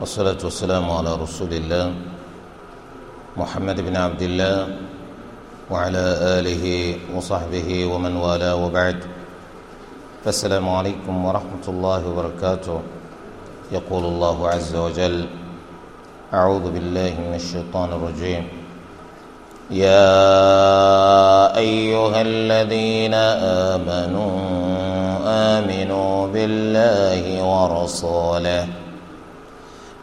والصلاة والسلام على رسول الله محمد بن عبد الله وعلى آله وصحبه ومن والاه وبعد فالسلام عليكم ورحمة الله وبركاته يقول الله عز وجل أعوذ بالله من الشيطان الرجيم يا أيها الذين آمنوا آمنوا بالله ورسوله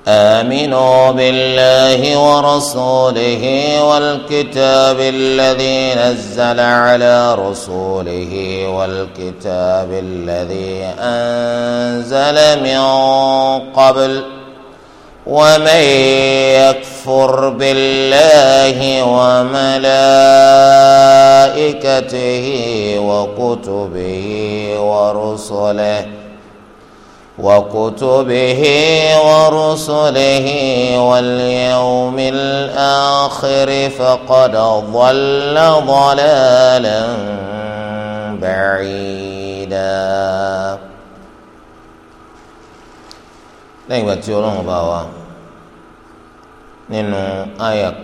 آمنوا بالله ورسوله والكتاب الذي نزل على رسوله والكتاب الذي أنزل من قبل ومن يكفر بالله وملائكته وكتبه ورسله وكتبه ورسله واليوم الآخر فقد ضل ضلالا بعيدا lẹ́yìn ìgbà tí ọlọ́run bá wa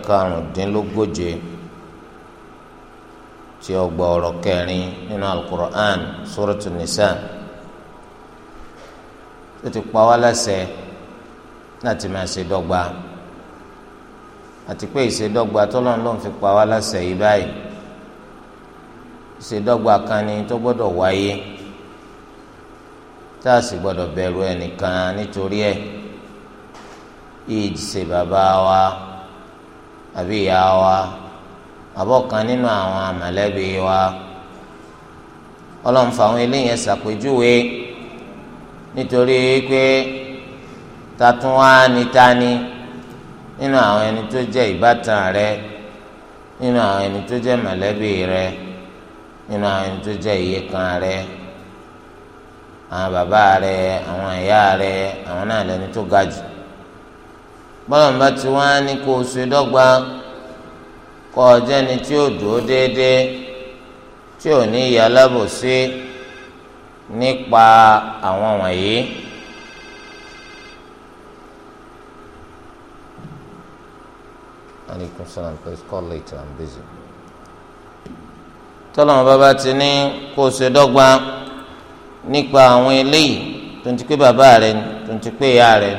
karùndínlógóje tí ọgbà ọ̀rọ̀ kẹrin nínú alukur'an suratul nisa ó ti pa wá láṣẹ láti máa ṣe dọ́gba àti pé ìṣèdọ́gba tọ́lọ́n ló ń fi pa wá láṣẹ yìí báyìí ìṣèdọ́gba kan ni tó gbọ́dọ̀ wáyé tá a sì gbọ́dọ̀ bẹ̀rù ẹnìkan nítorí ẹ̀ ìjìṣe bàbá wa àbí ìyá wa àbọ̀kan nínú àwọn àmọ̀lẹ́bí wa ọlọ́run fàwọn eléyẹn ṣàpèjúwe. nítorí pé tatuwa nítani nínú àwọn ẹni tó jẹ́ ìbátan rẹ nínú àwọn ẹni tó jẹ́ mọ̀lẹ́bí rẹ nínú àwọn ẹni tó jẹ́ ìyekan rẹ àwọn bàbá rẹ àwọn ìyá rẹ àwọn náà lẹni tó ga jù bọ́lá ń bá ti wá ní kó o ṣe dọ́gba kọ́ ọ o tí ó dúró déédéé tí ò ní ìyá nípa àwọn wọ̀nyí. aleykum i'm busy. tọ́lọ́mọ bàbá ti ní kó o ṣe dọ́gba nípa àwọn eléyìí tó ń ti pé bàbá rẹ tó ń ti pé ìyá rẹ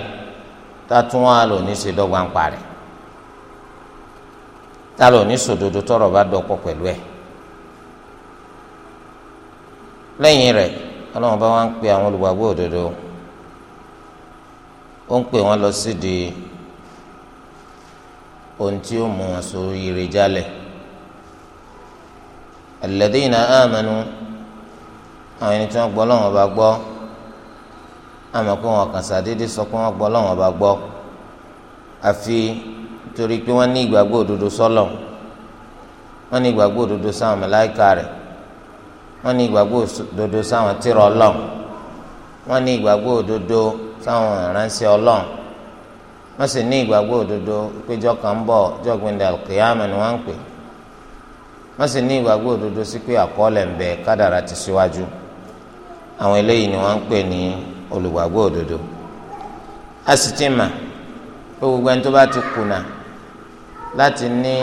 tá tún wá lò ní ṣe dọ́gba ń parẹ́ tá lò ní sòdodo tọ́rọ̀ bá dọ́pọ̀ pẹ̀lú ẹ̀ lẹ́yìn rẹ̀. ọlọ́run bá wá ń pe àwọn olùgbàgbọ́ òdodo ó ń pè wọ́n lọ sídìí ohun tí ó mú wọn so ire jálẹ̀ alladhina amanu àwọn ẹni tí wọ́n gbọ́ lọ́wọ́n bá gbọ́ àmọ́ pé wọn kàn sàdédé sọ pé wọ́n gbọ́ bá gbọ́ àfi torí pé wọ́n ní ìgbàgbọ́ òdodo sọ́lọ̀ wọ́n ní ìgbàgbọ́ òdodo sáwọn rẹ̀ wọ́n ní ìgbàgbọ́ òdodo sáwọn tírà ọlọ́run wọ́n ní ìgbàgbọ́ òdodo sáwọn ìránṣẹ́ ọlọ́run wọ́n sì ní ìgbàgbọ́ òdodo péjọ kan ń bọ̀ ni wọ́n ń pè wọ́n sì ní ìgbàgbọ́ òdodo sí pé àkọọ́lẹ̀ ń bẹ àwọn eléyìí ni wọ́n ń pè ní olùgbàgbọ́ òdodo a sì ti mà pé gbogbo ẹni tó bá ti kùnà láti ní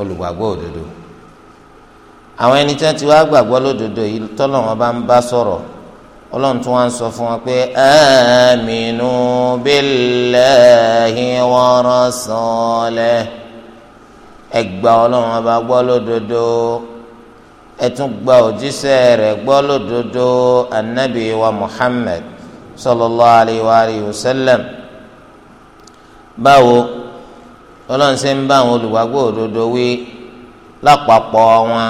olùgbàgbọ́ òdodo àwọn ẹni tí wọ́n ti wá gbàgbọ́ lódodo yìí tọ́lọ̀ wọn bá ń bá sọ̀rọ̀ ọlọ́run tún wá ń sọ fún wọn pé aminu billahi wa rasulihi ẹ ọlọ́run ọba gbọ́ lódodo ẹ gba òjíṣẹ́ rẹ̀ gbọ́ lódodo anabi wa muhammad sallallahu alayhi wa sallam báwo lọ́lọ́run ṣe ń bá àwọn olùwàgbọ́ òdodo wí lápapọ̀ wọn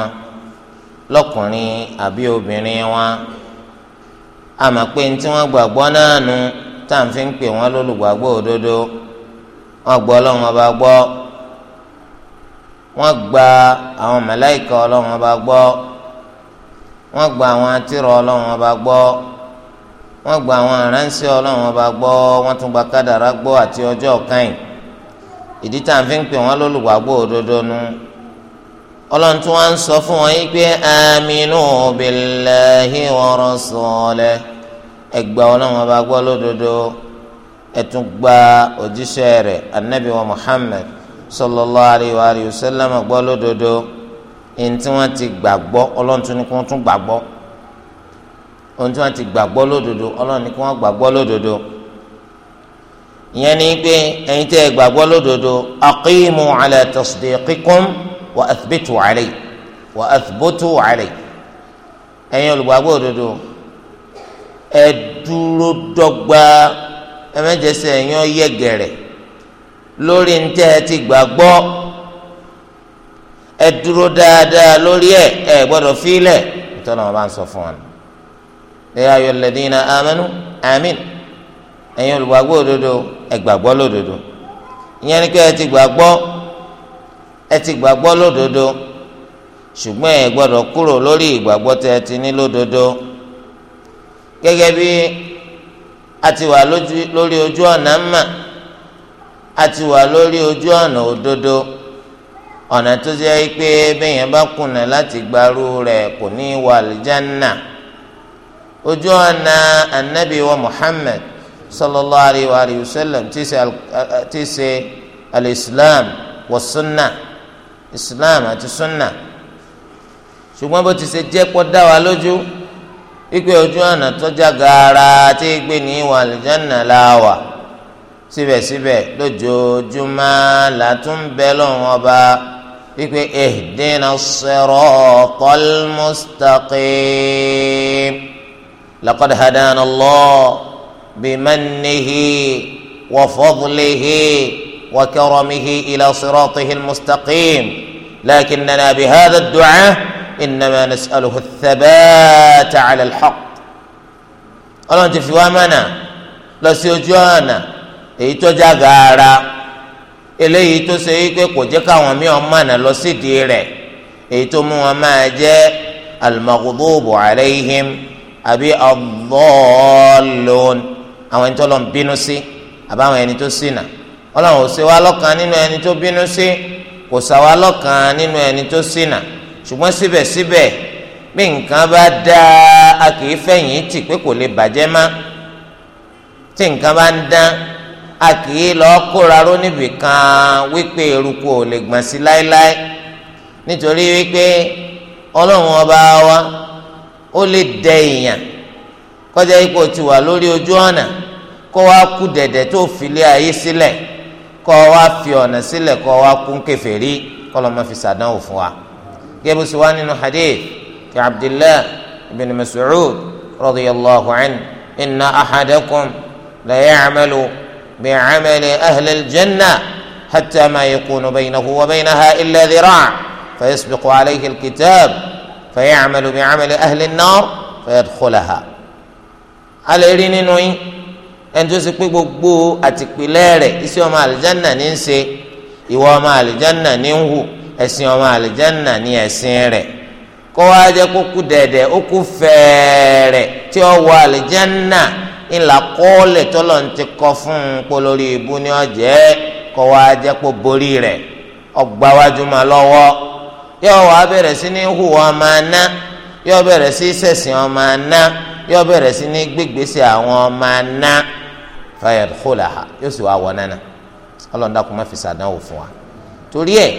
lọ́kùnrin àbí obìnrin wọn àmọ́ pé ní tí wọ́n gbàgbọ́ náà nu tá à ń fi ń pè wọ́n lólùgbàgbọ́ òdodo wọ́n gbọ́ ọlọ́run ọba gbọ́ wọ́n gba àwọn màláíkà ọlọ́run ọba gbọ́ wọ́n gba àwọn atírọ̀ ọlọ́run ọba gbọ́ wọ́n gba àwọn aránṣẹ́ ọlọ́run ọba gbọ́ wọ́n tún gba kádàrá gbọ́ àti ọjọ́ kẹ́yìn ìdí tá à ń fi ń pè wọ́n lólùgbàgbọ́ òdodo nu ọlọ́run tí wọ́n ń sọ fún wọn yìí pé aminu billahi wa rasulih ẹgbà ọlọ́run ọba gbọ́ lódodo ẹ̀tún gba òjíṣẹ́ rẹ̀ anabi wa muhammad sallallahu alayhi wa alihi wa sallam gbọ́ lódodo ẹni tí wọ́n ti gbàgbọ́ ọlọ́run tún ní kí wọ́n tún gbàgbọ́ ohun tí wọ́n ti gbàgbọ́ lódodo ọlọ́run ní kí wọ́n gbàgbọ́ lódodo ìyẹn ni pé ẹ̀yin tẹ́ ẹ gbàgbọ́ lódodo aqimu ala tasdiqikum wa athbitu alayhi wa athbutu alayhi ẹ̀yin olùgbàgbọ́ òdodo ẹ dúró dọ́gba ẹ lórí ntẹ́ ti gbàgbọ́ ẹ dáadáa lórí ẹ ẹ gbọ́dọ̀ fílẹ̀ nítorí wọn bá ń sọ fún wọn. ẹ ayọ̀ alladhina amanu ẹ̀yin olùgbàgbọ́ òdodo ẹ gbàgbọ́ lódodo ìyẹn ni pé ẹ ti gbàgbọ́ ẹ ti gbàgbọ́ lódodo ṣùgbọ́n ẹ gbọ́dọ̀ kúrò lórí ìgbàgbọ́ tẹ ẹ ti ní lódodo gẹ́gẹ́ bí a ti wà lórí ojú ọ̀nà mà a ti wà lórí ojú ọ̀nà òdodo ọ̀nà tó jẹ́ pé bẹ́yẹn bá kùnà láti gbarú rẹ̀ kò ní wà lìjánà ojú ọ̀nà anabi wa sallallahu alayhi wa alayhi wa sallam ti ṣe al-islam wa sunna islam àti sunna ṣùgbọ́n bó ti ṣe jẹ́ kó dá wa lójú wípé ojú ọ̀nà tọ́já gaara tí gbé ní ìwà àlùjáná la wà síbẹ̀síbẹ̀ lójoojúmọ́ látún bẹ lọ́wọ́n ọba wípé ihdina siratal mustaqim laqad hadana Allah. بمنه وفضله وكرمه الى صراطه المستقيم لكننا بهذا الدعاء انما نساله الثبات على الحق ọlọ́run ti fi wá mọ̀nà lọ sí ojú ọ̀nà èyí tó já gaara eléyìí tó ṣe wípé kò jẹ́ káwọn mí ọ̀n mọ̀nà lọ sídìí rẹ̀ èyí tó mú wọn máa jẹ́ al-maghdubu alayhim àbí ad-dallun àwọn ẹni tó lọ ń bínú sí àbáwọn ẹni tó ṣìnà ọlọ́run ò ṣe wá lọ́kàn nínú ẹni tó bínú sí kò ṣà wá lọ́kàn nínú ẹni tó ṣìnà ṣùgbọ́n síbẹ̀síbẹ̀ bí nǹkan bá dáa a kì í fẹ̀yìn tì pé kò lè bàjẹ́ má tí nǹkan bá ń dán a kì í lọ kóra ró kan wípé eruku ò lè gbọ̀n sí láéláé nítorí wípé ọlọ́run ọba wa ó lè dẹ èèyàn kọjá ipò tiwa lórí ojú ọ̀nà kó wá kú dẹ̀dẹ̀ tó filé ayé sílẹ̀ kó wá fi ọ̀nà sílẹ̀ kó wá kún kèfèrí kó lọ́ ma fi sàdánwò fún wa. gẹ́gẹ́ sọ wá nínú hadith ti abdullahi ibn mas'ud radiyallahu anhu inna ahadakum la ya'malu bi'amali ahli aljanna hatta ma yakunu baynahu wa baynaha illa dhira' fayasbiqu alayhi alkitab faya'malu bi'amali ahli an fayadkhulaha. a lè rí nínú ẹni tó ṣe pé gbogbo àtìpilẹ̀ rẹ̀ iṣẹ́ ọmọ àlìjánà ní ń ṣe ìwà ọmọ àlìjánà ní ń hù ẹ̀sìn ọmọ àlìjánà ní ẹ̀sìn rẹ̀ kó wá jẹ́ kó kú dẹ̀dẹ̀ ó kú fẹ́ẹ̀rẹ̀ tí ó wọ àlìjánà ńlá kọ́ọ̀lẹ̀ tọ́lọ̀ ń ti kọ́ fún un pé lórí ibú ni ó jẹ́ kó wá jẹ́ kó borí rẹ̀ ọgbàwájú máa lọ́wọ́ yóò wá bẹ̀rẹ̀ sí ní hùwà ọmọ aná yóò bẹ̀rẹ̀ sí sẹ̀sìn ọmọ aná yóò bẹ̀rẹ̀ sí ní gbégbèsè àwọn ọmọ aná fayad kholaha yóò sì wá wọ nánà ọlọ́dà kò má fi sàdánwò fún wa torí ẹ̀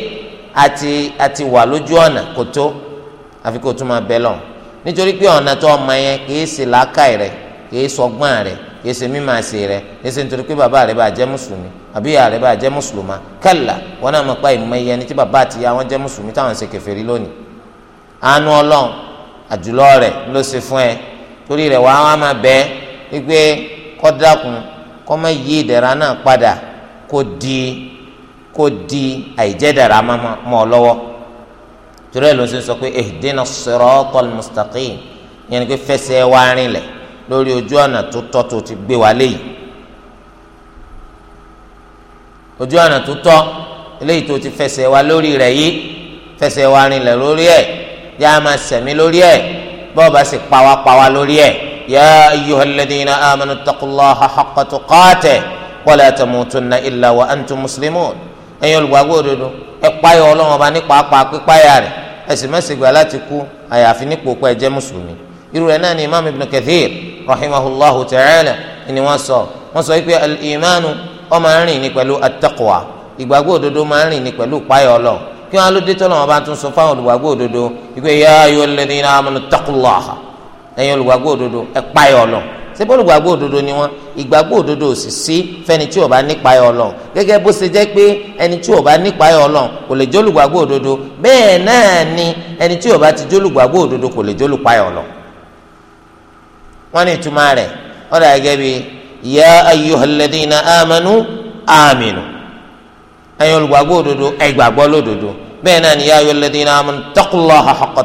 àti àti wà lójú ọ̀nà kò tó àfi kò tó máa bẹ lọ nítorí pé ọ̀nà tó ọmọ yẹn kìí ṣe làákàyè rẹ kìí sọgbọ́n rẹ kìí ṣe mímọ̀ àṣẹ rẹ kìí ṣe nítorí pé bàbá rẹ bá jẹ́ mùsùlùmí àbí ìyá rẹ bá jẹ́ mùsùlùmá kálá wọn náà mọ̀ pa ìmọ̀ ẹyẹ ni tí bàbá àti ìyá wọn jẹ́ mùsùlùmí táwọn ṣe kèfèrí lónìí àánú ọlọ́run àjùlọ rẹ ló ṣe fún ẹ torí rẹ wàá wá máa bẹ ẹ wípé kọ́dákùn kọ́mọ yí ìdẹ̀ra náà padà kó di kó di àìjẹ́dẹ̀ra mọ́ ọ lọ́wọ́ torí ẹ̀ ló ń sọ sọ pé ihdina siratal mustaqim yẹn ni pé fẹsẹ̀ wá rinlẹ̀ lórí ojú ọ̀nà tó tọ́ tó ti gbé wa léyìí ojú ọ̀nà tó tọ́ eléyìí tó ti fẹsẹ̀ wá lórí rẹ̀ yìí fẹsẹ̀ wá rinlẹ̀ lórí ẹ̀ yá máa sẹ̀mí lórí ẹ̀ bọ́ọ̀ bá sì pawápawá lórí ẹ̀ يا أيها الذين آمنوا اتقوا الله حق تقاته ولا تموتن إلا وأنتم مسلمون ẹ̀yin olùgbàgbọ́ òdodo ẹ páyọ Ọlọ́run ọba nípa apá pípáyà rẹ̀ ẹ sì mẹsì gbà láti kú àyàfi nípò pé ẹ jẹ́ mùsùlùmí irú rẹ̀ náà ni imam ibn kathir rahimahullahu ta'ala ni wọ́n sọ wọ́n sọ wípé al-imanu ó máa ń rìn ní pẹ̀lú at-taqwa ìgbàgbọ́ òdodo máa ń rìn ní pẹ̀lú páyọ Ọlọ́run kí wọ́n á ló dé tọ́lọ́run ọba tún sọ fáwọn olùgbàgbọ́ òdodo wípé yá ayyuhalladhina amanu ittaqullaha ẹ̀yin olùgbàgbọ́ òdodo ẹ páyà Ọlọ́run ṣebí olùgbàgbọ́ òdodo ni wọ́n ìgbàgbọ́ òdodo ò sì sí fẹ́ni tí ò bá nípáyà Ọlọ́run gẹ́gẹ́ bó ṣe jẹ́ pé ẹni tí ò bá nípáyà Ọlọ́run kò lè jólùgbàgbọ́ òdodo bẹ́ẹ̀ náà ni ẹni tí ò bá ti jólùgbàgbọ́ òdodo kò lè jólùpáyà Ọlọ́run. wọ́n ní ìtumá rẹ̀ ó dà gẹ́gẹ́ bí ya ayyuhalladhina amanu aminu ẹ̀yin olùgbàgbọ́ òdodo ẹ lódodo bẹ́ẹ̀ náà ni ya ayyuhalladhina amanu taqullaha haqqa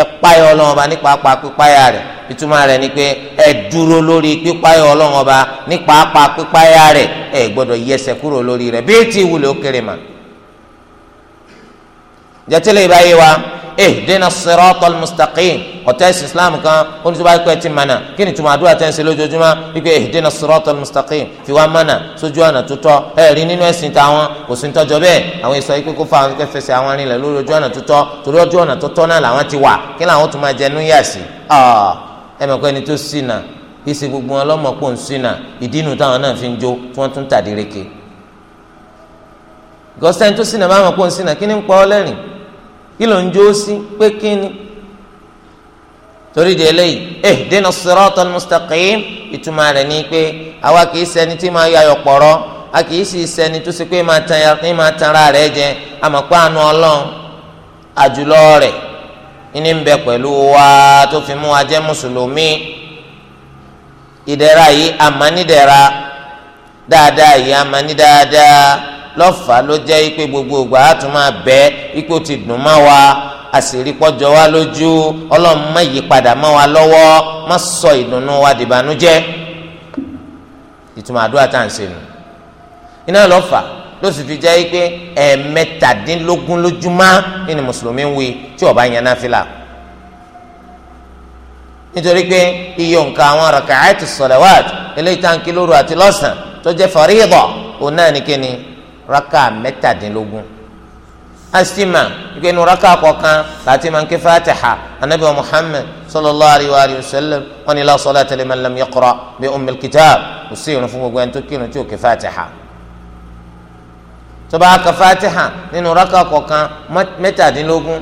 ẹ páyọ ọlọ́run ọba nípa pa pípáyà rẹ̀ ìtumọ̀ rẹ̀ ni pé ẹ dúró lórí pípáyọ ọlọ́run ọba nípa pa pípáyà rẹ ẹ gbọdọ yẹsẹ̀ kúrò lórí rẹ bí ti wulẹ̀ ó kéré mà. jẹ́tẹ́lẹ̀ ìbáyé wa. ihdina siratal mustaqim ọ̀tá ẹ̀sìn islam kan oníṣẹ́wá ikú ẹ̀ ti mànà kí ni tùmọ̀ àdúrà tẹ́ ń ṣe lójoojúmọ́ ikú ihdina siratal mustaqim fi wá mànà sójú ọ̀nà tó tọ́ ẹ̀ rí nínú ẹ̀sìn táwọn kò sí tọ́jọ́ bẹ́ẹ̀ àwọn ìsọ ikú kó fáwọn kẹfẹ́ sí àwọn arìnrìn lórí ojú ọ̀nà tó tọ́ torí ojú ọ̀nà tó tọ́ náà làwọn ti wà kí làwọn tún máa jẹnu yà sí ẹ mọ̀ pé ẹni tó sì nà kí gbogbo wọn lọ́mọ ń sì nà ìdínú táwọn náà fi ń jó tí wọ́n tún tàdéréke gọ́sẹ́ni tó sì nà bá wọn pò ń sì nà kí ni ń pọ́ lẹ́rìn kí ló ń jó sí pé kí ni torí de eléyìí eh dènà siratal mustaqim ìtumọ̀ rẹ̀ ni pé àwa kì í ṣẹni tí máa yayọ̀ pọ̀rọ̀ a kì í sì ṣẹni tó ṣe pé máa tanra rẹ̀ jẹ àmọ̀pá àánú ọlọ́run àjùlọ rẹ̀ ní bẹ pẹ̀lú wa tó fi mú wa jẹ́ mùsùlùmí ìdẹ̀ra yìí àmọ́ nídẹ̀ra dáadáa yìí àmọ́ ní dáadáa lọ́fà ló jẹ́ ipe gbogbo ìgbà á tún máa bẹ́ ipò ti dùn mọ́ wa àṣírí pọ́jọ wa lójú ọlọ́run má yí padà mọ́ wa lọ́wọ́ má sọ ìdùnnú wa dìbànújẹ́ ìtumọ̀ àdúrà tá à ń ṣe nù iná lọ́fà ló sì fi jẹ́ pé ẹ̀ẹ̀mẹ́tàdínlógún lójúmọ́ ni mùsùlùmí ń wí tí ó bá yan náfìlà nítorí pé iye nǹkan àwọn raka'ati salawat eléyìí tá à ń kí lóru àti lọ́sàn tó jẹ́ fàríìdà òun náà ní kíni raka mẹ́tàdínlógún asima ìpinnu raka kọ̀ọ̀kan láti máa ń ké fatiha anabi wa muhammed sallallahu alayhi wa alayhi wa sallam wọn ni la salata liman lam yaqra bi ummil kitab kò sí irun fún gbogbo ẹni tó kírun tí ò ké fatiha tó bá ka fatiha nínú raka kọ̀ọ̀kan mẹ́tàdínlógún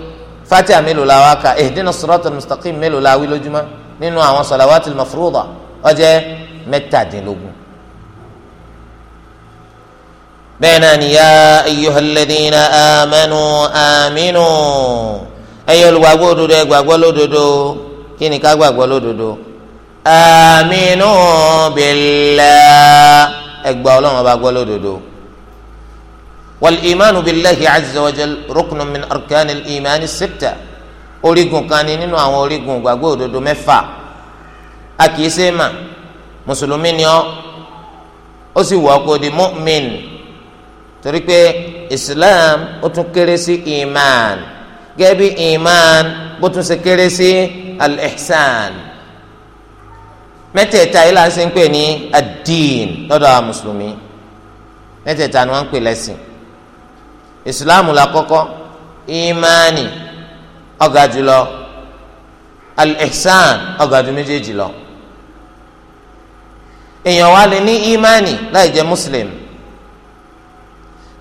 fatiha mélòó la wá ka ihdina siratal mustaqim mélòó la wí lójúmọ́ nínú àwọn salawatil mafruḍa ó jẹ́ mẹ́tàdínlógún. bẹ́ẹ̀ náà ni yá ayyuhalladhina amanu aminu ẹ̀yin olùgbàgbọ́ òdodo ẹ gbàgbọ́ lódodo kí ni ká gbàgbọ́ lódodo aminu billah ẹ gbà Ọlọ́run bá gbọ́ lódodo. والإيمان بالله عز وجل ركن من أركان الإيمان الستة orígun kan ni nínú àwọn orígun ìgbàgbọ́ òdodo mẹ́fà a kì í ṣe é mà mùsùlùmí ni ọ́ ó sì wọ́ kó di mu'min torí pé islam ó tún kéré sí iman gẹ́gẹ́ bí iman bó tún ṣe kéré sí al-ihsan mẹ́tẹ̀ẹ̀ta yìí láti ń pè ní ad-din lọ́dọ̀ àwọn mùsùlùmí mẹ́tẹ̀ẹ̀ta ni wọ́n ń pè lẹ́sìn ìsìláàmù la kọ́kọ́ ìmánì ọ̀gá jùlọ al-ihsan ọ̀gá jù méjèèjì lọ èèyàn wa lè ní ìmánì láì jẹ́ mùsùlùmí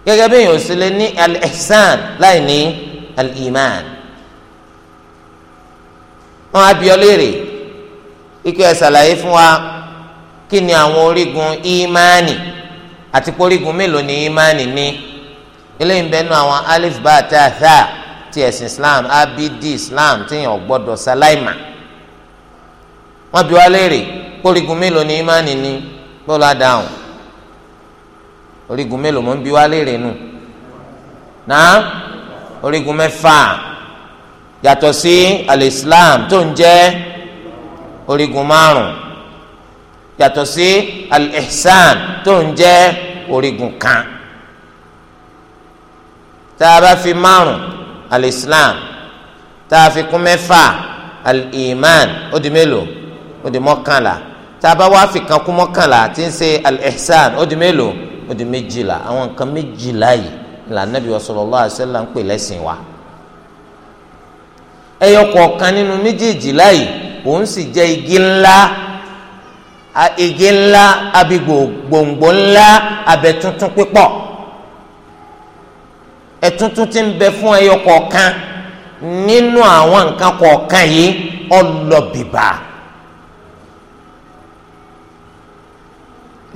gẹ́gẹ́ bí èèyàn sì lè ní al-ihsan láì ní al-iman wọn á bí ọ léèrè ikú ẹ ṣàlàyé fún wa kí ni àwọn orígun ìmánì àti porígun mélòó ni ìmánì ní eléyìí ń bẹ nú àwọn alif bá tá ti ẹ̀sìn islam abidi islam téèyàn gbọ́dọ̀ ṣaláìmà wọn bí wa léèrè porígun mélòó ni ìmánì ní bọ́lá dáhùn orígun mélòó mò ń bi wá léèrè nù náà orígun mẹ́fà yàtọ̀ sí al-Islam tó ń jẹ́ orígun márùn yàtọ̀ sí al-Ihsan tó ń jẹ́ orígun kan tá a bá fi márùn al-Islam tá a fi kún mẹ́fà al ó di mélòó ó di mọ́kànlá tá a bá wá fi kan kún mọ́kànlá tí ń ṣe al ó di mélòó. ó di méjìlá àwọn nǹkan méjìlá yìí là nàbí sallallahu alaihi wasallam ń pè lẹ́sìn wa ẹyọ kọ̀ọ̀kan nínú yìí òun sì igi ńlá igi ńlá abigbò gbòǹgbò ńlá abẹ ti ń bẹ fún ẹyọ kọ̀ọ̀kan nínú àwọn nǹkan kọ̀ọ̀kan yìí ọlọ́bìbà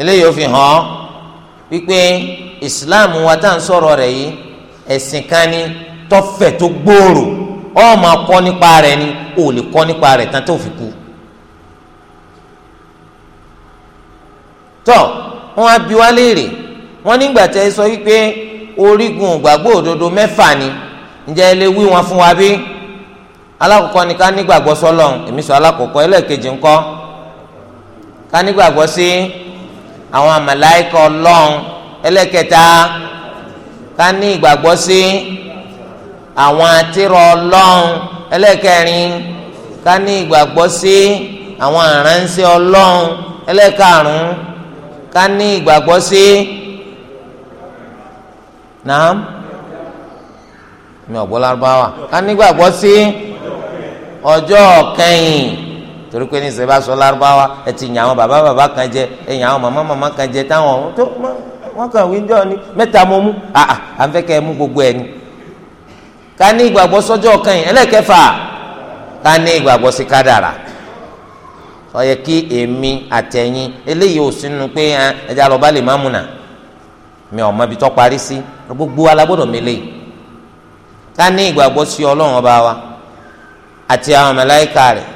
eléyìí fi hàn wípé islam wa tá à ń sọ̀rọ̀ rẹ̀ yìí ẹ̀sìn kan ni tọ́fẹ̀ tó gbòòrò ó máa kọ́ nípa rẹ̀ ni ò lè kọ́ nípa rẹ̀ tán tó fi kú. tọ́ wọn á bi wá léèrè wọn nígbà tẹ́ sọ wípé orígun ìgbàgbọ́ òdodo mẹ́fà ni ǹjẹ́ ẹ lè wí wọn fún wa bí? alákọ̀ọ́kọ́ ni ká nígbàgbọ́ sọ́lọ́run èmi sọ alákọ̀ọ́kọ́ ẹlẹ́ẹ̀kejì ńkọ́ ká nígbàgbọ́ sí àwọn àmàláìkọ ọlọ́run ẹlẹ́kẹta ká ní ìgbàgbọ́ sí àwọn àtìrọ ọlọ́run ẹlẹ́kẹrin ká ní ìgbàgbọ́ sí àwọn àránṣẹ́ ọlọ́run ẹlẹ́karùn ká ní ìgbàgbọ́ sí naam mi ò gbọ́ lárúbáwá ká ní ìgbàgbọ́ sí ọjọ́ kẹyìn torí pé ní sèbá sọ lárúbáwá ẹ ti yàn àwọn bàbá bàbá kan jẹ ẹ yàn àwọn màmá màmá kan jẹ táwọn tó wọn kàn wí ni mẹ́ta mo mú àà à ń fẹ́ kẹ́ ẹ mú gbogbo ẹ ni ká ní ìgbàgbọ́ sọ́jọ́ kan yìí ẹlẹ́kẹ̀fà ká ní ìgbàgbọ́ sí kádàrà ó yẹ kí èmi àtẹ̀yìn eléyìí ò sínú pé ẹja lọ bá lè má múnà mi ò mọ tó parí sí gbogbo alágbọ́dọ̀ mi ká ní ìgbàgbọ́ sí ọlọ́run ọba wa àti àwọn màláíkà rẹ̀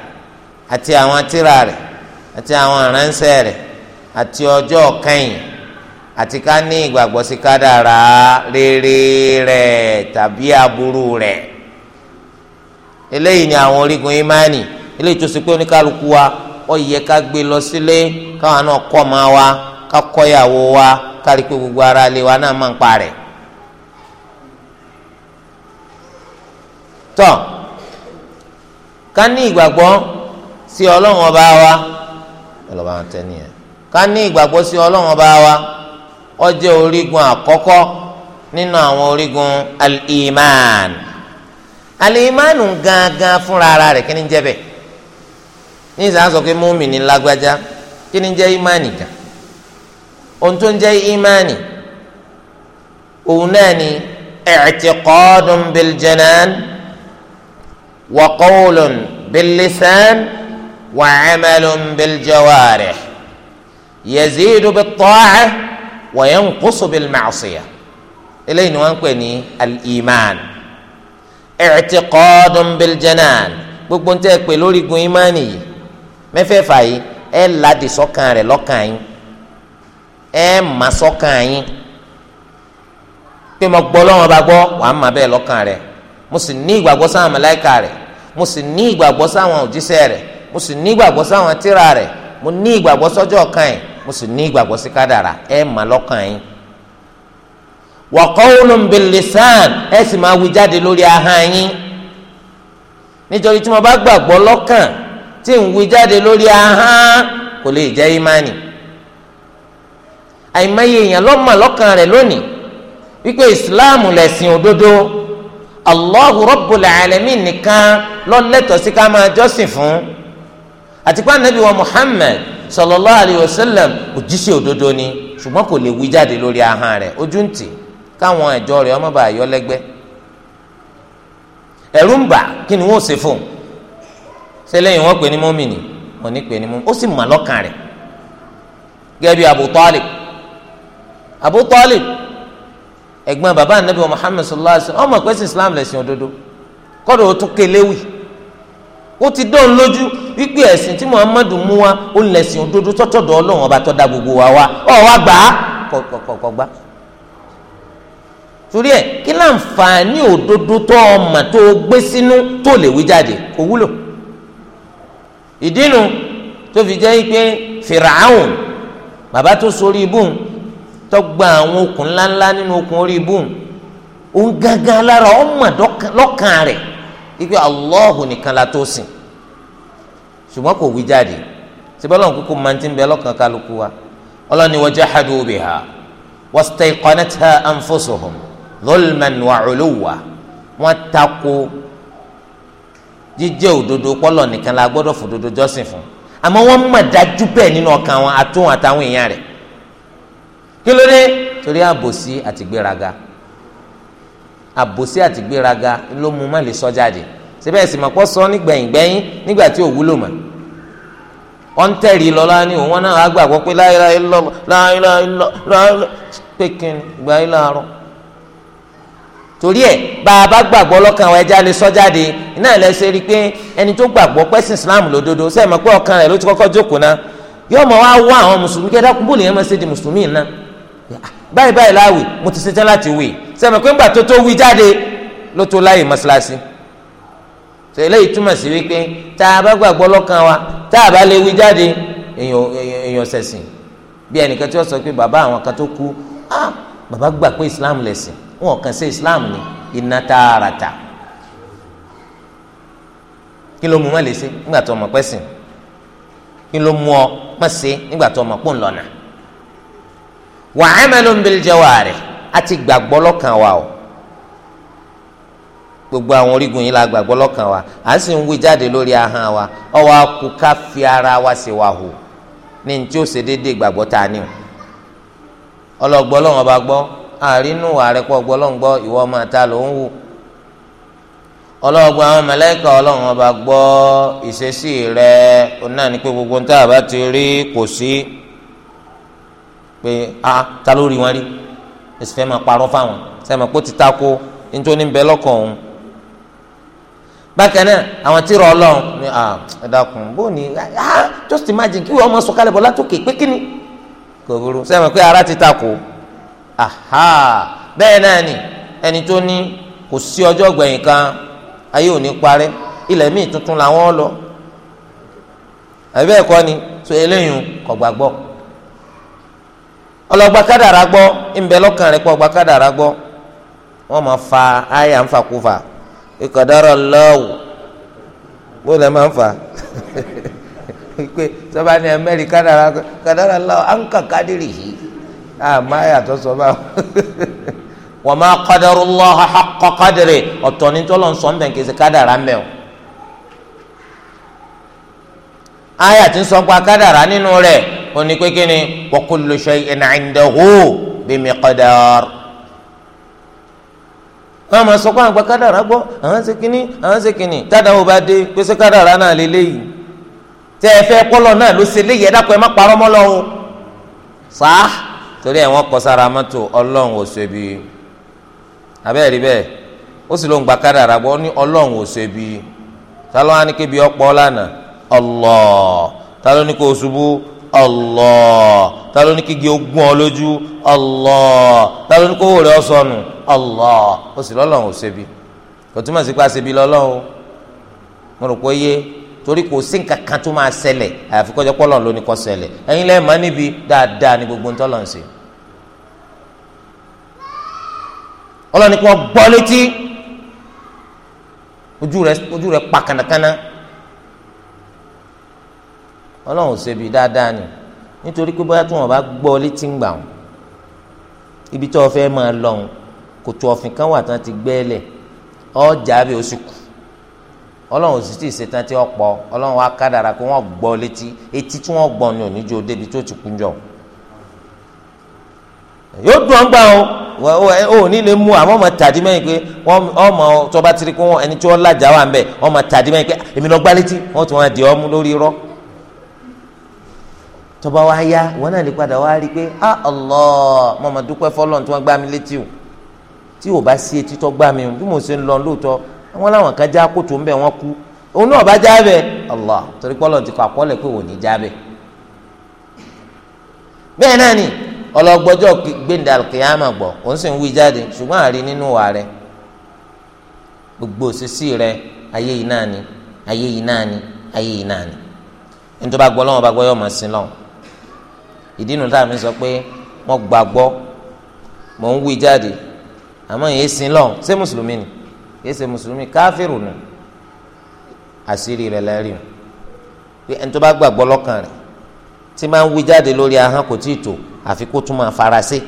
àti àwọn atira rẹ̀ àti àwọn aránsẹ rẹ̀ àti ọjọ́ kẹyìn àti ká ní ìgbàgbọ́ sí kádàrá rere rẹ̀ tàbí aburú rẹ̀ eléyìí ni àwọn orígun ìmánì eléyìí tó ṣe pé oníkálukú wa ó yẹ ká gbé lọ sílé káwọn náà kọ́ wa ká kọ́ wa ara ilé wa náà máa pa rẹ tọ́ ní ìgbàgbọ́ sí ọlọ́run ọba wa ọlọ́ba wọn tẹ́ nìyẹn ká ní ìgbàgbọ́ sí ọlọ́run ọba wa ó jẹ́ orígun àkọ́kọ́ nínú àwọn orígun al-iman al-iman gangan fúnra ara rẹ̀ kí ni jẹ́ bẹ́ẹ̀ ní ìsàn sọ pé múmìnì lágbájá kí ni jẹ́ imani gan ohun tó ń jẹ́ imani òun náà ni i'tiqadun bil janan wa وعمل بالجوارح يزيد بالطاعة وينقص بالمعصية إليه نوانكني الإيمان اعتقاد بالجنان gbogbo ń tẹ́ pé lórí gun imáni yìí mẹ́fẹ̀ẹ̀fà yìí ẹ ládi sọ́kàn rẹ̀ lọ́kàn yín ẹ mà sọ́kàn yín pé mo gbọ́ lọ́wọ́n bá gbọ́ wàá mà bẹ́ẹ̀ lọ́kàn rẹ̀ mo sì ní ìgbàgbọ́ sáwọn màláíkà rẹ̀ mo sì ní ìgbàgbọ́ sáwọn òjíṣẹ́ rẹ̀ mo sì ní ìgbàgbọ́ sáwọn tíra rẹ̀ mo ní ìgbàgbọ́ sọ́jọ́ kan yìí mo sì ní ìgbàgbọ́ sí kádàrà ẹ mà lọ́kàn yín. wa qawlun ẹ sì máa wí jáde lórí ahọ́n yín nítorí tí mo bá gbàgbọ́ lọ́kàn tí ń wí jáde lórí ahọ́n kò èèyàn lọ́kàn rẹ̀ lónìí wípé lẹ̀sìn òdodo Allahu Rabbul Alamin nìkan sí ká fún àti pé anabi wa Muhammad sallallahu alayhi wa sallam òjíṣẹ́ òdodo ni ṣùgbọ́n kò lè wí jáde lórí ahọ́n rẹ̀ ojú ń tì káwọn ìjọ rẹ̀ ọmọ bá yọ lẹ́gbẹ́ ẹ̀rù ń bà kí ni wọ́n ṣe fún un ṣe lẹ́yìn wọ́n pè ní mọ́mìnì wọ́n ní pè ní mọ́mìnì ó sì mà lọ́kàn rẹ̀ gẹ́gẹ́ bí Abu Talib Abu Talib ẹ̀gbọ́n bàbá anabi wa Muhammad sallallahu alayhi wa sallam ọmọ ìpẹ́sì Islam lẹ̀sìn òdodo kọ́dọ̀ ó tún kéléwì ó ti dán lójú wípé ẹ̀sìn tí muhammadu mú wa ó lẹ̀sìn òdodo tọ́tọ̀dọ̀ ọlọ́run ọba tó dá gbogbo wa wá ọ̀ wá gbà á kọ̀kọ̀kọ̀ gbà. torí ẹ kí láǹfààní òdodo tó ọmọ tó gbé sínú tó lè wí jáde kò wúlò. ìdínú tó fi jẹ́ pé fìràhùn bàbá tó sórí ibùn tó àwọn okùn ńláńlá nínú okùn orí ibùn òun gangan lára ọmọ lọ́kàn rẹ̀ ipe Allahu nìkan la tó sìn ṣùgbọ́n kò wí jáde síbẹ̀ lọ́n kúkú máa ti ń bẹ lọ́kàn kálukú wa ọlọ́ni wajahadu biha wastayqanatha anfusuhum dhulman wa uluwa wọ́n tako jíjẹ́ òdodo pọ́lọ̀ nìkan la gbọ́dọ̀ fòdodo jọ́sìn fún àmọ́ wọ́n mọ̀ dájú bẹ́ẹ̀ nínú ọkàn wọn àtúwọn àtàwọn èèyàn rẹ̀ kí ló dé torí àbòsí àtìgbéraga àbòsí àti gbéraga ló mú má lè sọ jáde síbẹ̀ sì mọ̀ pọ́ sọ nígbẹ̀yìngbẹ̀yìn nígbà tí ò wúlò mọ́ wọ́n tẹ̀rí lọ́la ni òun náà agbàgbọ́ pé láyéláyé lọ́lọ́ láyéláyé lọ́lọ́ pé kíni ìgbà yìí láàárọ̀ torí ẹ̀ bá a bá gbàgbọ́ lọ́kàn àwọn ẹja lè sọ jáde iná ẹ̀ lẹ́sẹ̀ rí i pé ẹni tó gbàgbọ́ pẹ́sìn Islam lódodo sẹ́ẹ̀ mọ̀ pé ọkàn rẹ̀ ló ti kọ́kọ́ jókòó ná yóò mọ̀ wá wá àwọn mùsùlùmí kẹ́ẹ́dá kúbùlù yẹn mọ̀ sí di mùsùlùmí náà báyìí báyìí láwì mo ti ṣetán láti wì sẹ́mi pé ńgbà tó tó wí jáde ló tó láyè mọ́ṣáláṣí tó eléyìí sí wípé tá a bá gbàgbọ́ lọ́kàn wa tá a bá lè wí jáde èèyàn ṣẹ̀sìn bí ẹnìkan tí wọ́n sọ pé bàbá àwọn kan tó kú ah bàbá gbà pé Islam lẹ̀sìn wọn kàn sí Islam ni iná tààràtà kí ló mú wọn lè ṣe nígbà tó ọmọ pẹ́ sìn kí ló mú ọ pẹ́ sí nígbà tó ọmọ pọ́ńlọ́nà wa amalun bil jawarih àti gbàgbọ́ lọ́kàn wa o gbogbo àwọn orígun yìí la gbàgbọ́ lọ́kàn wa à ń sì ń wí jáde lórí ahọ́n wa ọwọ́ akú ká fi ara wa ṣe wa hù ní ní tí ó ṣe déédéé gbàgbọ́ ta ni o ọlọ́gbọ́ lọ́wọ́ bá gbọ́ àrínú àrẹ́pọ̀ gbọ́ lọ́wọ́ gbọ́ ìwọ ọmọ àta ló ń wù ọlọ́gbọ́ àwọn mẹlẹ́kà ọlọ́wọ́ bá gbọ́ ìṣesí rẹ̀ ọ̀nà ni pé gbogbo ń tá a bá ti rí kò sí. Si pé a ah, ah, ta lórí wọn rí èsì fẹ́ máa parọ́ fáwọn sẹ́mi kó ti tako nítorí ń bẹ lọ́kàn òun bákan náà àwọn tí rọ ni a ah, ẹ bó ni a just imagine kí wọ́n máa sọ kálẹ̀ bọ̀ látòkè pé kí ni kòkòrò ara ti tako aha bẹ́ẹ̀ náà ni ẹni tó ní kò sí ọjọ́ gbẹ̀yìn kan ayé tuntun làwọn lọ ni so eléyìí kò gbàgbọ́. ọlọgba kadara gbọ ńbẹ lọ́kàn rẹ̀ kọ ọgba kadara gbọ wọn ma fa àyà ńfàkúfà ìkọdọrọ lọwù bó lè máa ń pé sọba ní ẹmẹrì kadara kadara lọwù ànkà kádìrì yìí àmà yàtọ̀ sọba wọn ma kọdọrọ lọwù àkọ kádìrì ọtọ ní tọ́lọ̀ nsọ kadara o ti sọ òní kékeré ni wa kullu shay'in 'indahu bimiqdar wọn máa sọ pé àwọn gba kádàrá gbọ́ àwọn ṣe kínní àwọn ṣe kínní tádàwọ bá dé pèsè kádàrá náà lélẹyìí tẹ ẹ fẹ kọlọ náà ló ṣe léyìí ẹ dákun ẹ má parọ́ mọ́ lọ́wọ́ sáà torí ẹ wọn kọ sára mọ́tò Ọlọ́run ò ṣe bí bẹ́ẹ̀ ó sì ló ń gba kádàrá gbọ́ ní Ọlọ́run ò ṣe bí ta ló ní kébi ọ̀pọ̀ lánàá Allah ta ní kó ṣubú allah ta ló kí igi ogun ọ lójú allah ta ló kó wò ọ sọnù allah ó sì lọ́lọ́run ò ṣebi kò túmọ̀ sí pé aṣebi lọ́lọ́run mo rò pé yé torí kò sí nǹkan kan tó máa ṣẹlẹ̀ àyàfi kọjá pọ́lọ̀ ló ní kó ṣẹlẹ̀ ẹ̀yin lẹ́yìn máa níbi dáadáa ní gbogbo nǹkan lọ́n ṣe. ọlọ́ni kò gbọ́ létí ojú rẹ̀ pa kànákànná ọlọ́run ò ṣebi dáadáa ni nítorí pé bóyá tí wọn bá gbọ́ létí ń gbà wọn ibi tí wọn fẹ́ máa lọ wọn kòtò ọ̀fìn kan wà tán ti gbẹ́lẹ̀ ọjà bí oṣù kù ọlọ́run sì ti ṣetán tí wọ́n pọ̀ ọlọ́run wa kádàrà pé wọ́n gbọ́ létí etí tí wọ́n gbọ́ ni òní jó débi tó ti kú jọ. yóò dùn ọ́n gbà o ò ní lè mú àmọ́ ọmọ tàdí mẹ́yìn pé ọmọ tó bá ẹni tí wọ́n lájà wà ń bẹ̀ ọmọ tàdí mẹ́yìn pé èmi lọ gbá létí wọ́n ti wọ́n di ọmú lórí rọ́ọ́ tọba wa ya wọn náà lè padà wá rí i pé ah Allah mo mà dúpẹ́ fọlọ́n tí wọ́n gbá mi létí o tí o bá sí etí tó gbá mi o bí mo ṣe ń lọ lóòótọ́ wọn làwọn kan já kótó ń bẹ wọn kú òun náà bá já bẹ torí ti kọ pé wò ní já bẹ. wa rẹ gbogbo òṣìṣì rẹ ayé yìí náà ni ayé yìí náà ni ayé yìí náà ni bá gbọ́ ìdí nu tá a mi sọ pé mo gbàgbọ́ mo ń wí jáde àmọ́ èyí sin lọ ṣé mùsùlùmí ni èyí ṣe mùsùlùmí káfíìrù nù àṣírí rẹ̀ lẹ́rìí o pé ẹni tó bá gbàgbọ́ lọ́kàn rẹ̀ tí máa ń wí jáde lórí ahọ́n kò tí ì tó àfi kó tún máa faraṣe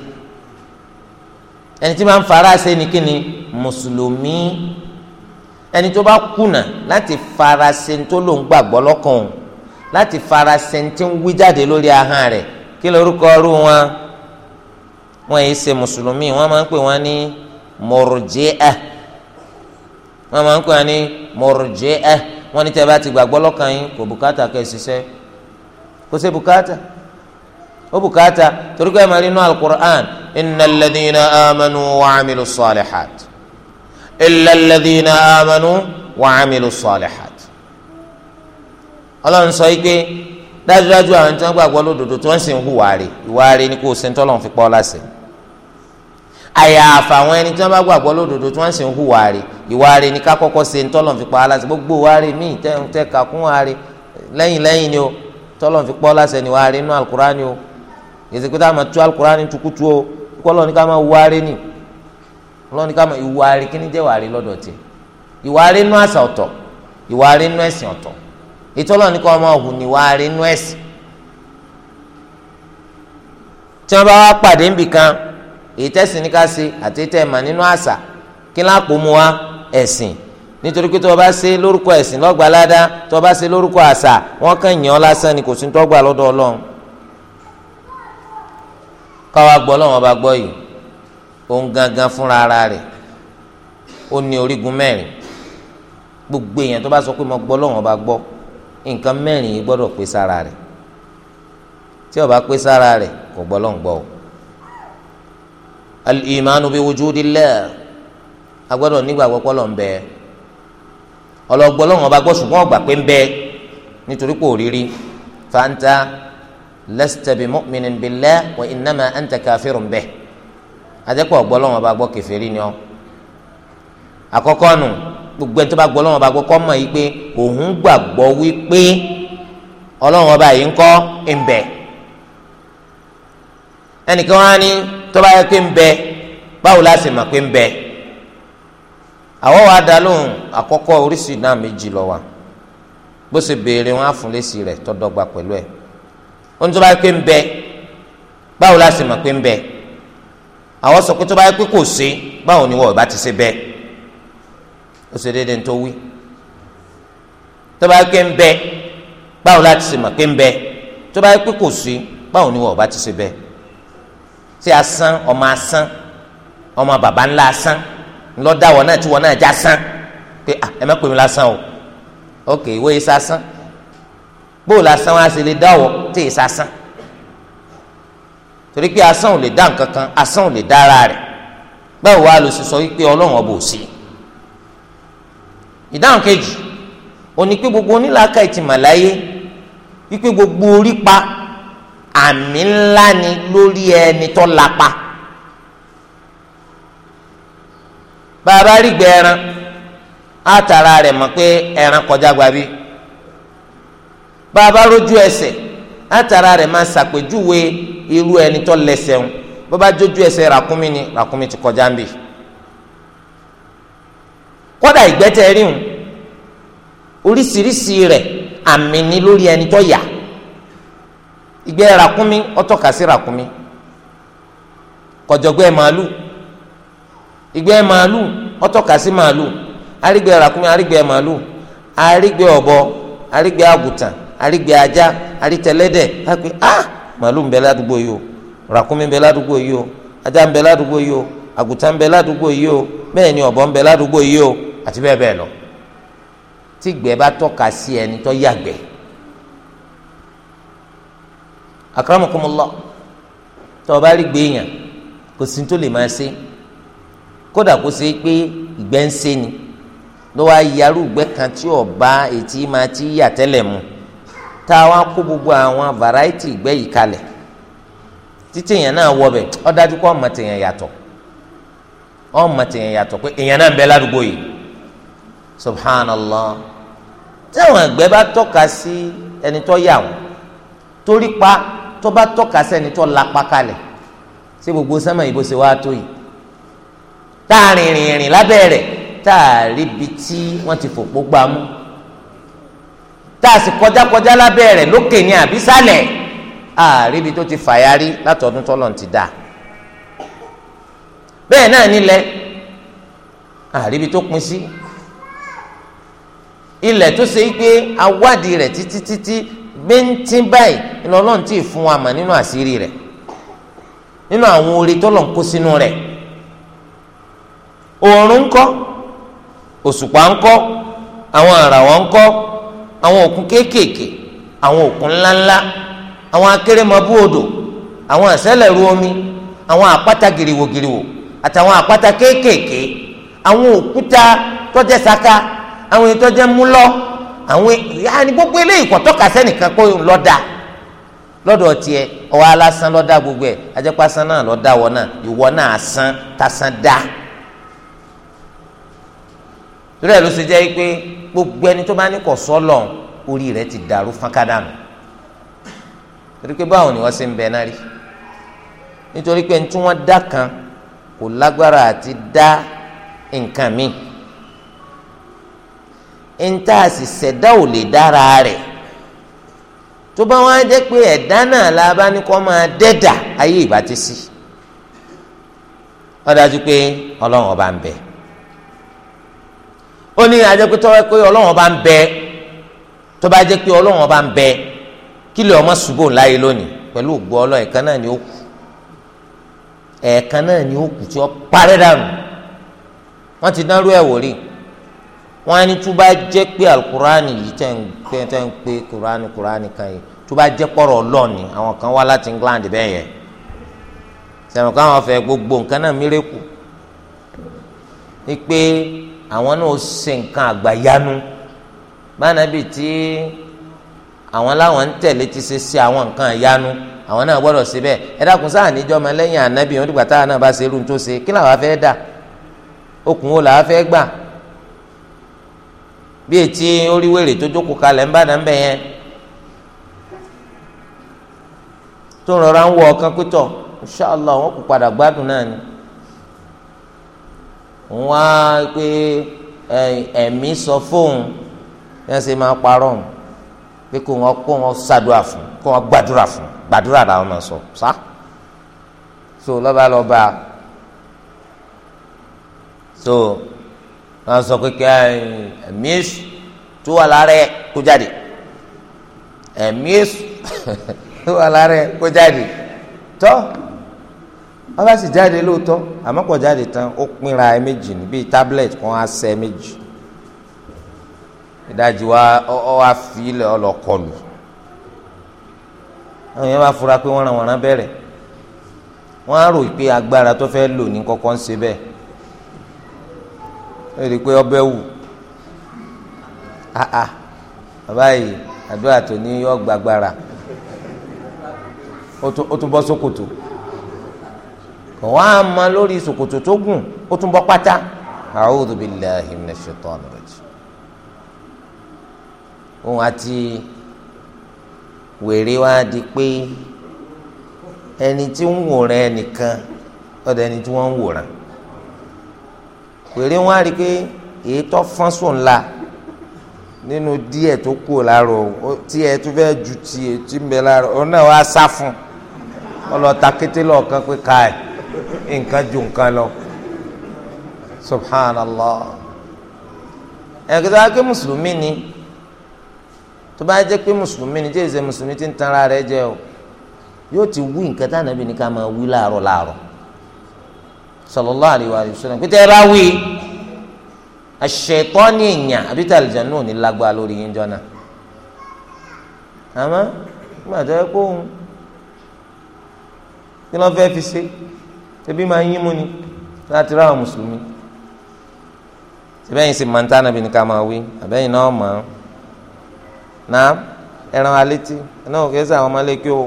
ẹni tí máa ń faraṣe ni kí ni mùsùlùmí ẹni tó bá kùnà láti faraṣe tó ló ń gbàgbọ́ lọ́kàn o láti faraṣe tí ń wí jáde lórí ahọ́n rẹ̀ kí lorúkọ ọrú wọn wọn yìí ṣe mùsùlùmí wọn máa ń pè wọn ní mọ̀rùjẹ́ẹ́ wọn máa ń pè wọn ní mọ̀rùjẹ́ẹ́ wọn ní tẹ́ bá ti gbàgbọ́ lọ́kàn yín kò bùkátà kẹ́ ẹ ṣiṣẹ́ kò ṣe bùkátà ó bùkátà torí pé ẹ máa rí inú alukur'an innal ladhina amanu wa amilu salihat illal ladhina amanu wa ọlọ́run sọ yìí pé dájúdájú àwọn tí wọ́n gbàgbọ́ lódodo tí wọ́n sì ń hùwà rè ìwà ni kò sí ń tọ́lọ̀ ń fi pọ́ láṣẹ àyàfà àwọn ẹni tí wọ́n bá gbàgbọ́ lódodo tí wọ́n sì ń hùwà rè ìwà rè ni ká kọ́kọ́ ṣe ń tọ́lọ̀ ń fi pọ́ láṣẹ gbogbo ìwà rè míì tẹ́ ka kún wa rè lẹ́yìn lẹ́yìn ni o tọ́lọ̀ ń fi pọ́ láṣẹ ni ìwà rè nínú alukurani o yẹtùkú tá a máa alukurani tukutu o kọ́ lọ́ni ká máa wà rè ni lọ́ni ká máa ni jẹ́ ìtọ́lọ̀ ní kọ́ ọmọ ọ̀hún ni wàá rí inú ẹ̀sìn tí wọ́n bá wá pàdé níbì kan èyí tẹ́sìn ní ká ṣe àti tẹ́ mà nínú àṣà kí lá pò mu wá ẹ̀sìn nítorí pé tí wọ́n bá ṣe lórúkọ ẹ̀sìn lọ́gbà ládá tí wọ́n bá ṣe lórúkọ àṣà wọ́n kàn yàn án lásán ni kò sí tọ́gbà lọ́dọ̀ ọlọ́run káwa gbọ́ lọ́wọ́n bá gbọ́ yìí òun gangan fúnra ara rẹ̀ ó ní orígun mẹ́rin gbogbo èèyàn tó bá sọ pé mo gbọ́ lọ́wọ́n bá gbọ́ nǹkan mẹ́rin yìí gbọ́dọ̀ pé sára rẹ̀ tí ó bá pé sára rẹ̀ kò gbọ́ lọ́n o bi wujudillah a gbọ́dọ̀ nígbàgbọ́ pọ́lọ̀ ń bẹ ọlọ́gbọ́lọ́hún ọba gbọ́ ṣùgbọ́n ọgbà pé ń bẹ nítorí fanta lasta bi mu'minin billah adẹ́pọ̀ ọba gbọ́ ni gbogbo ẹni tó bá gbọ́ ọlọ́wọ́n bá gbọ́ kọ́ mọ̀ yìí pé òun gbàgbọ́ wípé ọlọ́wọ́n bá yìí ń kọ́ ń bẹ ẹnìkan wá ní tó bá yẹ pé ń bẹ báwo la sì mọ̀ pé ń bẹ àwọn wa dá lóhùn àkọ́kọ́ oríṣi náà méjì lọ wa bó ṣe béèrè wọn á fún lésì rẹ̀ tó dọ́gba pẹ̀lú ẹ̀ ohun tó bá yẹ pé ń bẹ báwo la sì mọ̀ pé ń bẹ àwọn sọ pé tó bá yẹ pé kò sí báwo ni wọn ò bá ti ṣe bẹ́ẹ̀ ó ṣe déédéé ní tó wí tó bá pé ń bẹ báwo láti ṣe mọ̀ pé ń bẹ tó bá pé kò sí báwo ni wọn ò bá ti ṣe bẹ ṣé asán ọmọ asán ọmọ bàbá ńlá asán ńlọ́dà wọn náà tí wọn náà já asán pé ẹ má pè mí lásán o ok ìwé yìí sásán bóòlù asán wa ṣe lè dá ọ tí yìí sásán torí pé asán ò lè dá nǹkan kan asán ò lè dá ara rẹ̀ báwo wá lọ sí sọ wípé ọlọ́run ọba ò sí i ìdáhùn kejì òní pé gbogbo onílàákà ìtìmọ̀láyé wípé gbogbo orí pa àmì ńlá ni lórí ẹni tó lapa bàbá rí gbẹ ẹran àtàrà rẹ̀ mọ̀ pé ẹran kọjá gbabi bàbá rójú ẹsẹ̀ látara rẹ̀ máa ṣàpèjúwe irú ẹni tó lẹ́sẹ̀ ń bó jójú ẹsẹ̀ ràkúnmí ni ràkúnmí ti kọjá ń bì. kọ́dà ìgbẹ́tẹ̀ ríhun oríṣiríṣi rẹ̀ àmì ni lórí ẹni tó yà ìgbẹ́ Rakumi ọtọ́ka sí kọjọgbe kọjọgbẹ́ màálù ìgbẹ́ màálù ọtọ́ka sí màálù arígbẹ́ ràkúnmí arígbẹ́ màálù arígbẹ́ ọ̀bọ arígbẹ́ àgùtàn arígbẹ́ ajá a! àpè ah màálù ládùúgbò yìí o ládùúgbò yìí o ajá ń ládùúgbò yìí o àti bẹ́ẹ̀ bẹ́ẹ̀ lọ tí gbẹ bá tọ́ka sí ẹni tó yàgbẹ́ akramakumullah tó o bá rí gbé yàn kò sí tó lè máa ṣe kódà kó ṣe pé ìgbẹ́ ń ṣe ni lọ́wọ́ ayarú ìgbẹ́ kan tí ọba ètí máa ti yà tẹ́lẹ̀ mu tá a wá kó gbogbo àwọn variety ìgbẹ́ yìí kalẹ̀ títí èèyàn náà wọ bẹ̀ ọ́ dájú pé ọmọ tèèyàn yàtọ̀ ọmọ tèèyàn yàtọ̀ pé èèyàn náà ń bẹ ládùúgbò yìí subhanallah tí àwọn ẹgbẹ́ bá tọ́ka sí ẹni tó yà wọ́n torí pa tó bá tọ́ka sí ẹni tó lapa kalẹ̀ ṣé gbogbo sẹ́mọ̀ ìbò ṣe wáá tó yìí tá a rìnrìn ìrìn lábẹ́ rẹ̀ tá a ríbi tí wọ́n ti fòpó gbá mú tá a sì kọjákọjá lábẹ́ rẹ̀ lókè ní àbísàlẹ̀ a ríbi tó ti fàyàrí látọ̀dún tọ́lọ̀ ti dà bẹ́ẹ̀ náà nílẹ̀ a ríbi tó pin sí. Si ilẹ̀ tó ṣe pé awádìí rẹ̀ títí títí bíntín báyìí ni ọlọ́run tí ì fún wa mà nínú àṣírí rẹ̀ nínú àwọn oore tó lọ́n kó sínú rẹ̀ òòrùn ńkọ́ òṣùpá ńkọ́ àwọn àràwọ̀ ńkọ́ àwọn òkun kéékèèké àwọn òkun ńláńlá àwọn akérèmọ́bú odò àwọn àṣẹlẹ̀rú omi àwọn àpáta gìrìwògìrìwò àtàwọn àpáta kéékèèké àwọn òkúta tọ́jẹ́ saka àwọn ètò ọjọ́ mú lọ àwọn yaani gbogbo eléyìí kò tọ́ka sẹ́nìkan kó lọ́dà lọ́dọ̀ tiẹ̀ ọwọ́ alásán lọ́dà gbogbo ẹ̀ ajẹ́pásán náà lọ́dà wọ náà ìwọ náà sán tásán dá torí ẹ̀ ló ṣe jẹ́ pé gbogbo ẹni tó bá ní kò sọ́lọ̀ orí rẹ̀ ti dàrú fákádànù torí pé báwo ni wọ́n ṣe ń bẹ náà rí nítorí pé ní tí wọ́n dá kan kò lágbára àti dá nǹkan míì níta sì ṣẹ̀dá dara re dára rẹ̀ tó wọn pé náà la bá ní kó máa ayé ti si ó dájú pé ọlọ́run ọba ń bẹ ó ní ajẹ́ pé pé ọba ń bẹ tó bá jẹ́ pé ọba ń bẹ kí lè ọmọ ṣubú láyé lónìí ògbó ni ó wọn ni tó bá jẹ́ pé alukurani yìí tẹ̀ ń pé tẹ̀ ń pé kurani kurani kan yìí tó bá jẹ́ pọ̀rọ̀ ọlọ́ọ̀ni àwọn kan wá láti England bẹ́ẹ̀ yẹn sẹ̀mọ̀ káwọn fẹ́ gbogbo nǹkan náà mírèkù ni pé àwọn náà ṣe nǹkan àgbàyanu bánabi tí àwọn láwọn ń tẹ̀lé ti ṣe ṣe àwọn nǹkan àyanu àwọn náà gbọ́dọ̀ ṣe bẹ́ẹ̀ ẹ dákun sáà níjọ́ ọmọ lẹ́yìn ànábì wọn dìgbà táwọn náà bá ṣe irú tó ṣe kí làwọn afẹ́ dà okùn wo làwọn afẹ́ gbà bí etí oríwèrè tó jókòó kalẹ̀ ń bá dà ń bẹ̀ yẹn tó rọra ń wọ ọkàn pítọ̀ inṣàlá wọn kò padà gbádùn náà ni wọn á pé ẹ̀mí sọ fóun bí wọ́n ṣe máa parọ́ òun pé kó wọn kó wọn ṣàdúrà fún kó wọn gbàdúrà fún gbàdúrà làwọn máa sọ sá so lọ́ba lọ́ba so wọn sọ pé kí ẹmí èṣù tó wà lára ẹ kó jáde ẹmí èṣù tó wà lára ẹ kó jáde tọ́ wọn bá sì jáde lóòótọ́ àmọ́ kò jáde tán ó pinra ẹ méjì ní bíi tablet kan á sẹ méjì ìdajì wa ọ wá fi ilẹ̀ ọlọ́kọlù àwọn yẹn wá fura pé wọ́n ràn wọ́n rán bẹ̀rẹ̀ wọ́n á rò pé agbára tó fẹ́ lò ní kọ́kọ́ ń ṣe bẹ́ẹ̀ rí ọbẹwụ pé ọbẹ̀ wù àà ah, ah. bàbá yìí àdúrà tó ní yọ gbàgbára ó tún bọ́ sokoto mọ lórí tó gùn ó tún bọ́ pátá a'udhu billahi minash shaitani rajim òun àti wèrè wa di pé ẹni tí ń wòran ẹnìkan ọ̀dọ̀ ẹni tí wèrè wọn á pé èyí tó fọ́n sùn la nínú díẹ̀ tó kù láàrọ̀ tí ẹ tún ti ètí ń bẹ láàrọ̀ ọ náà wàá sá fún ọlọ́ta kété pé ká ju nǹkan lọ subhanallah ẹ̀kẹ́tọ́ akẹ́ mùsùlùmí ni tó bá jẹ́ pé mùsùlùmí ti ń tanra rẹ̀ o yóò ti wí nǹkan tá ànábì ká máa wí sallallahu alayhi wa sallam pété ẹ bá wí aṣetọ́ ní èèyàn àbí tí àlùjánnà ò ní lágbára lórí yín jọ náà àmọ́ nígbà tó yẹ kó òun kí ló fẹ́ fi ṣe ebi máa yín mú ni láti ra àwọn mùsùlùmí sibẹ́yìn sì máa ń tánà bí ni ká máa wí àbẹ́yìn náà mọ̀ ọ́n ẹran alétí náà kò kẹ́sì ọmọ alẹ́ o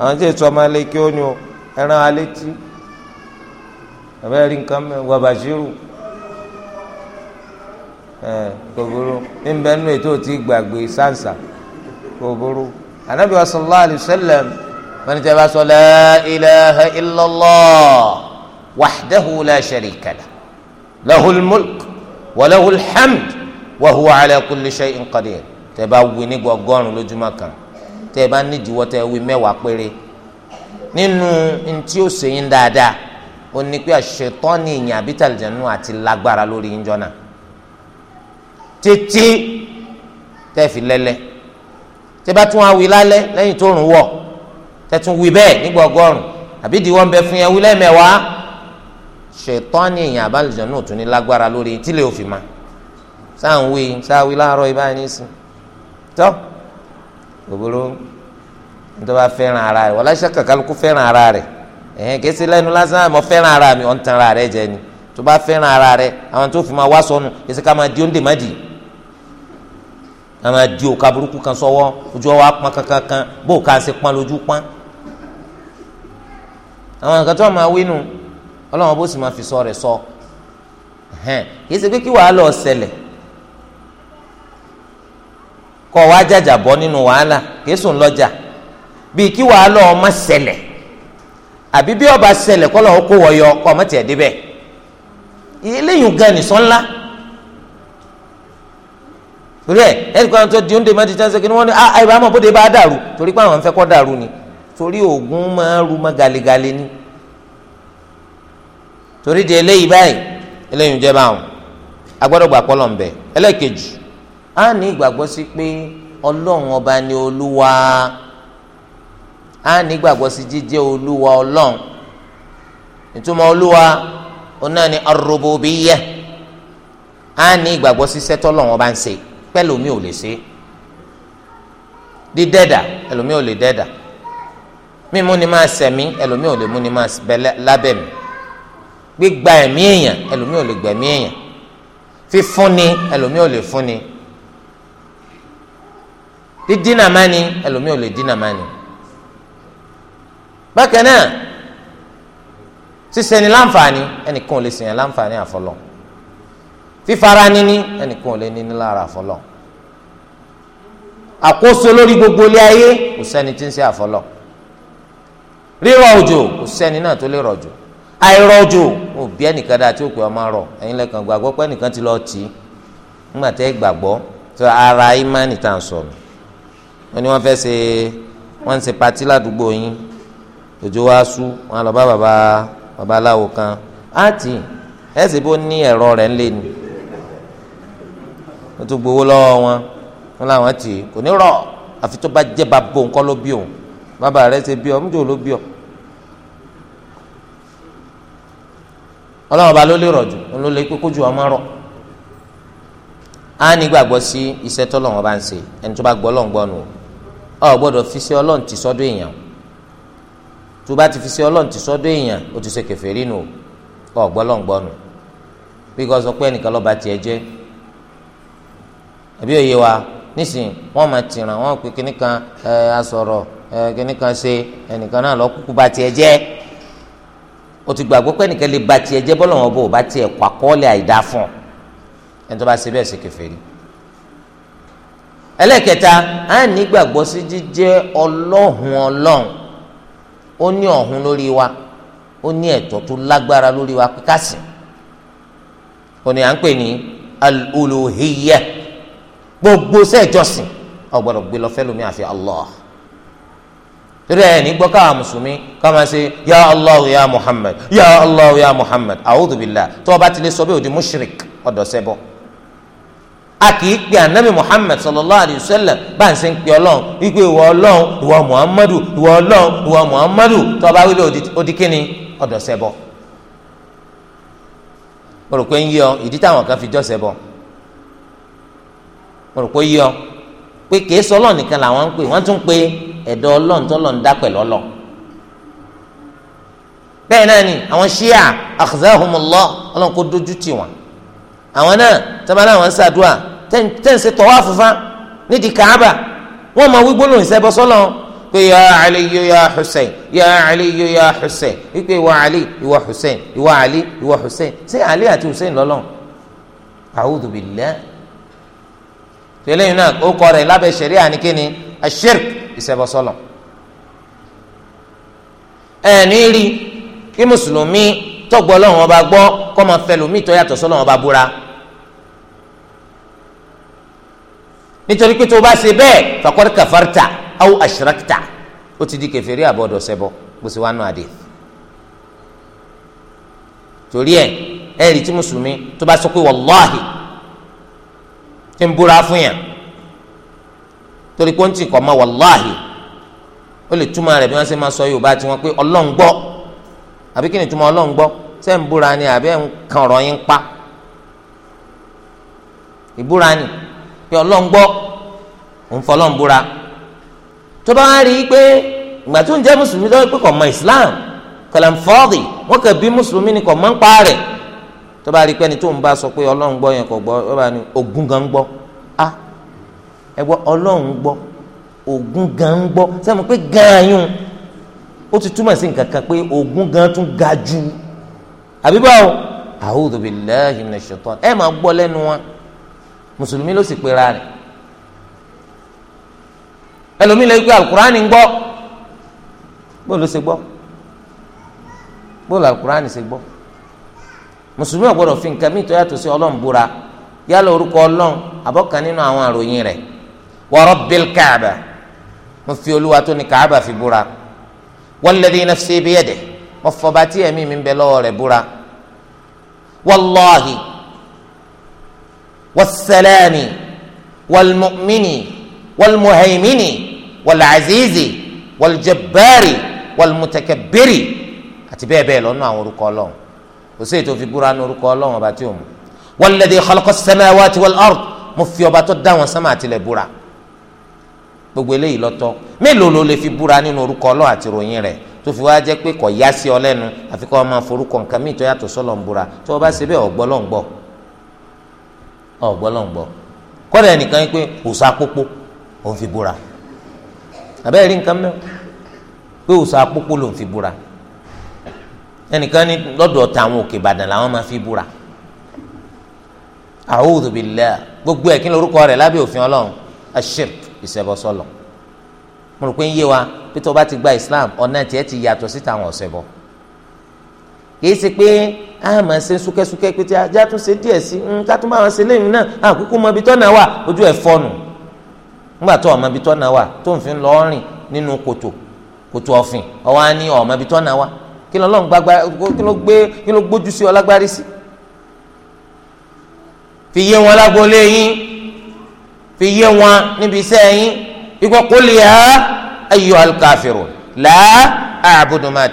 àwọn tí èso ọmọ alẹ́ o ni o ẹran alétí abẹ́rẹ́ rí nǹkan mẹ́ wà bàṣírù ẹ̀ kòbóró níbẹ̀ nínú ètò tí gbàgbé sáǹsà kòbóró anabi wa sallallahu alayhi wa sallam wọ́n ti bá sọ la ilaha illallah wahdahu la sharika lah lahul mulk wa hamd wa ala kulli shay'in qadir tẹ́ bá wí ní gbọgọrùn lójúmọ́ kan tẹ́ bá nídìí wọ́tẹ́ wí mẹ́wàá péré nínú ntí ó sèyìn dáadáa ó ní pé àṣetọ́ni ìyìn àbítàlìjẹ̀nu àti lágbára lórí yín jọ́nà títí tẹ́ẹ̀fì lẹ́lẹ́ tẹ́ bá tún awi lálẹ́ lẹ́yìn tó rùn wọ̀ tẹ́tún wí bẹ́ẹ̀ nígbà ọgọ́rùn àbí ìdíwọ́ ń bẹ fún yẹn wí lẹ́ẹ̀mẹ́wàá ṣètọ́ni ìyìn àbálìjẹ̀nu ò tún ní lágbára lórí yín tílé òfin máa sáà ń wí sáà wí láàárọ̀ ibà ní sí tọ́ òbúrò nítorí wọ́n fẹ́ràn ara rẹ̀ wọ́n láṣẹ kàkálukú fẹ́ràn ara rẹ̀ ẹ̀hìn kìí ṣe lásán àmọ́ fẹ́ràn ara mi ọ̀n rẹ jẹ ni tó bá fẹ́ràn ara rẹ àwọn tó fi máa wá sọnù kìí ká máa di oúnjẹ má di òkà burúkú kan sọ́wọ́ ojú ọwọ́ apọn kan bó o ká ṣe pọn lójú pọn àwọn nǹkan tó máa wí bó sì máa fi sọ sọ pé kí wàhálà kọ́ wa jàjà bọ́ nínú wàhálà lọ́jà bíi àbí bí ọba ṣẹlẹ̀ kọ́lọ̀ ó kó wọ̀yọ kọ́ ọmọ tiẹ̀ débẹ̀ eléyìí gan ní sọ́nlá torí ẹ ẹnì tó di oúnjẹ máa ṣe kí ni wọ́n ní ah ẹ bá mọ̀ bóde bá dàrú torí pé àwọn ń fẹ́ kọ́ dàrú ni torí oògùn máa ń ru mọ́ galigali ni torí di eléyìí báyìí eléyìí ń báwọn agbọ́dọ̀ gbà pọ́lọ̀ ń bẹ̀ ẹlẹ́ẹ̀kejì á ní ìgbàgbọ́ sí pé ọlọ́run ọba ni olúwa a nígbàgbọ́ sí jíjẹ́ olúwa ọlọ́run ìtumọ̀ olúwa ọ̀nà ni ar-rububiyyah á ní ìgbàgbọ́ sí sẹ́tọ́ lọ́wọ́ bá ń ṣe pẹ́lú mi ò lè ṣe dídẹ́dà ẹlòmí ò lè dẹ́dà mímú ni máa sẹ̀mí ẹlòmí ò lè mú ni máa bẹ lábẹ́ mi gbígba ẹ̀mí èèyàn ẹlòmí ò lè gbẹ̀mí èèyàn fífúnni ẹlòmí ò lè fúnni dídínàmánì ẹlòmí ò lè dínàmánì bákan náà ni láǹfààní ẹnìkan ò lè sèyàn láǹfààní àfọlọ fífara níní ẹnìkan ò lè níní lára àfọlọ àkóso lórí gbogbo ilé ayé kò sẹ́ni tí ń ṣe àfọlọ rírọ̀ òjò kò sẹ́ni náà tó lè rọ̀jò àìrọ̀ òjò òbí ẹnìkan dáa tí ó pè ọmọ rọ ẹ̀yin lẹ́kàn gbàgbọ́ pé ẹnìkan ti lọ tì í nígbà tẹ́ gbàgbọ́ tó ara imáni tá à ń sọ̀rọ̀ wọn ni wọ́n fẹ́ ṣe wọ́n ń ṣe patí ládùúgbò yín òjò wa sú wọn lọ bá baba babaláwo kan àti ẹsẹ bó ní ẹ̀rọ rẹ̀ ńlẹ̀ ni wọn tún gbowó lọ́wọ́ wọn wọn làwọn tì í kò ní rọ àfi tó bá jẹ bàbá òun kọ́ ló bí òun bàbá rẹ̀ ṣe bí ọ ọmọdé ló bí ọ ọlọ́wọ́ ba ló lè rọ̀ ló lè pé kójú ọmọ rọ̀ á ní gbàgbọ́ sí iṣẹ́ tọ́lọ́wọ́n bá ń ṣe ẹni tó bá gbọ́ lọ́ngbọ́n nù ọ gbọ́dọ̀ fi ṣe ọlọ́run ti èèyàn tó bá ti fi ṣe ọlọ́run ti sọ́dọ̀ èèyàn ó ti ṣe kèfèrí nù ọ̀gbọ́lọ́ngbọ́nù bí kò sọ pé ẹnìkan lọ́ba tiẹ̀ jẹ́ àbí òye wa nísìnyí wọ́n máa tìràn wọ́n pe kíní ẹ asọ̀rọ̀ ẹ kíní kan ẹnìkan náà lọ kúkú ba tiẹ̀ jẹ́ o ti gbàgbọ́ pé ẹnìkan lè ba tiẹ̀ jẹ́ bọ́lọ̀ wọn bò bá tiẹ̀ kọ́ akọ́ọ́lẹ̀ àìdá fún ọ ẹni tó bá ṣe bẹ́ẹ̀ ṣe kèfèrí ẹlẹ́kẹta á nígbàgbọ́ sí jíjẹ́ ọlọ́hun ọlọ́hun ó ní ọ̀hún lórí wa ó ní ẹ̀tọ́ tó lágbára lórí wa pé ká sìn ó ní à ń pè ní al-uluhiyya gbogbo sẹ́ẹ̀jọsìn ó gbọ́dọ̀ gbé lọ fẹ́lómi àfi Allah torí ẹ̀ ní gbọ́ káwa mùsùlùmí ká máa ṣe ya Allah ya Muhammad ya Allah ya Muhammad a'udhu tó o bá ti lè sọ bí o di mushrik ọ̀dọ̀ sẹ́bọ̀ a kì í pe anabi muhammed sallallahu alayhi wa sallam bá ń sẹ́ ń pe ọlọ́run wípé ìwọ ọlọ́run ìwọ muhammadu ìwọ ọlọ́run ìwọ muhammadu tó bá wílé odi kíni ọ̀dọ̀ ṣẹbọ. mo rò pé ń yí ọ ìdí táwọn kan fi jọ́ ṣẹbọ mo rò pé yí ọ pé kìí sọ ọlọ́run nìkan làwọn ń pè wọ́n tún pe ẹ̀dọ̀ ọlọ́run tó lọ́n dá pẹ̀lú ọlọ́ bẹ́ẹ̀ náà ni àwọn ṣíà akhzahumullah àwọn náà tẹmánà àwọn ń ṣàdúrà tẹǹsì tọwọ àfúfá nídìí Káàbà wọn máa wí gbólóhùn ìṣẹbọ sọlọ pé ya aliyu ya Hussein ya aliyu ya Hussein wípé ìwà ali ìwà Hussein ìwà ali ìwà Hussein ṣé ali àti Hussein lọ́lọ́run a'udhu billah tẹlẹyìn náà ó kọ rẹ lábẹ́ ṣẹ̀ríà ní kíni ashirk ìṣẹbọ sọlọ rí kí mùsùlùmí tọgbọ Ọlọ́run ọba gbọ́ kọ máa fẹ lómi tó yàtọ̀ sọ́lọ́run ọba búra nítorí pé tó o bá ṣe bẹ́ẹ̀ faqad kafarta aw ashrakta ó ti di kèfèrí àbọ̀dọ̀ ṣẹbọ bó ṣe wá nù àdé torí ẹ ẹ rí tí mùsùlùmí tó bá sọ pé wàláhì tí ń búra fún yàn torí pé ó ń tì kọ́ mọ́ wàláhì ó lè túmọ̀ rẹ̀ bí wọ́n ṣe máa sọ yorùbá tiwọn pé ọlọ́run gbọ́ àbí kí ni túmọ̀ ọlọ́run gbọ́ ṣé ń búra ni àbí ẹ̀ ń kan ọ̀rọ̀ yín pa ìbúra ni pé ọlọ́run gbọ́ òun fọlọ́run búra tó bá rí i pé ìgbà tó ń jẹ́ mùsùlùmí lọ́wọ́ pé kò mọ islam kọlẹ̀ ń fọ́ọ̀dì wọ́n kàn bí mùsùlùmí ni kò mọ́ ń pa rẹ̀ tó bá rí i pé ẹni tó ń bá sọ pé ọlọ́run gbọ́ yẹn kò gbọ́ ó bá ní ogun gan gbọ́ a ẹ gbọ́ ọlọ́run gbọ́ ogun gan gbọ́ sẹ́mu pé gan ó ti túmọ̀ sí nǹkan kan pé ogun gan tún ga jù àbí báwo a'udhu billahi minash shaitan ẹ máa gbọ́ lẹ́nu wọn mùsùlùmí ló sì pera rẹ̀ ẹlòmíì lè gbé alukurani gbọ́ bóòlù ṣe gbọ́ bóòlù alukurani ṣe gbọ́ mùsùlùmí ò gbọ́dọ̀ fi nǹkan mi tó yàtọ̀ sí Ọlọ́run búra yálà orúkọ Ọlọ́run àbọ̀kan nínú àwọn àròyìn rẹ̀ wa rabbil Kaaba mo fi olúwa tó ní Kaaba fi búra walladhi nafsi biyadihi mo fọba tí ẹ̀mí mi ń bẹ lọ́wọ́ rẹ̀ búra wallahi. والسلامي wàlmùmínì wàlmùhàìmínì wàlàzízì wàljabbari wàlmùtàkàbírì àti bẹ́ẹ̀ bẹ́ẹ̀ lọ́nà àwọn orúkọ ọlọ́run kò sí ètò ìfibúra ní orúkọ ọlọ́run ọba tí ò mú wàlẹ́dì xọlọ́kọ́ sẹ́mẹ́wàtí wàlọ́rù mo fi ọba tó dá wọn sánmà àtìlẹ̀ búra gbogbo eléyìí lọ́tọ̀ mélòó ló lè fi búra nínú orúkọ ọlọ́run àti ròyìn rẹ̀ tó fi wá jẹ́ pé kò yá sí ọ lẹ́nu àfi kọ́ forúkọ nǹkan míì tó yàtọ̀ sọ́lọ́ ń búra tó o bá ṣe bẹ́ẹ̀ ọ̀gbọ́ lọ́ngbọ́n ọ̀gbọ́lọ́ngbọ́ kọ́dà ẹnìkan yín pé òòsà pópó òun fi búra àbẹ́rẹ́ rí nǹkan mẹ́wọ́ pé òòsà pópó lòun fi búra ẹnìkan ní lọ́dọ̀ tàwọn òkè ìbàdàn làwọn máa fi búra a'udhu billah gbogbo ẹ̀ kí lórúkọ rẹ̀ lábẹ́ òfin ọlọ́run ashirk ìṣẹ̀bọ̀sọ̀lọ̀ mo rò pé ń yé wa pé tó bá ti gba Islam ọ̀nà tiẹ̀ ti yàtọ̀ síta àwọn ọ̀sẹ̀ bọ̀ kì í ṣe pé a máa ṣe súkẹ́súkẹ́ pété ajá tún ṣe díẹ̀ sí i ká tún bá wọn ṣe lẹ́yìn náà àkókò mọ ibi tọ́nà wà ojú ẹ̀ fọnù nígbà tó ọmọ ibi tọ́nà wà tó ń fi lọ rìn nínú kòtò kòtò ọ̀fìn ọwọ́ á ní ọmọ tọ́nà wà kí lọ́n gbàgbà kí ló gbé kí ló gbójú sí ọlágbárí sí. fi yé wọn lágboolé yín fi yé wọn níbi iṣẹ́ yín ikọ̀ kó lè ha ayyuhal kafirun la a'budu ma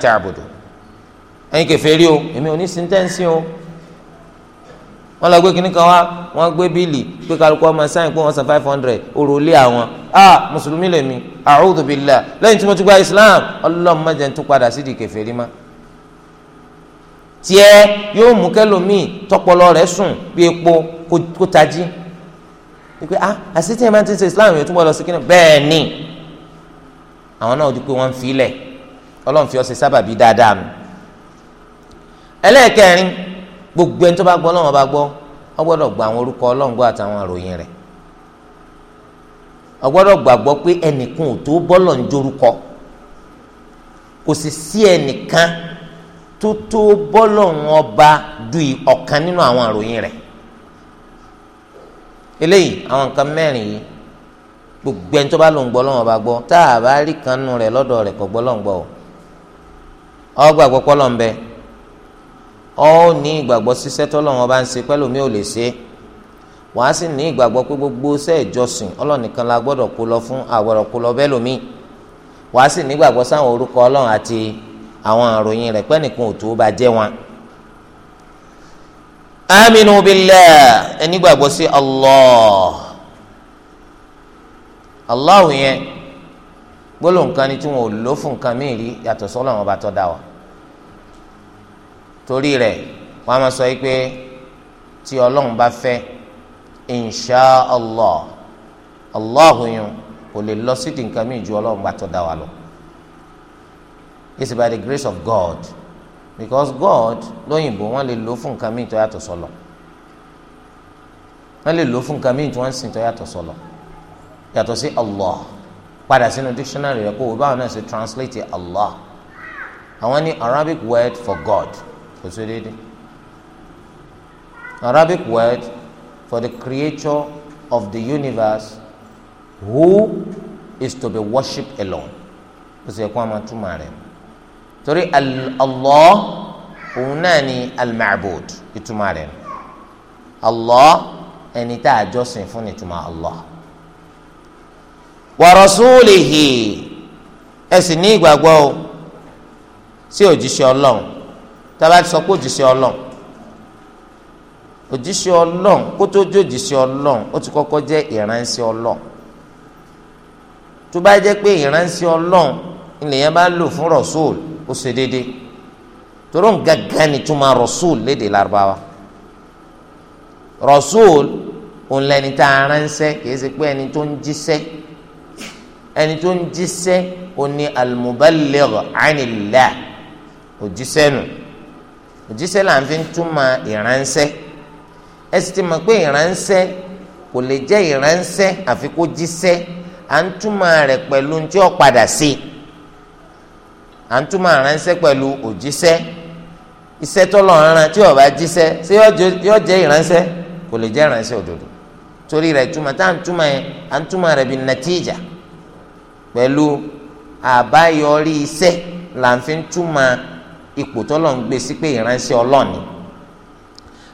ẹ̀yin kèfèrí o èmi ò ní sin tẹ́ǹsì o wọ́n lọ gbé kínní kan wá wọ́n gbé bíìlì pé kálukú ọmọ sáyìn pé wọ́n san five hundred òrò lé àwọn a mùsùlùmí lèmi a'udhu billah lẹ́yìn tí mo ti gba islam ọlọ́run má jẹ́ n tún padà sí di kèfèrí má tiẹ̀ yóò mú kẹlòmíì tọpọlọ rẹ̀ sùn bí epo kó tají pé ah àṣetí ẹ̀ máa ti ṣe islam yóò túbọ̀ lọ sí kínní bẹ́ẹ̀ ni àwọn náà ó di pé wọ́n ń filẹ̀ ọlọ́run fi ọ sábàbí dáadáa mi. ẹlẹ́ẹ̀kẹrin gbogbo ẹni tó bá gbọ́ ọlọ́run ọba gbọ́ ọ gbọ́dọ̀ gba àwọn orúkọ ọlọ́run gbọ́ àtàwọn àròyìn rẹ̀ ọ gbọ́dọ̀ gbàgbọ́ pé ẹnìkan ò tó bọ́lọ̀ ń jorúkọ kò sì sí ẹnìkan tó tó bọ́lọ̀ ń ọba du ọ̀kan nínú àwọn àròyìn rẹ̀ eléyìí àwọn nǹkan mẹ́rin yìí gbogbo ẹni tó bá ọ ní ìgbàgbọ́ ṣiṣẹ́ tọ́lọ́wọ́n bá ń ṣe pẹ́lú mi ò lè ṣe wàá sì ní ìgbàgbọ́ pé gbogbo iṣẹ́ ìjọsìn ọlọ́nìkan la gbọ́dọ̀ kó lọ fún àgbọ̀dọ̀ kó lọ bẹ́ẹ̀ lómi wàá sì ní ìgbàgbọ́ sáwọn orúkọ ọlọ́run àti àwọn àròyìn rẹ̀ pẹ́nìkan ò bá jẹ́ wọn. aminu billah ẹni gbàgbọ́ sí Allah Allah yẹn gbólóhùn kan ni tí wọn ò lò fún nǹkan mìíràn yàtọ̀ sọ́lọ́run ọba tó dá wa torí rẹ̀ wọ́n á máa sọ yìí pé tí ọlọ́run bá fẹ́ insha allah allah yun kò lè lọ sí di nǹkan ju ọlọ́run bá tọ́ da wa lọ it's by the grace of god because god lóyìnbó wọ́n lè lò fún nǹkan mìíràn tó yàtọ̀ sọlọ wọ́n lè lò fún nǹkan mìíràn tí wọ́n ń tó yàtọ̀ sọlọ yàtọ̀ sí allah padà sínú dictionary rẹ kó o báwọn náà ṣe translate allah àwọn ní arabic word for god kò sí déédéé Arabic word for the creator of the universe who is to be worshipped alone kò sí ẹ̀kọ́ àmọ́ túmọ̀ rẹ̀ torí Allah òun náà ni al-ma'bud ìtumọ̀ rẹ̀ Allah ẹni tá a jọ́sìn fún ìtumọ̀ Allah wa rasulihi ẹ sì ní ìgbàgbọ́ o sí òjíṣẹ́ ọlọ́run tábà ti sọ pé òjíṣẹ́ ọlọ́run òjíṣẹ́ ọlọ́run kó tó jó òjíṣẹ́ ọlọ́run ó ti kọ́kọ́ jẹ́ ìránṣẹ́ ọlọ́run tó bá jẹ́ pé ìránṣẹ́ ọlọ́run ilẹ̀ yẹn bá lò fún rọ̀ṣúl ó ṣe déédé toró ń gàgán ni túmọ̀ rọ̀ṣúl lédè lárúbáwá rọ̀ṣúl òun tá a ránṣẹ́ kìí ṣe pé ẹni tó ń jíṣẹ́ ẹni tó ń jíṣẹ́ òun ni al-muballigh òjíṣẹ́ nù òjíṣẹ́ là ń fi túmọ̀ ìránṣẹ́ ẹ sì ti mọ̀ pé ìránṣẹ́ kò lè jẹ́ ìránṣẹ́ àfi kó jíṣẹ́ à ń túmọ̀ rẹ̀ pẹ̀lú tí ó padà sí à ń túmọ̀ ìránṣẹ́ pẹ̀lú òjíṣẹ́ iṣẹ́ tọ́lọ̀ ńran tí ó bá jíṣẹ́ ṣé yóò jẹ́ ìránṣẹ́ kò lè jẹ́ ìránṣẹ́ òdodo torí rẹ̀ túmọ̀ tá à ń túmọ̀ rẹ̀ bí nàtíjà pẹ̀lú àbáyọrí iṣẹ́ là ń fi túmọ̀ ipò tọ́lọ̀ ń gbé sí pé ìránṣẹ́ ọlọ́ọ̀ni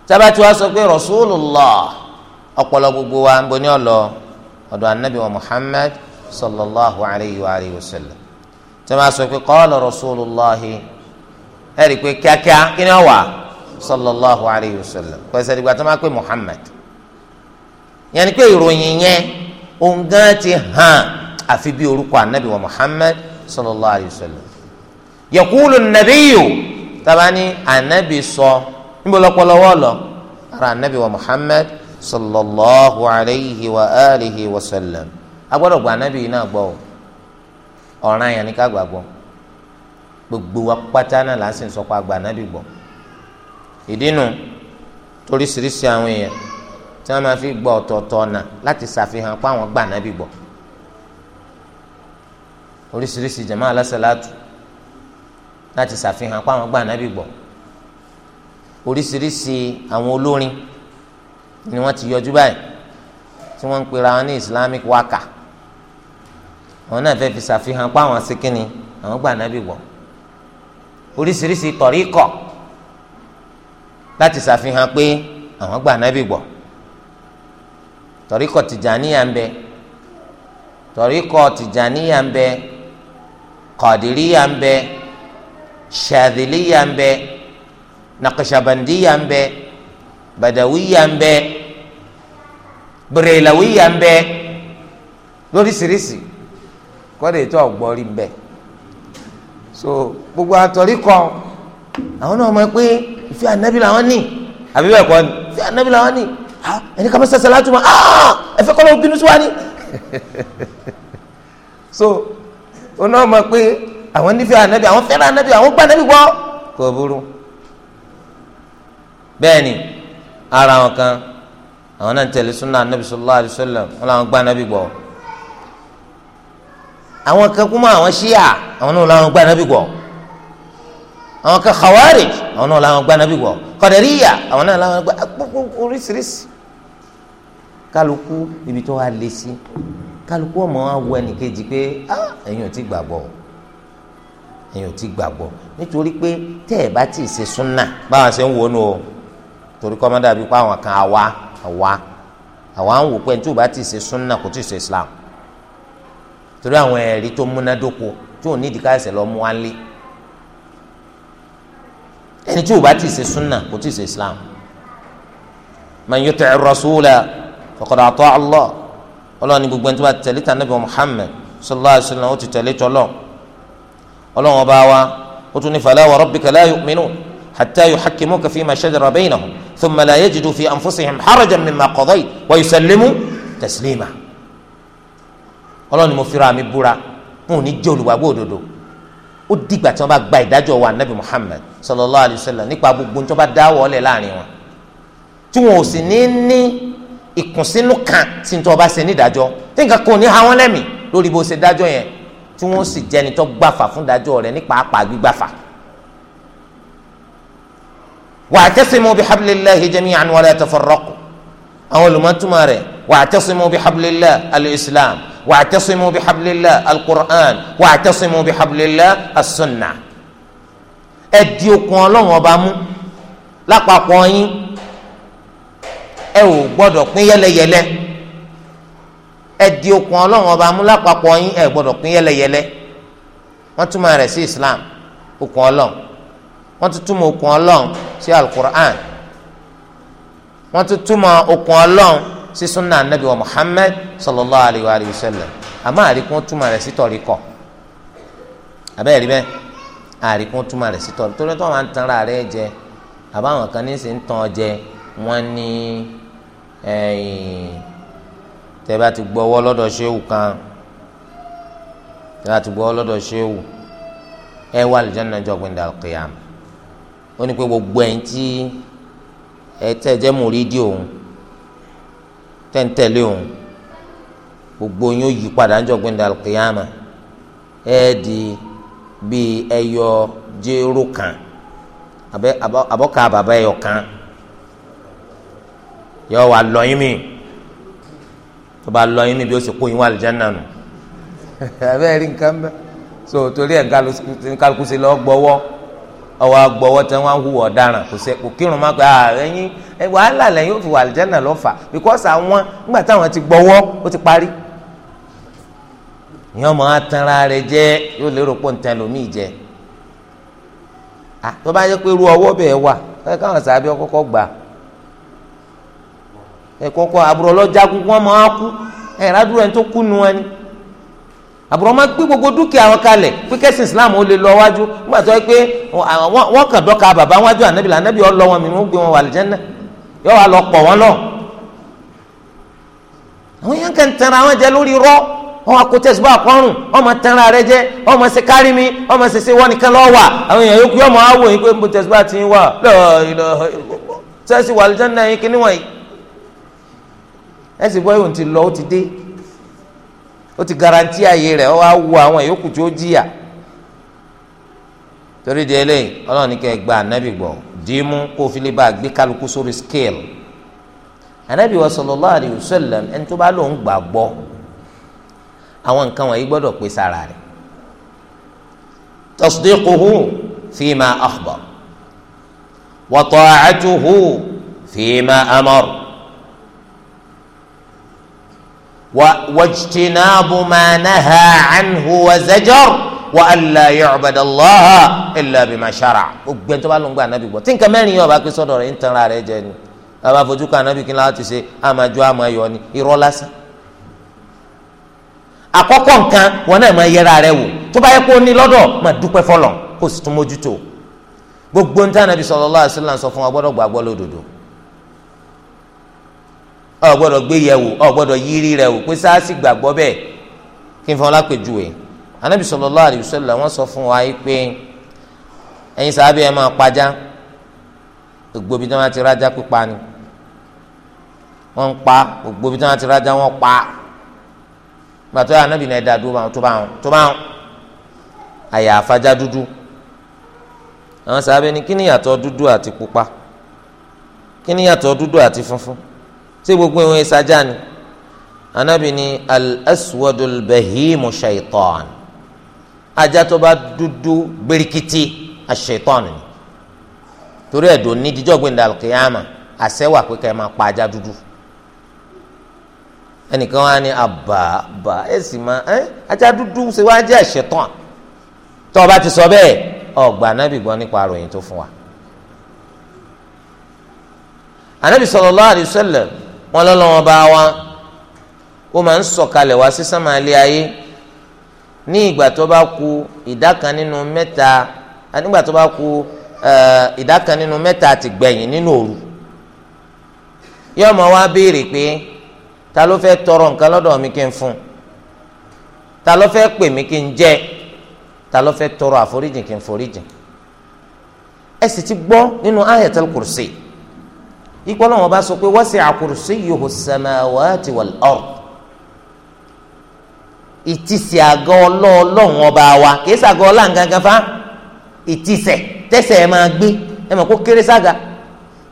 tábàtí wàá sọ pé rasulullah ọpọlọ gbogbo wa ń bọ ní ọlọ ọ̀dọ̀ anabi wa muhammad sallallahu alayhi wa alayhi wa sallam tẹ́lẹ̀ sọ pé qala rasulullah ẹ̀ rí i pé kíákíá kí ni ọ wà sallallahu alayhi wa sallam pẹ̀sẹ̀ ìgbà tó pé muhammad yẹn ni pé ìròyìn yẹn òun ti hàn àfi bí orúkọ anabi wa muhammad sallallahu alayhi wa sallam yẹkúlù nàbíyù tabani anabi sọ níbo lọpọlọwọ lọ ara anabi wa muhammad sallallahu alayhi wa alihi wa sallam agbọ́dọ̀ gba anabi yìí náà gbọ́ ọ̀ràn yẹn ni ká gbàgbọ́ gbogbo wa pátá náà là ń sìn sọpọ àgbà anabi gbọ́ ìdínú toríṣiríṣi àwọn èèyàn tí wọ́n máa fi gbọ́ ọ̀tọ̀ọ̀tọ̀ ọ̀nà láti ṣàfihàn pé àwọn gbà anabi gbọ́ oríṣiríṣi jama alásàlátù láti ṣàfihàn pé àwọn gbà nábì gbọ́ oríṣiríṣi àwọn olórin ni wọ́n ti yọjú báyìí tí wọ́n ń pera wọn ní islamic waka àwọn náà fẹ́ẹ́ fi ṣàfihàn pé àwọn síkínni àwọn gbà nábì gbọ́ oríṣiríṣi tọ̀ríkọ̀ láti ṣàfihàn pé àwọn gbà nábì gbọ́ tọ̀ríkọ̀ tìjàníyà ń bẹ tọ̀ríkọ̀ tìjàníyà ń bẹ kọ̀dìríyà ń bẹ shadiliya ń bẹ naqshabandiya ń bẹ badawiya ń bẹ brelawiya ń bẹ lóríṣiríṣi kọ́dà ètò ọ̀gbọ́rí ń bẹ so gbogbo àtọ̀rí kan àwọn náà mọ̀ pé ìfẹ́ ànábì làwọn ní àbí bẹ́ẹ̀ kọ́ ni ìfẹ́ ànábì làwọn ní ah, ẹni ká sẹsẹ láti mọ ah, ẹ fẹ́ kọ́ bínú sí wa ni so oná mọ̀ pé àwọn nífẹ̀ẹ́ ànábì àwọn fẹ́ràn ànábì àwọn gbà ànábì gbọ́ kò burú bẹ́ẹ̀ ni ara wọn kan àwọn náà ń tẹ̀lé súnà ànábì sallallahu alaihi wasallam wọn làwọn gbà ànábì gbọ́ àwọn kan kúmọ àwọn ṣíà àwọn náà làwọn gbà ànábì gbọ́ àwọn kan khawarij àwọn náà làwọn gbà ànábì gbọ́ kọ̀dẹ̀ríyà àwọn náà làwọn gbà oríṣiríṣi kálukú ibi tó wà lé sí kálukú ọmọ wa wọ ẹnìkejì pé ah, ẹ̀yin ò ti gbàgbọ́ o ẹ̀yin ò ti gbàgbọ́ nítorí pé tẹ́ ẹ̀ bá ti ṣe súnà báwọn ṣe ń wò ó nù o torí kọ́ máa dàbí pé àwọn kan àwa àwa àwa ń wò pé tí o bá ti ṣe súnà kò tí ì ṣe Islam torí àwọn ẹ̀rí tó múnádóko tí ò ní ìdíkà ẹ̀sẹ̀ lọ mú wá ẹni tí o bá ti ṣe súnà kò tí ì ṣe Islam man yuti'i rasula faqad ata'a Allah ọlọ́ọ̀ni gbogbo ẹni tó bá tẹ̀lé tànàbí Muhammad sallallahu alaihi wasallam ó ti tẹ̀lé tọ́lọ́ọ̀ ọlọ́run ọba wa ó tún ní fala wa rabbika la yu'minun hatta yuhakkimuka fima shajara baynahum thumma la yajidu fi anfusihim harajan mimma qadayta wa yusallimu taslima ọlọ́run ni mo fira mi búra n ò ní jẹ́ olùwàgbọ́ òdodo ó dìgbà tí wọ́n bá gba ìdájọ́ wa nabi Muhammad sallallahu alayhi wa sallam nípa gbogbo tí wọ́n bá dáwọ́ ọ̀lẹ̀ láàrin wọn tí wọn ò sì ní ní ìkùnsínú kan tí wọ́n bá ṣe nídàájọ́ tí nǹkan kan ní ha wọ́n lẹ́mìí lórí bó ṣe dájọ́ yẹn tí wọ́n sì jẹ́ni tó gbàfà fún dájọ́ rẹ̀ ní pàápàá gbígbàfà. wa'tasimu bihablillahi jami'an wa la tafarraqu àwọn olùmọ̀túnmọ̀ rẹ̀ wa'tasimu bihablillahi al-islam wa'tasimu bihablillahi al-qur'an wa'tasimu bihablillahi as-sunnah. ẹ di okùn Ọlọ́run ọba mú lápapọ̀ yín ẹ ò gbọ́dọ̀ pín yẹlẹyẹlẹ ẹ di okùn ọlọ́run ọba mú lápapọ̀ yín ẹ gbọ́dọ̀ pín yẹlẹyẹlẹ wọ́n túmọ̀ rẹ̀ sí islam okùn ọlọ́run wọ́n tún túmọ̀ okùn ọlọ́run sí alukur'an wọ́n tún túmọ̀ okùn ọlọ́run sí sunna anabi wa muhammed sallallahu alayhi wa alayhi wa sallam àmọ́ àríkún túmọ̀ rẹ̀ sí tọ̀ríkọ̀ abẹ́ rí bẹ́ẹ̀ àríkún túmọ̀ rẹ̀ sí tọ̀ríkọ̀ torí tó wọn tan ara rẹ̀ jẹ àbáwọn kan ní sè ń jẹ wọn ní ẹ̀yìn tẹ́ bá ti gbọ́ ọwọ́ lọ́dọ̀ ṣéwù kan tẹ́ bá ti gbọ́ ọwọ́ lọ́dọ̀ ṣéwù ẹ wà lìjọ́nà jọ̀gbìn dàlùkìyàm ó ní pé gbogbo ẹ̀yìn tí ẹ tẹ́ jẹ́ mùrídìí òun tẹ́ ń tẹ̀lé òun gbogbo yín ó yí padà ń jọ̀gbìn dàlùkìyàm ẹ di bíi ẹyọ jéró kan abọ́ka bàbá ẹyọ kan yọ wà lọ́yìn mìíràn tó bá lọ yín níbi ó sì kó yín wà àlùjáná nù abẹ́rẹ́ rí nǹkan bẹ́ẹ̀ so torí ẹ̀ kálukú sí lọ́ọ́ gbọ́wọ́ ọwọ́ agbọ́wọ́ tẹ́ wọ́n á hùwà ọ̀daràn kò sẹ́ kò kírun má pé ẹ̀yin wàhálà lẹ́yìn ó fi wà àlùjáná lọ́fà because àwọn nígbà táwọn ti gbọ́wọ́ ó ti parí ìyẹn ọmọ atanra rẹ jẹ yóò lérò pọ̀ nǹkan lómi jẹ tó bá yẹ pé irú ọwọ́ bẹ́ẹ̀ wà káwọn sàbí ọkọ́kọ́ gbà á ẹkọkọ àbúrò ọlọjagun wọn máa kú ẹ ládùúrà ẹni tó kú nu wọn ni àbúrò máa gbé gbogbo dúkìá wọn kalẹ̀ pé kẹ́sìn islam ó lè lọ wájú nígbà tó yẹ pé wọ́n kàn dọ́ka bàbá wájú ànábì lànábì ọlọ wọn mi ni wọ́n gbé wọn wà lìjẹ́nà yọ wà lọ pọ̀ wọn lọ. àwọn yẹn kàn tẹ̀ra wọn jẹ lórí rọ wọn kò tẹ̀sí bá kọ́rùn wọn máa tẹ̀ra rẹ jẹ wọn máa ṣe kárí mi wọn máa ṣe wọn nìkan lọ́ọ́ wà àwọn èèyàn yòókù yọ máa wò yín pé mo tẹ̀sí bá ti ń wà lọ́ọ́ ẹ sì bọ́ ìhùn ti lọ ó ti dé ó ti garanti ààyè rẹ̀ ó wá wo àwọn ìyókù tí ó jìyà torí di eléyìí ọlọ́run ní kẹ́ ẹ gba ànábì gbọ́ dìímú kó fi bá gbé kálukú sórí scale ànábì wa sallallahu alayhi wa ẹni tó bá lòun gbà gbọ́ àwọn nǹkan wọ̀nyí gbọ́dọ̀ pé sára rẹ̀ tasdiquhu fima akhbar wa ta'atuhu fima amar. واجتناب ما نهى عنه وزجر وألا يعبد الله إلا بما شرع gbogbo ẹni tó bá ló ń gba anabi gbọ́ tí nǹkan mẹ́rin yóò bá pé sọ́dọ̀ rẹ̀ ń tan ara rẹ̀ jẹ ni bàbá fojú kan anabi kí n láti ṣe àmàjọ àmàyọ ni irọ́ lásán. àkọ́kọ́ nǹkan wọn náà máa yẹra rẹ̀ wò tó bá yẹ kó ní lọ́dọ̀ máa dúpẹ́ fọlọ̀ kó sì tún mójútó gbogbo ní tí anabi sallallahu alaihi wasallam sọ fún wa gbọ́dọ̀ gbàgbọ́ lódodo ọ gbọ́dọ̀ gbé yẹ̀wò ọ gbọ́dọ̀ yírí rẹ̀ wò pé sáàsì gbàgbọ́ bẹ́ẹ̀ kí n fọn lápèjúwe anabi sallallahu alaihi wasallam wọ́n sọ fún wa yìí pé ẹ̀yin sábẹ ẹ máa pajá gbogbo ibi tí wọ́n ti rájá pípa ni wọ́n ń pa gbogbo ibi tí wọ́n ti rájá wọ́n pa gbàtọ́ anabi náà ẹ̀dá dúró báwọn tó báwọn tó báwọn àyà àfajá dúdú àwọn sábẹ ni kí ni yàtọ̀ dúdú àti pupa kí ni yàtọ̀ dúdú àti funfun ṣé gbogbo ìwọn ìsajá ni anabi ni al-aswadul bahimu shaitan ajá tó bá dúdú birikiti ashaitan ni torí ẹ̀dùn ní díjọ́ gbẹ̀ndà alkiyama àṣẹwà pé ká ẹ máa pa ajá dúdú ẹnìkan wá ní àbàbà ẹ sì máa ẹ ajá dúdú ṣe wá jẹ́ shaitan tó o bá ti sọ bẹ́ẹ̀ ọgbà anabi gbọ́ nípa àròyìn tó fún wa anabi sallallahu alaihi wasallam wọn lọ́lọ́wọ́n bá wa ó máa ń sọ̀kalẹ̀ wá sí sánmàlẹ́ ayé ní ìgbà tó bá ku ìdá kan nínú mẹ́ta nígbà tó bá ku ìdá kan nínú mẹ́ta ti gbẹ̀yìn nínú òru yóò máa wá béèrè pé ta ló fẹ́ tọrọ nǹkan lọ́dọ̀ mi kí n fún ta ló fẹ́ pè mí kí n jẹ́ ta ló fẹ́ tọrọ àforíjìn kí n foríjìn ẹ sì ti gbọ́ nínú ayatul kursi ikú ọlọ́run ọba sọ pé wasi'a kursiyyuhu as-samawati wal-ard ìtìsẹ̀ àgọ́ ọlọ́ọ̀lọ́run ọba wa kìí sàgọ́ ọláǹgangan fa ìtìsẹ̀ tẹ̀sẹ̀ ẹ̀ máa gbé ẹ̀ mọ̀ kó kéré sága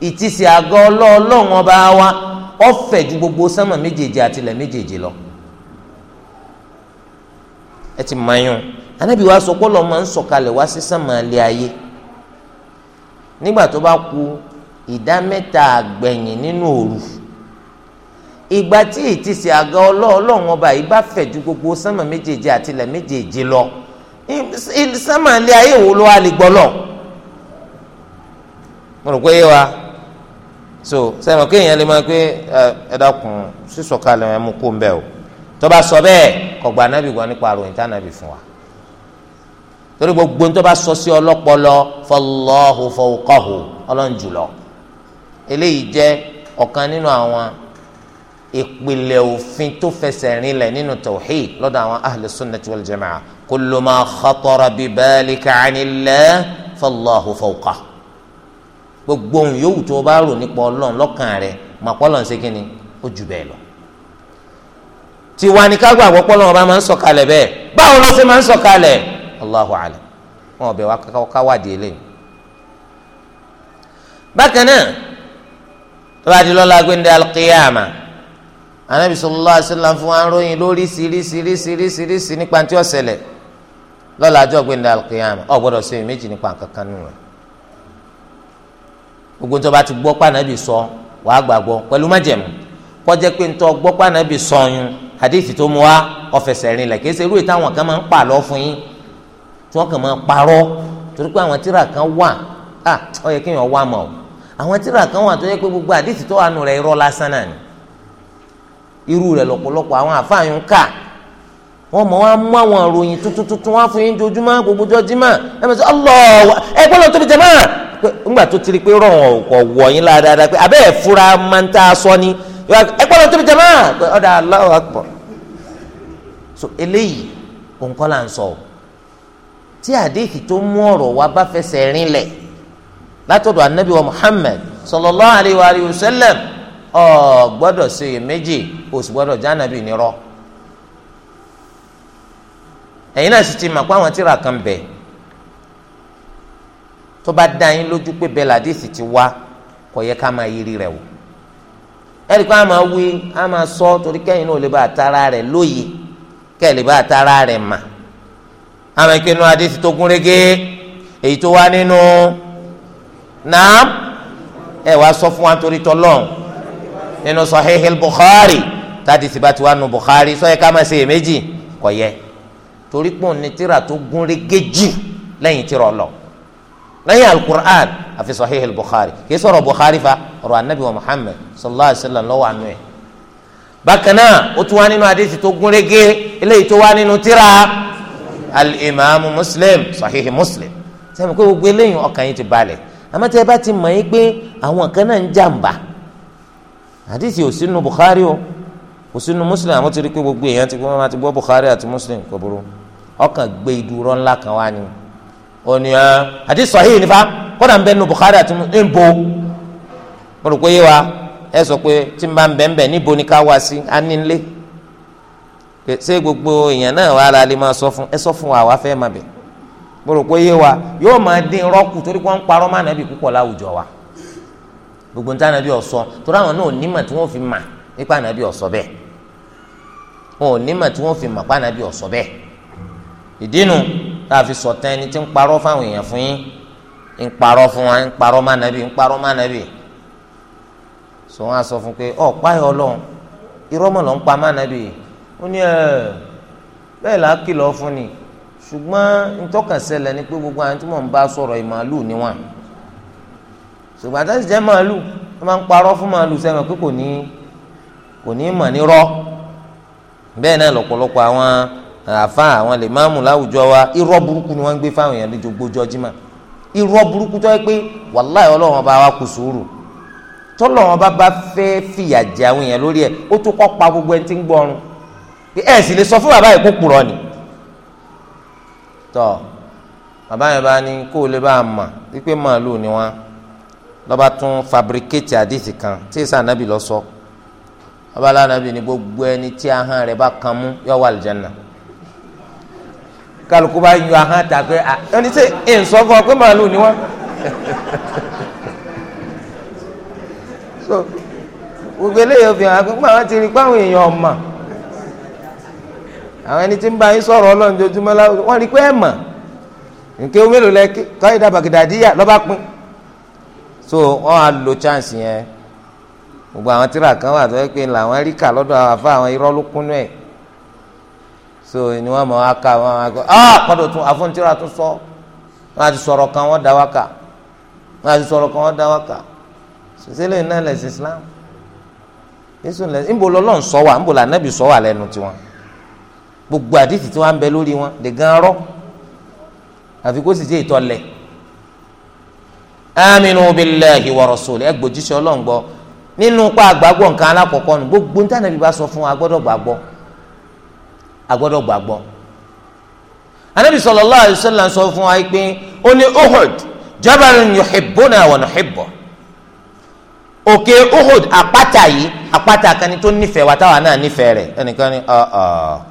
ìtìsẹ̀ àgọ́ ọlọ́ọ̀lọ́run ọba wa ọ̀fẹ́ ju gbogbo sánmà méjèèjì àtìlẹ̀ méjèèjì lọ ẹ ti mayún anabi wa sọ pé ọlọ́run máa ń sọ̀kalẹ̀ wá sí sánmà alẹ́ ayé nígbà tó bá kú ìdá mẹ́ta àgbẹ̀yìn nínú òru ìgbà tí ìtìsí àga ọlọ́ọ̀lọ́run ọba yìí bá fẹ̀ ju gbogbo sánmà méjèèje àti ilẹ̀ méjèèje lọ sánmà ilé ayé wo ló wá lè gbọ́ lọ. mo rò pé yé wa so sẹ́wọ̀n kéèyàn lè máa pé ẹ dákun sísọ̀kalẹ̀ ẹ mú kó ń bẹ̀ o tó bá sọ bẹ́ẹ̀ kọ̀gbà anábì gan nípa àròyìn tá ànábì fún wa torí gbogbo tó bá sọ sí ọlọ́pọlọ fallahu fawqahu ọlọ́run jùlọ eléyìí jẹ́ ọ̀kan nínú àwọn ìpìlẹ̀ òfin tó fẹsẹ̀ rinlẹ̀ nínú tawhid lọ́dọ̀ àwọn ahlu sunnati wal jama'a kullu ma khatara bi balika anillah fallahu fawqa gbogbo ohun yòówù tó o bá rò nípa ọlọ́run lọ́kàn rẹ̀ mà pọ́lọ̀ ń ṣe kí ni ó jù bẹ́ẹ̀ lọ. tiwa ni ká gbàgbọ́ pọ́lọ́ wọn bá máa ń sọ̀kalẹ̀ bẹ́ẹ̀ báwo ló ṣe máa ń sọ̀kalẹ̀ Allahu alam wọn ò bẹ̀ wá káwádìí eléyìí. bákan náà tọ́ba ti lọ́la gbẹ́ndé alqiyama anabi sallallahu alaihi wasallam fún wa ròyìn lórí sírísírísírísírísí nípa tí ó ṣẹlẹ̀ lọ́la àjọ gbẹ́ndé alqiyama ọ̀ gbọ́dọ̀ sẹ́yìn méjì nípa kankan nù rẹ̀ gbogbo tọ́ba ti gbọ́ pànàbì sọ wàá gbàgbọ́ pẹ̀lú májẹ̀mú kọjá pé ntọ́ gbọ́ pànàbì sọyún hadithi tó mu wa ọ̀fẹ̀sẹ̀ rinlẹ̀ kìí ṣe irú ètò àwọn kan máa ń pàlọ́ fún yín tí wọ́n kàn máa parọ́ torí pé àwọn tíra kan wà ah ó yẹ kéèyàn wá mọ̀ ọ́ àwọn tíra kan wà tó yẹ pé gbogbo àdìsí tó wà nù rẹ̀ irọ́ lásán náà ni irú rẹ̀ lọ́pọ̀lọpọ̀ àwọn àfáàyàn kà wọn mọ wọn mú àwọn ìròyìn tuntun tuntun wọn fún yín jojúmọ́ gbogbo jọjúmọ́ ẹ bẹ sọ ọlọ́ọ̀ ẹ gbọ́dọ̀ tóbi jẹ máa ńgbà tó ti ri pé rọ̀ ọ̀kọ̀ wọ̀ yín ládàáda pé abẹ́ ẹ̀ fura máa ń tá a sọ ni ẹ gbọ́dọ̀ tóbi jẹ máa pé ọ̀dà aláwọ̀ àpọ̀ so eléyìí òǹkọ́ là ń sọ tí àdéhìí tó mú ọ̀rọ̀ wa bá fẹsẹ̀ rinlẹ̀ látọ̀dọ̀ anabi wa muhammed sallallahu alayhi wa alihi wa sallam ọ gbọ́dọ̀ ṣe méjì o sì gbọ́dọ̀ jánabi nírọ́ ẹ̀yin náà sì ti mọ̀ pé àwọn tíra kan bẹ̀ tó bá dá yín lójú pé bẹ́ẹ̀ làdíìsì ti wá kò yẹ ká máa yiri rẹ̀ wò ẹ̀rí pé a máa wí a máa sọ torí kẹ́yìn náà ò lè bá àtàrà rẹ̀ lóye kẹ́ẹ̀ lè bá àtàrà rẹ̀ mà àwọn ìpinnu àdíìsì tó gún èyí tó wá nínú. No naam ẹ wàá sọ fún wa torí tọlọ́n nínú sahihil bukhari tàdí tìbátì wa nù bukhari sọ yẹ ká máa ṣe yẹ méjì kò yẹ torí pọ́n ní tíra tó gún régé jù lẹ́yìn tíra ọlọ lẹ́yìn alukur'an àfi sahihil bukhari kì í sọ̀rọ̀ bukhari fa ọ̀rọ̀ anabi wa muhammad sallallahu alayhi wa sallam lọ́wọ́ àánú ẹ̀ bákan náà ó tún wá nínú adéṣe tó gún régé eléyìí tó wá nínú tíra al muslim sahihi muslim sẹ́mi pé gbogbo eléyìí ọkàn yìí ti balẹ̀ àmọ́ tẹ́ ẹ bá ti mọ̀ yín pé àwọn kan náà ń jàǹbá àdìsí ò sínú Bukhari o kò sínú Muslim àwọn ti rí pé gbogbo èèyàn ti gbọ́ máa ti gbọ́ Bukhari àti Muslim kò burú ọkàn gbé ìdúró ńlá kan wá ni òní ẹ àdìsí sahih nífa kódà ń bẹ nu Bukhari àti Muslim ń bo mo rò pé yé wa ẹ sọ pé tí n bá ń bẹ̀ẹ̀ bẹ̀ẹ̀ níbo ni ká wá sí á ní nílé ṣé gbogbo èèyàn náà wà á lálẹ́ máa sọ fún ẹ sọ fún wa àwa fẹ́ máa bẹ̀ẹ́ mo rò pé yé wa yóò máa dín rọ́ọ̀kù torí wọ́n ń parọ́ má nàbì púpọ̀ láwùjọ wa gbogbo níta nàbì ọ̀sọ́ torí àwọn náà onímọ̀ tí wọ́n fi mà nípa nàbì ọ̀sọ́ bẹ́ẹ̀ wọn ò nímọ̀ tí wọ́n fi mà pa nàbì ọ̀sọ́ bẹ́ẹ̀ ìdínú tá a fi sọ̀tàn ẹni tí ń parọ́ fáwọn èèyàn fún yín ń parọ́ fún wa ń parọ́ má nàbì ń parọ́ má nàbì sọ wọn a sọ fún pé ọ páyọ Ọlọ́run irọ́ mọ̀ ló ń pa má nàbì ó ní ẹ bẹ́ẹ̀ ṣùgbọ́n ntọ́kànṣẹlẹ̀ ni pé gbogbo àwọn tí mò ń bá sọ̀rọ̀ yìí màálù níwọ̀n ṣùgbọ́n àtàtì jẹ́ màálù wọ́n máa ń parọ́ fún màálù sẹ́wọ̀n pé kò ní kò ní mọ̀ ní rọ́ bẹ́ẹ̀ náà lọ́pọ̀lọpọ̀ àwọn àfa àwọn lè máàmù láwùjọ wa irọ́ burúkú ni wọ́n ń gbé fáwọn èèyàn lójó gbójọ́ jimá irọ́ burúkú tó yẹ pé wàláì ọlọ́run ọba wa kù sùúrù tọ́lọ́run ọba bá fẹ́ fìyà jẹ àwọn èèyàn lórí ẹ̀ ó tó kọ́ pa gbogbo ẹni tí ń gbọ́run ẹ̀ sì lè sọ fún bàbá ìkókùrọ̀ ni tọ bàbá yẹn bá ní kó o lè bá a mà wípé màálù ni wọn lọba tún fabricate àdìsí kan tí èsì ànábì lọ sọ bàbá lànàbì ni gbogbo ẹni tí ahọ́n rẹ̀ bá kan mú yọ wà lìjánà kálukú bá yọ ahọ́n ta pé ẹni tí ì ń sọ fún ọ pé màálù ni wọn so gbogbo eléyìí fi hàn pé àwọn ti rí pé àwọn èèyàn ọ̀ma. àwọn ẹni tí ń bá yín sọ̀rọ̀ ọlọ́run jojúmọ́ láwùjọ wọ́n rí pé ẹ̀ nǹkan omi lò káyọ̀ so wọ́n á lo chance yẹn gbogbo àwọn tíra kan wà tó yẹ pé làwọn rí kà lọ́dọ̀ àwọn àwọn irọ́ so ni wọ́n mọ̀ wá ká wọ́n á ah kọ́dọ̀ sọ wọ́n á ti sọ̀rọ̀ kan wọ́n dá wákà wọ́n á ti sọ̀rọ̀ kan wọ́n dá wákà Islam lọ́lọ́run sọ wà sọ wà lẹ́nu gbogbo àdìsí tí wọ́n á ń bẹ lórí wọn lè gan rọ́ àfi kó sì jẹ́ ìtọ́lẹ̀ aminu billahi wa rasuli ẹ gbòjíṣẹ́ ọlọ́run gbọ́ nínú pa àgbàgbọ́ nǹkan alákọ̀ọ́kọ́ nù gbogbo níta nàbí bá sọ fún wa agbọ́dọ̀ gbàgbọ́ agbọ́dọ̀ gbàgbọ́ anabi sallallahu alaihi sọ fún wa pé ó ní uhud jabalun yuhibbuna wa nuhibbu òkè uhud àpáta yìí àpáta kan ni tó nífẹ̀ẹ́ wa táwa náà nífẹ̀ẹ́ rẹ̀ ẹnìkan ni ọ̀ọ́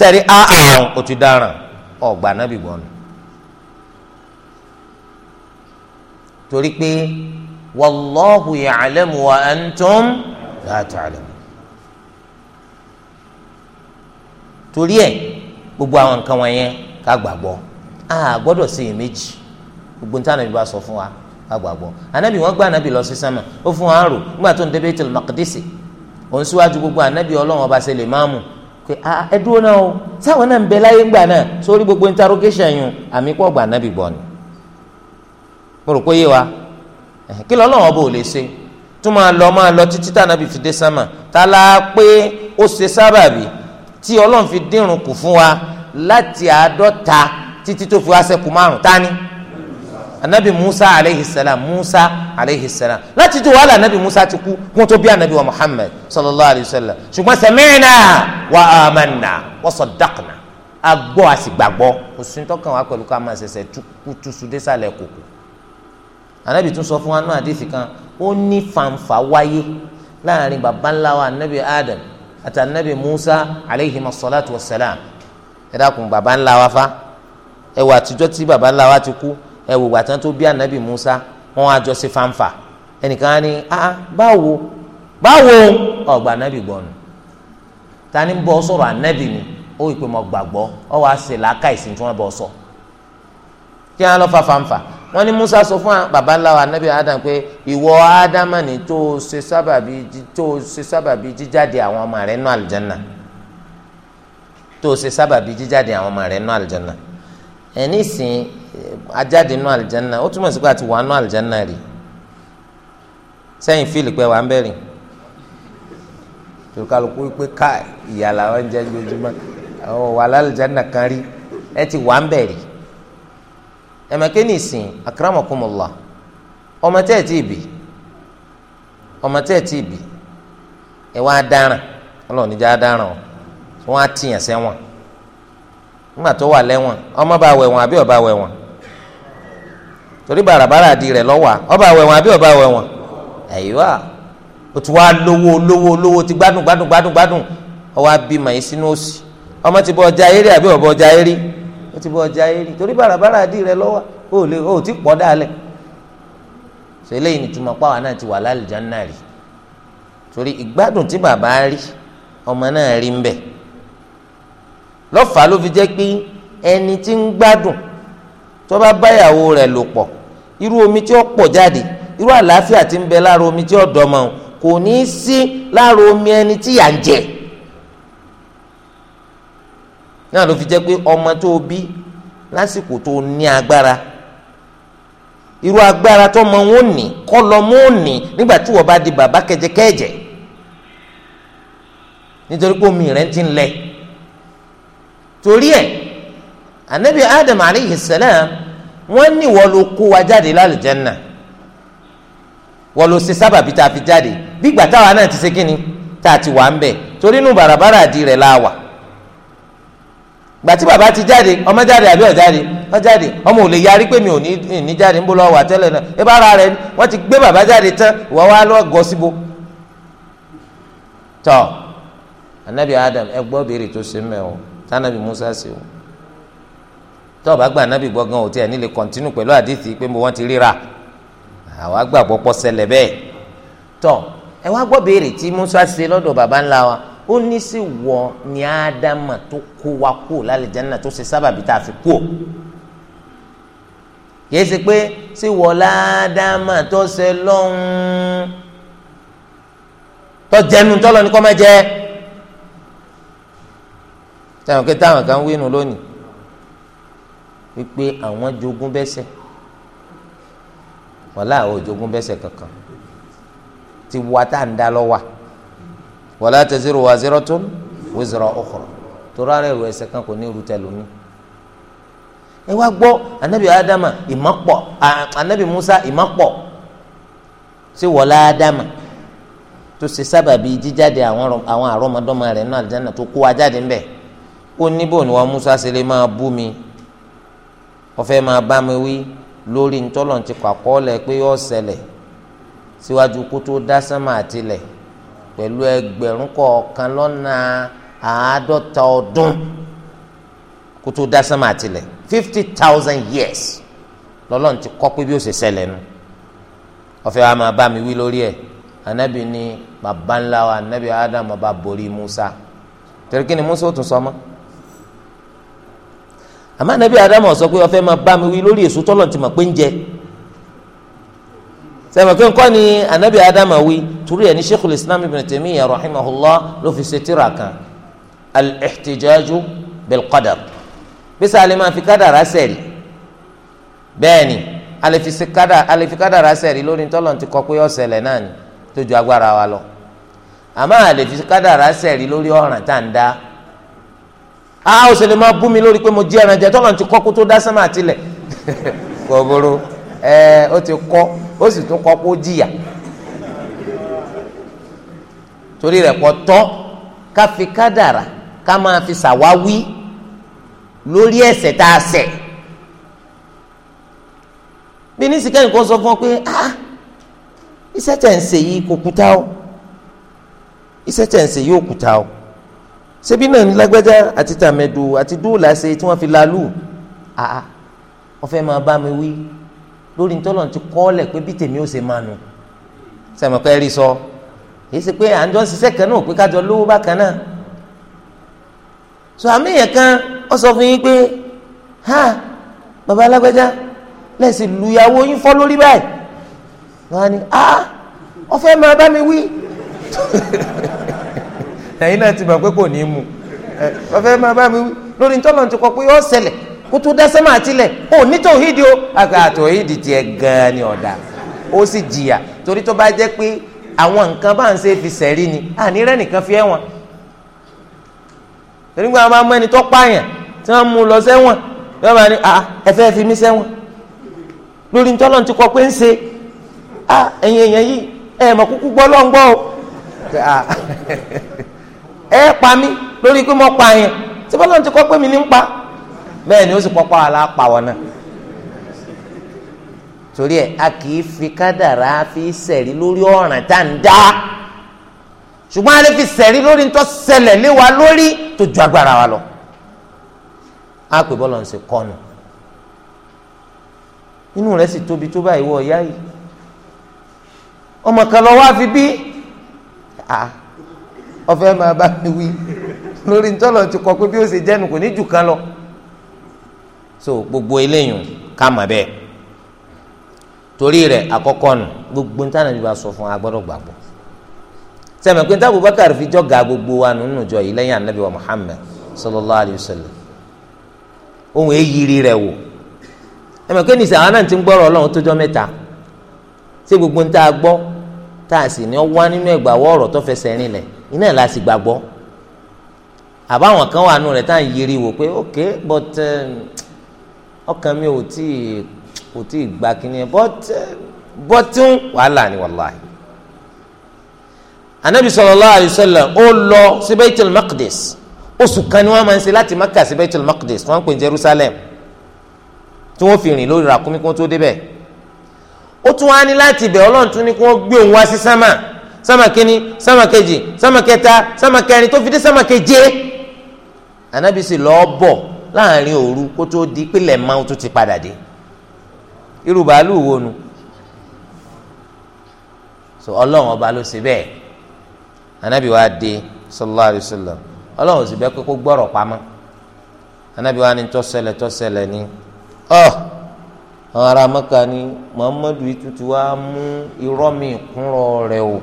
sẹ́ẹ̀rí àrùn kò ti dáràn ọ̀gbà nábì gbọ́nù. torí pé wallahu ya'lamu wa antum la ta'lamu. torí ẹ̀ gbogbo àwọn nǹkan wọ̀nyẹn ká gbàgbọ́ a gbọ́dọ̀ ṣe iyèméjì gbogbo ní tànàbí bá sọ fún wa ká gbàgbọ́ anabi wọn gbà anabi lọ sí sánmà ó fún wa ń nígbà tó ń dé Baitul Maqdisi òun síwájú gbogbo anabi ọlọ́run ọba ṣe lè máàmù pé ah, ẹ dúró náà o sáwọn náà ń bẹ láyé ńgbà náà sórí gbogbo interrogation yun àmì pọ̀ gbà nábì gbọ́ ni mo rò pé yé wa kí lọ́ lọ́wọ́ bò lè ṣe tún máa lọ máa lọ títí tá nábì fi dé sámà tá la pé ó ṣe sábàbí tí ọlọ́run fi dírun kù fún wa láti àádọ́ta títí tó fi wá ṣẹ́kù márùn-ún tání anabi musa aleyhi salam musa aleyhi salam láti tó wàhálà anabi musa ti kú kó tó bí anabi wa muhammad sallallahu alayhi wa sallam ṣùgbọ́n sami'na wa amanna wa saddaqna agbọ́ àsìgbàgbọ́ kò sí tọ́kàn wá pẹ̀lú ká máa ṣẹ̀ṣẹ̀ tukutusu désàlẹ̀ kòkò anabi tún sọ fún wa nínú àdìsí kan ó ní fanfa wáyé láàrin baba ńlá wa anabi adam àti anabi musa aleyhi masalatu wa salam ẹ dákun baba ńlá wa fa ẹ wà àtijọ́ tí baba ńlá wa ti kú ẹ wò gbàtàn tó bí anabi musa wọn á jọ ṣe fanfa ẹnìkan á ní ah báwo báwo ọgbà anabi gbọ́ nù ta ni bọ́ sọ̀rọ̀ anabi ni ó yí pé mo gbàgbọ́ ọ wàá ṣe làákà tí wọ́n bọ́ sọ kí wọ́n lọ fa fanfa wọ́n ní musa sọ fún baba wa anabi adam pé ìwọ adama ni tó ṣe sábàbí tó ṣe sábàbí jíjáde àwọn ọmọ rẹ̀ nù àlùjánnà tó ṣe sábàbí jíjáde àwọn ọmọ rẹ̀ nù àlùjánnà. ẹ ajáde nù àlìjánná ó túmọ̀ sí pé àti wà nù àlìjánná rí sẹ́yìn fíìlì pé wà ń bẹ̀rẹ̀ tòkàlùkù pé ká ìyà làwọn jẹ́ àwọn wà lálìjánná kan rí ẹ ti wà ń bẹ̀rẹ̀ ẹ̀mẹ̀kẹ́ akramakumullah ọmọ tẹ́ ẹ̀ tí ì bì ọmọ tẹ́ ẹ̀ tí ì bì ẹ̀ wá dáràn nígbà tó wà lẹ́wọ̀n ọmọ bá wẹ̀wọ̀n àbí ọba wẹ̀wọ̀n torí bàràbàrà di rẹ̀ lọ́wà ọba wẹ̀wọ̀n àbí ọba wẹ̀wọ̀n ẹ̀yọ́ à ó ti wá lówó lówó lówó ti gbádùn gbádùn gbádùn gbádùn ọwọ́ abí màyín sínú òsì ọmọ ti bọ ọjà eré àbí ọba ọjà eré ó ti bọ ọjà eré torí bàràbàrà di rẹ̀ lọ́wà ó lè ó ti pọ̀ dálẹ̀ ṣe eléyìí nìtumọ̀ pàwọ́ náà ti wà lálùjáná rí torí ìgbádùn tí bàbá rí ọmọ náà rí ń bẹ̀ẹ́ lọ́fà ló fi jẹ́ pé ẹni tí ń gbádùn tó bá báyàwó rẹ̀ lò irú omi tí ó pọ̀ jáde irú àlàáfíà tí ń bẹ lára omi tí ó dọmọ kò ní í sí lára omi ẹni tí yà ń jẹ náà ló fi jẹ́ pé ọmọ tó bí lásìkò tó ní agbára irú agbára tó mọ wọn ní kọ́ lọ omi rẹ̀ ti ń lẹ̀ torí ẹ̀ anabi adam aleyhi salam wọ́n ní wọ́n ló kó wa jáde lálùjẹ́nà wọ́n ló ṣe sábàbí tá a fi jáde bí ìgbà táwa náà ti ṣe kí ni tá a ti wà ń bẹ̀ torí inú bàràbàrà àdì rẹ̀ la wà gbàtí bàbá ti jáde ọmọ jáde àbí ọ̀jáde ọ̀jáde ọmọ ò lè yarí pé mi ò ní ní jáde ń bó lọ́wọ́ àtẹ́lẹ̀ náà ẹ bá ara rẹ wọ́n ti gbé bàbá jáde tán wọ́n wá lọ́ọ́ gọ síbo. tọ́ anabi adam ẹ gbọ́ béèrè tó ṣe mẹ́ tánàbì Musa sí o tó o bá gba ànábì gbọ́ gan o tiẹ̀ nílé kọ́ntínú pẹ̀lú àdìsí pé mo wọ́n ti ríra àwa gbàgbọ́ pọ̀ ṣẹlẹ̀ bẹ́ẹ̀ tó ẹ wá gbọ́ béèrè tí Musa ṣe lọ́dọ̀ baba ńlá wa ó ní sí wọ ni ádámà tó kó wa kú lálẹ́jáná tó ṣe sábàbí tá a fi kú yìí ṣe pé sí wọ ládámà tó ṣe lọ́hún tó jẹnu tọ́lọ́ ní kọ́ máa jẹ́ sẹ́wọ̀n kí táwọn kan wínú lónìí wípé àwọn jogún bẹ́sẹ̀ wọ́lá àwọn jogún bẹ́sẹ̀ kankan ti wá tá à ń dá lọ́wọ́ wọ́lá taziru waziratun wizra ukhra torí ara ẹ̀rọ ẹ̀ṣẹ̀ kan kò ní irú tẹlómi ẹ wá gbọ́ anabi adama ìmọ̀pọ̀ anabi musa ìmọ̀pọ̀ sí wọ́lá adama tó ṣe sábàbí jíjáde àwọn àrọ́mọdọ́mọ rẹ̀ náà àlùjáná tó kó wa jáde ńbẹ̀ ó níbò ni wọn Musa ṣe lè máa bú mi ọfẹ máa bá mi wí lórí ntọ́lọ̀ ti pàkọ́lẹ̀ pé yọ ṣẹlẹ̀ síwájú kó tó dá sánmà àtìlẹ̀ pẹ̀lú ẹgbẹ̀rún kọ̀ọ̀kan lọ́nà àádọ́ta ọdún kó tó dá sánmà àtìlẹ̀ fifty thousand years lọ́lọ́run ti kọ́ pé bí ó ṣe ṣẹlẹ̀ nu ọfẹ wa máa bá mi wí lórí ẹ̀ anabi ni baba ńlá wa anabi Adam ọba borí Musa torí kí ni Musa ó tún sọ mọ́ àmọ́ anabi adamu sọ pé ọfẹ́ máa bá mi wí lórí èso tọ́lọ̀ tí mà pé ń jẹ sẹ́mi pé nǹkan ni anabi adamu wí torí ẹni sheikhul islam ibn taymiyyah rahimahullah ló fi ṣe tírà kan al-ihtijaju bil-qadar bísí alẹ́ máa fi kádàrá sẹ́ẹ̀lì bẹ́ẹ̀ ni alẹ́ fi kádàrá sẹ́ẹ̀lì lórí tọ́lọ̀ ti kọ́ pé ọ̀sẹ̀lẹ̀ náà ni tó ju agbára wa lọ àmọ́ alẹ́ fi kádàrá sẹ́ẹ̀lì lórí ọ̀ràn tá à ń dá a ah, ó sì lè máa bú mi lórí pé mo jí ẹran jẹ ti kọ́ kó tó dá tilẹ̀ ẹ ó ti kọ́ ó sì tún kọ́ kó jìyà torí rẹ̀ kọ́ tọ́ ká fi kádàrà ká máa fi ṣàwáwí lórí ẹ̀ṣẹ̀ tá a ṣẹ̀ bí ní sìkẹ́ sọ fún ọ pé ah iṣẹ́ tẹ̀ ń ṣe yìí kò kúta o iṣẹ́ tẹ̀ ń ṣe yìí ò kúta o. ṣebí náà ní lágbájá àti tàmẹ̀dò àti dóòlà ṣe tí wọ́n fi lálù àá wọ́n fẹ́ máa bá mi wí lórí ntọ́lọ̀ ti kọ́ọ̀lẹ̀ pé bí tèmi ò ṣe máa nù sẹ̀mọ̀pẹ́ rí sọ èyí ṣe pé à ń jọ ṣiṣẹ́ kan náà pé ká jọ lówó bákan náà sọ àmì yẹn kan ọ sọ fún yín pé ha bàbá alágbájá lẹ́sìn lùyàwó yín fọ́ lórí báyìí wọ́n á ní ah ọ fẹ́ máa bá mi wí. ẹ̀yin náà ti mọ̀ pé kò ní í mu ẹ ọ̀fẹ́ máa bá mi lórí ntọ́lọ̀ ti kọ pé ó ṣẹlẹ̀ kó tó dá sẹ́mà àtìlẹ̀ ó ní tòhídìí o àgbà àtòhídìí tiẹ̀ gan-an ni ọ̀dà ó sì jìyà torí tó bá jẹ́ pé àwọn nǹkan bá ń ṣe fi sẹ̀rí ni ànírẹ́ nìkan fi ẹ̀wọ̀n nígbà wọn bá mú ẹni tó pààyàn tí wọn mú un lọ sẹ́wọ̀n yóò máa ní ẹ fẹ́ fi mí sẹ́wọ̀n lórí ntọ́lọ̀ ti kọ pé ń ṣe ẹ̀yìn ẹ̀yìn yìí ẹ̀ mọ̀ kúkú gbọ́ lọ́ o. ẹ pa mí lórí pé mo pa yẹn bọ́lá ti kọ́ pé mi ní ń pa bẹ́ẹ̀ ni ó sì pọ́pọ́ àlá pa wọn náà torí ẹ a kì í fi kádàrá fi sẹ̀rí lórí ọ̀ràn tá à ń dá ṣùgbọ́n a lè fi sẹ̀rí lórí ń lé ju agbára wa lọ a pè bọ́lá ọ̀fẹ́ máa bá mi wí lórí ntọ́lọ̀ ti kọ pé bí ó ṣe jẹ́nu kò ní jù kan lọ so gbogbo eléyìí ká mà bẹ́ẹ̀ torí rẹ̀ àkọ́kọ́ nù gbogbo ní tànà ìbá sọ fún wa gbọ́dọ̀ gbàgbọ́ sẹ́mi pé táwọn Abubakar fi jọ́ ga gbogbo wa nínú ìjọ yìí lẹ́yìn anabi wa Muhammad sallallahu alayhi wa sallam ohun eyiri rẹ̀ wò ẹ̀mọ̀ kí ni sẹ́ àwọn náà ti ń gbọ́rọ̀ ọlọ́run tó jọ mẹ́ta ṣé gbogbo ní tá a gbọ́ tá a sì ní ọ nínú ẹgbàá wọ́ ọ̀rọ̀ tó fẹsẹ̀ rinlẹ̀ iná ẹ̀ la sì gbàgbọ́ àbáwọn kan wà nù rẹ̀ tá à ń yiri wò pé ok but eh, ọkàn mi ò tí ì tí gba kínní ẹ but eh, bọ́tún eh, wàhálà ni wàláhì anabi sallallahu alayhi sallam ó lọ sí Baitul Maqdis oṣù kan ni wọ́n máa ń ṣe láti Makka sí Baitul Maqdis wọ́n ń pè Jerusalem tí wọ́n fi rìn lórí ràkúnmí kí wọ́n tó débẹ̀ ó tún wá ní láti ibẹ̀ Ọlọ́run tún ní kí wọ́n gbé òun wá sí sámà sámà kínní sámà kejì sámà kẹta sámà kẹrin tó fi dé sámà keje anabi sì lọ́ọ́ bọ̀ láàrin òru kó tó di pílẹ̀ máa tó ti padà dé irú bàálù wo nu so ọlọ́run ọba ló ṣe bẹ́ẹ̀ anabi wa dé sallallahu alayhi sallam ọlọ́run sì bẹ́ẹ̀ kó gbọ́rọ̀ pamọ́ anabi wa ni tó ṣẹlẹ̀ ni ọ àwọn ará mẹ́ka ni muhammadu yìí tuntun wa mú irọ́ mi kúnrọ̀ rẹ̀ o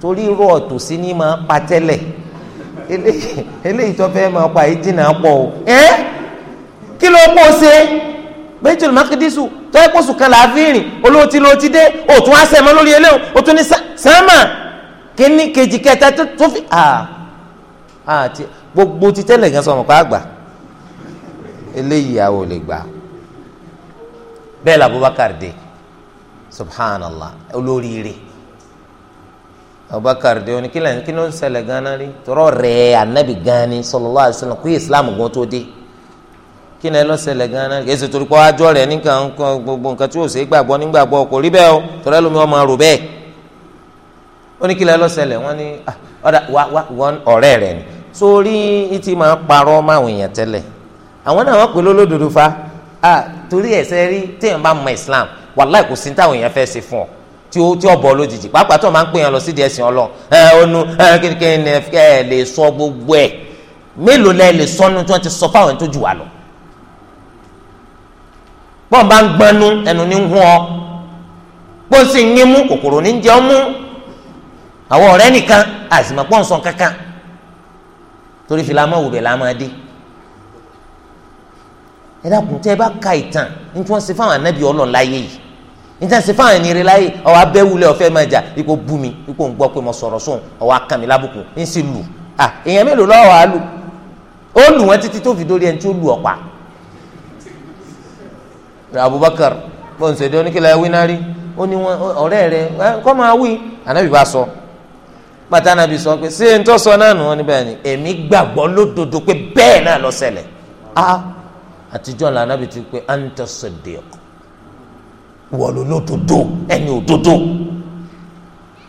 torí irú ọ̀tòsí ni máa pa tẹ́lẹ̀ eléyìí tó fẹ́ máa pa yìí jìnnà pọ̀ o ẹ́ kí ló kó o ṣe Baitul Maqdisu tó ẹ kó sùn kan láàfin olóòtí lóòtí dé òtún á sẹ́mọ́ lórí eléyìí òtún ní sẹ́mà kíní kejì kẹta tó fi àti gbogbo ti tẹ́lẹ̀ gan sọ̀rọ̀ pa àgbà eléyìí àwọn ò lè gbà bẹ́ẹ̀ làbúbákàr dé subhanallah olóríire abubakar de oní kílẹ̀ kí ló ń ṣẹlẹ̀ gánà rí tọrọ rẹ̀ anabi gánà sallallahu alaihi wasallam kí islam gan tó dé kí ni ẹ lọ ṣẹlẹ̀ gánà rí èsì torí pọ́ ajọ́ rẹ̀ nìkan gbogbo nǹkan tí yóò ṣe gbàgbọ́ nígbàgbọ́ kò rí bẹ́ẹ̀ o tọrọ ẹlòmíì ọmọ rò bẹ́ẹ̀ oní kílẹ̀ ẹ lọ ṣẹlẹ̀ wọ́n ní ah, ọ̀dà wà wà wọ́n ọ̀rẹ́ rẹ̀ ni sórí ìtì máa parọ́ máwùn èèyàn tẹ́lẹ̀ àwọn náà wọ́n pè lólódodo fa ah torí ẹ̀sẹ̀ rí téèyàn bá mọ islam wàláì kò sí táwọn èèyàn fẹ́ ṣe fún ọ tí ó tí ó bọ̀ lójijì pàápàá tó máa ń pè yàn lọ sídìí ẹ̀sìn ọlọ́run ẹ onu ẹ kínkín ẹ lè sọ gbogbo ẹ mélòó lẹ lè sọnu tí wọ́n ti sọ fáwọn tó jù wá lọ. bọ́n bá ń gbanú ẹnu ní hún ọ bó sì ń yín mú kòkòrò ní jẹun mú àwọn ọ̀rẹ́ nìkan àzìmọ̀ pọ̀ ń sọ kankan torí fi lamọ́ wùbẹ̀ la máa dé. ẹ dákun tẹ́ ẹ bá ka ìtàn ní tí wọ́n ṣe fáwọn anábì ọlọ́run láyé yìí níta ṣe fáwọn ẹni rẹ láyè ọwọ́ abẹ́wulẹ̀ ọ̀fẹ́ máa jà ipò bú mi ipò ń gbọ́ pé mo sọ̀rọ̀ sóhun ọwọ́ akànmi lábùkù ń sì lù à èèyàn mélòó lọ́wọ́ á lù ó lù wọ́n títí tó fi dórí ẹni tí ó lù ọ̀pá. Abubakar bọ́n ṣe dé oníkìlá ẹwí náà rí ó ní wọn ọ̀rẹ́ rẹ kọ́ máa wí ànábì bá sọ pátá ànábì sọ pé ṣé n tó sọ náà nù wọn níbẹ̀ ni èmi gbàgbọ́ lódodo pé bẹ́ẹ̀ náà lọ ṣẹlẹ̀ ah àtijọ́ làǹdàbì wọlé lódodo ẹni òdodo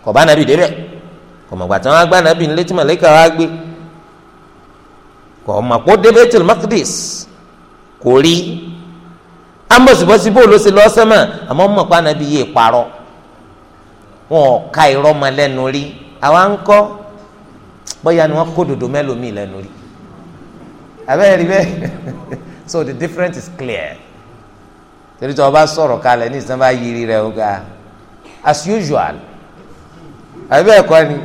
kọba nàbì débẹ̀ kọmọgbà tí wọn gbà nàbì ní létí màlẹkà wa gbé kọmọkó débẹ̀ tìlú makdis kò rí ambosibosi bó ló ṣe lọ sẹmọ àmọ́ mọpá nàbì yé parọ́ wọn ò ka irọ́ ma lẹ́nu rí àwa ń kọ́ ni wọ́n kó dodo mẹ́lòmíì lẹ́nu rí abẹ́rẹ́ rí bẹ́ẹ̀ so the difference is clear. torí tí wọn bá sọ̀rọ̀ kalẹ̀ ní bá yiri rẹ̀ o ga as usual àbí ẹ̀kọ́ ni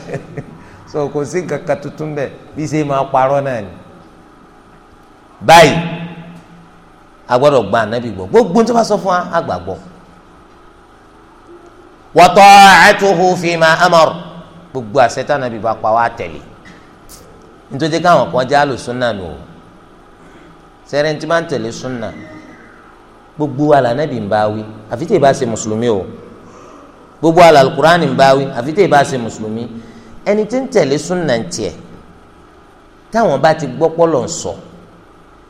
so kò sí kankan tuntun bẹ́ẹ̀ bí ṣe máa parọ́ náà ni báyìí a gbọ́dọ̀ gba gbogbo tó bá sọ fún wa a gbà gbọ́ wa gbogbo àṣẹ tí bá pa wá nítorí káwọn kan náà nù máa ń gbogbo wa lànàbì ń bá wí àfi tí ì bá ṣe mùsùlùmí o gbogbo wa làlùkùránì ń bá wí àfi tí ì bá ṣe mùsùlùmí ẹni tí ń tẹ̀lé súnà ń tiẹ̀ táwọn bá ti gbọ́ pọ́lọ̀ ń sọ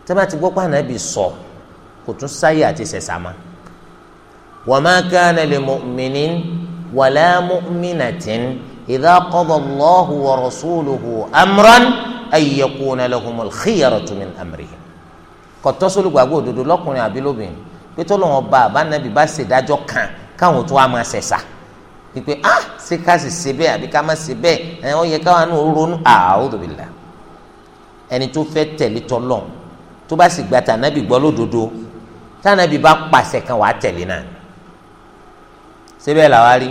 tí wọ́n ti gbọ́ pọ́lọ̀ ànábì sọ kò tún sáyè àti sẹ̀sàmá wa ma kana li mu'minin wala mu'minatin idha qada Allahu wa rasuluhu amran ay yakuna lahumul khiyaratu min amrihim kò tọ́ sólùgbàgbọ́ òdodo lọ́kùnrin àbí pé tó lọ́wọ́ bá àbánabi bá ṣèdájọ́ kan káwọn tó wá máa ṣẹ̀ṣà pípé ah ṣé ká sì ṣe bẹ́ẹ̀ àbí ká má ṣe bẹ́ẹ̀ ẹ ó yẹ káwọn náà ronú a'udhu billah ẹni tó fẹ́ tẹ̀lé tọ́lọ̀ tó bá sì gba tànàbì gbọ́ lódodo tànàbì bá pàṣẹ kan wàá tẹ̀lé náà síbẹ̀ làwa rí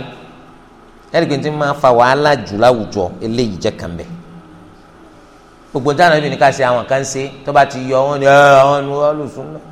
ẹ̀ríkì tí máa fa wàhálà jù láwùjọ eléyìí jẹ́ kan bẹ́ẹ̀ gbogbo tànàbì ní ká ṣe àwọn kan ṣe tó bá ti yọ wọn ni ẹ eh, àwọn ni wọn lù sùn náà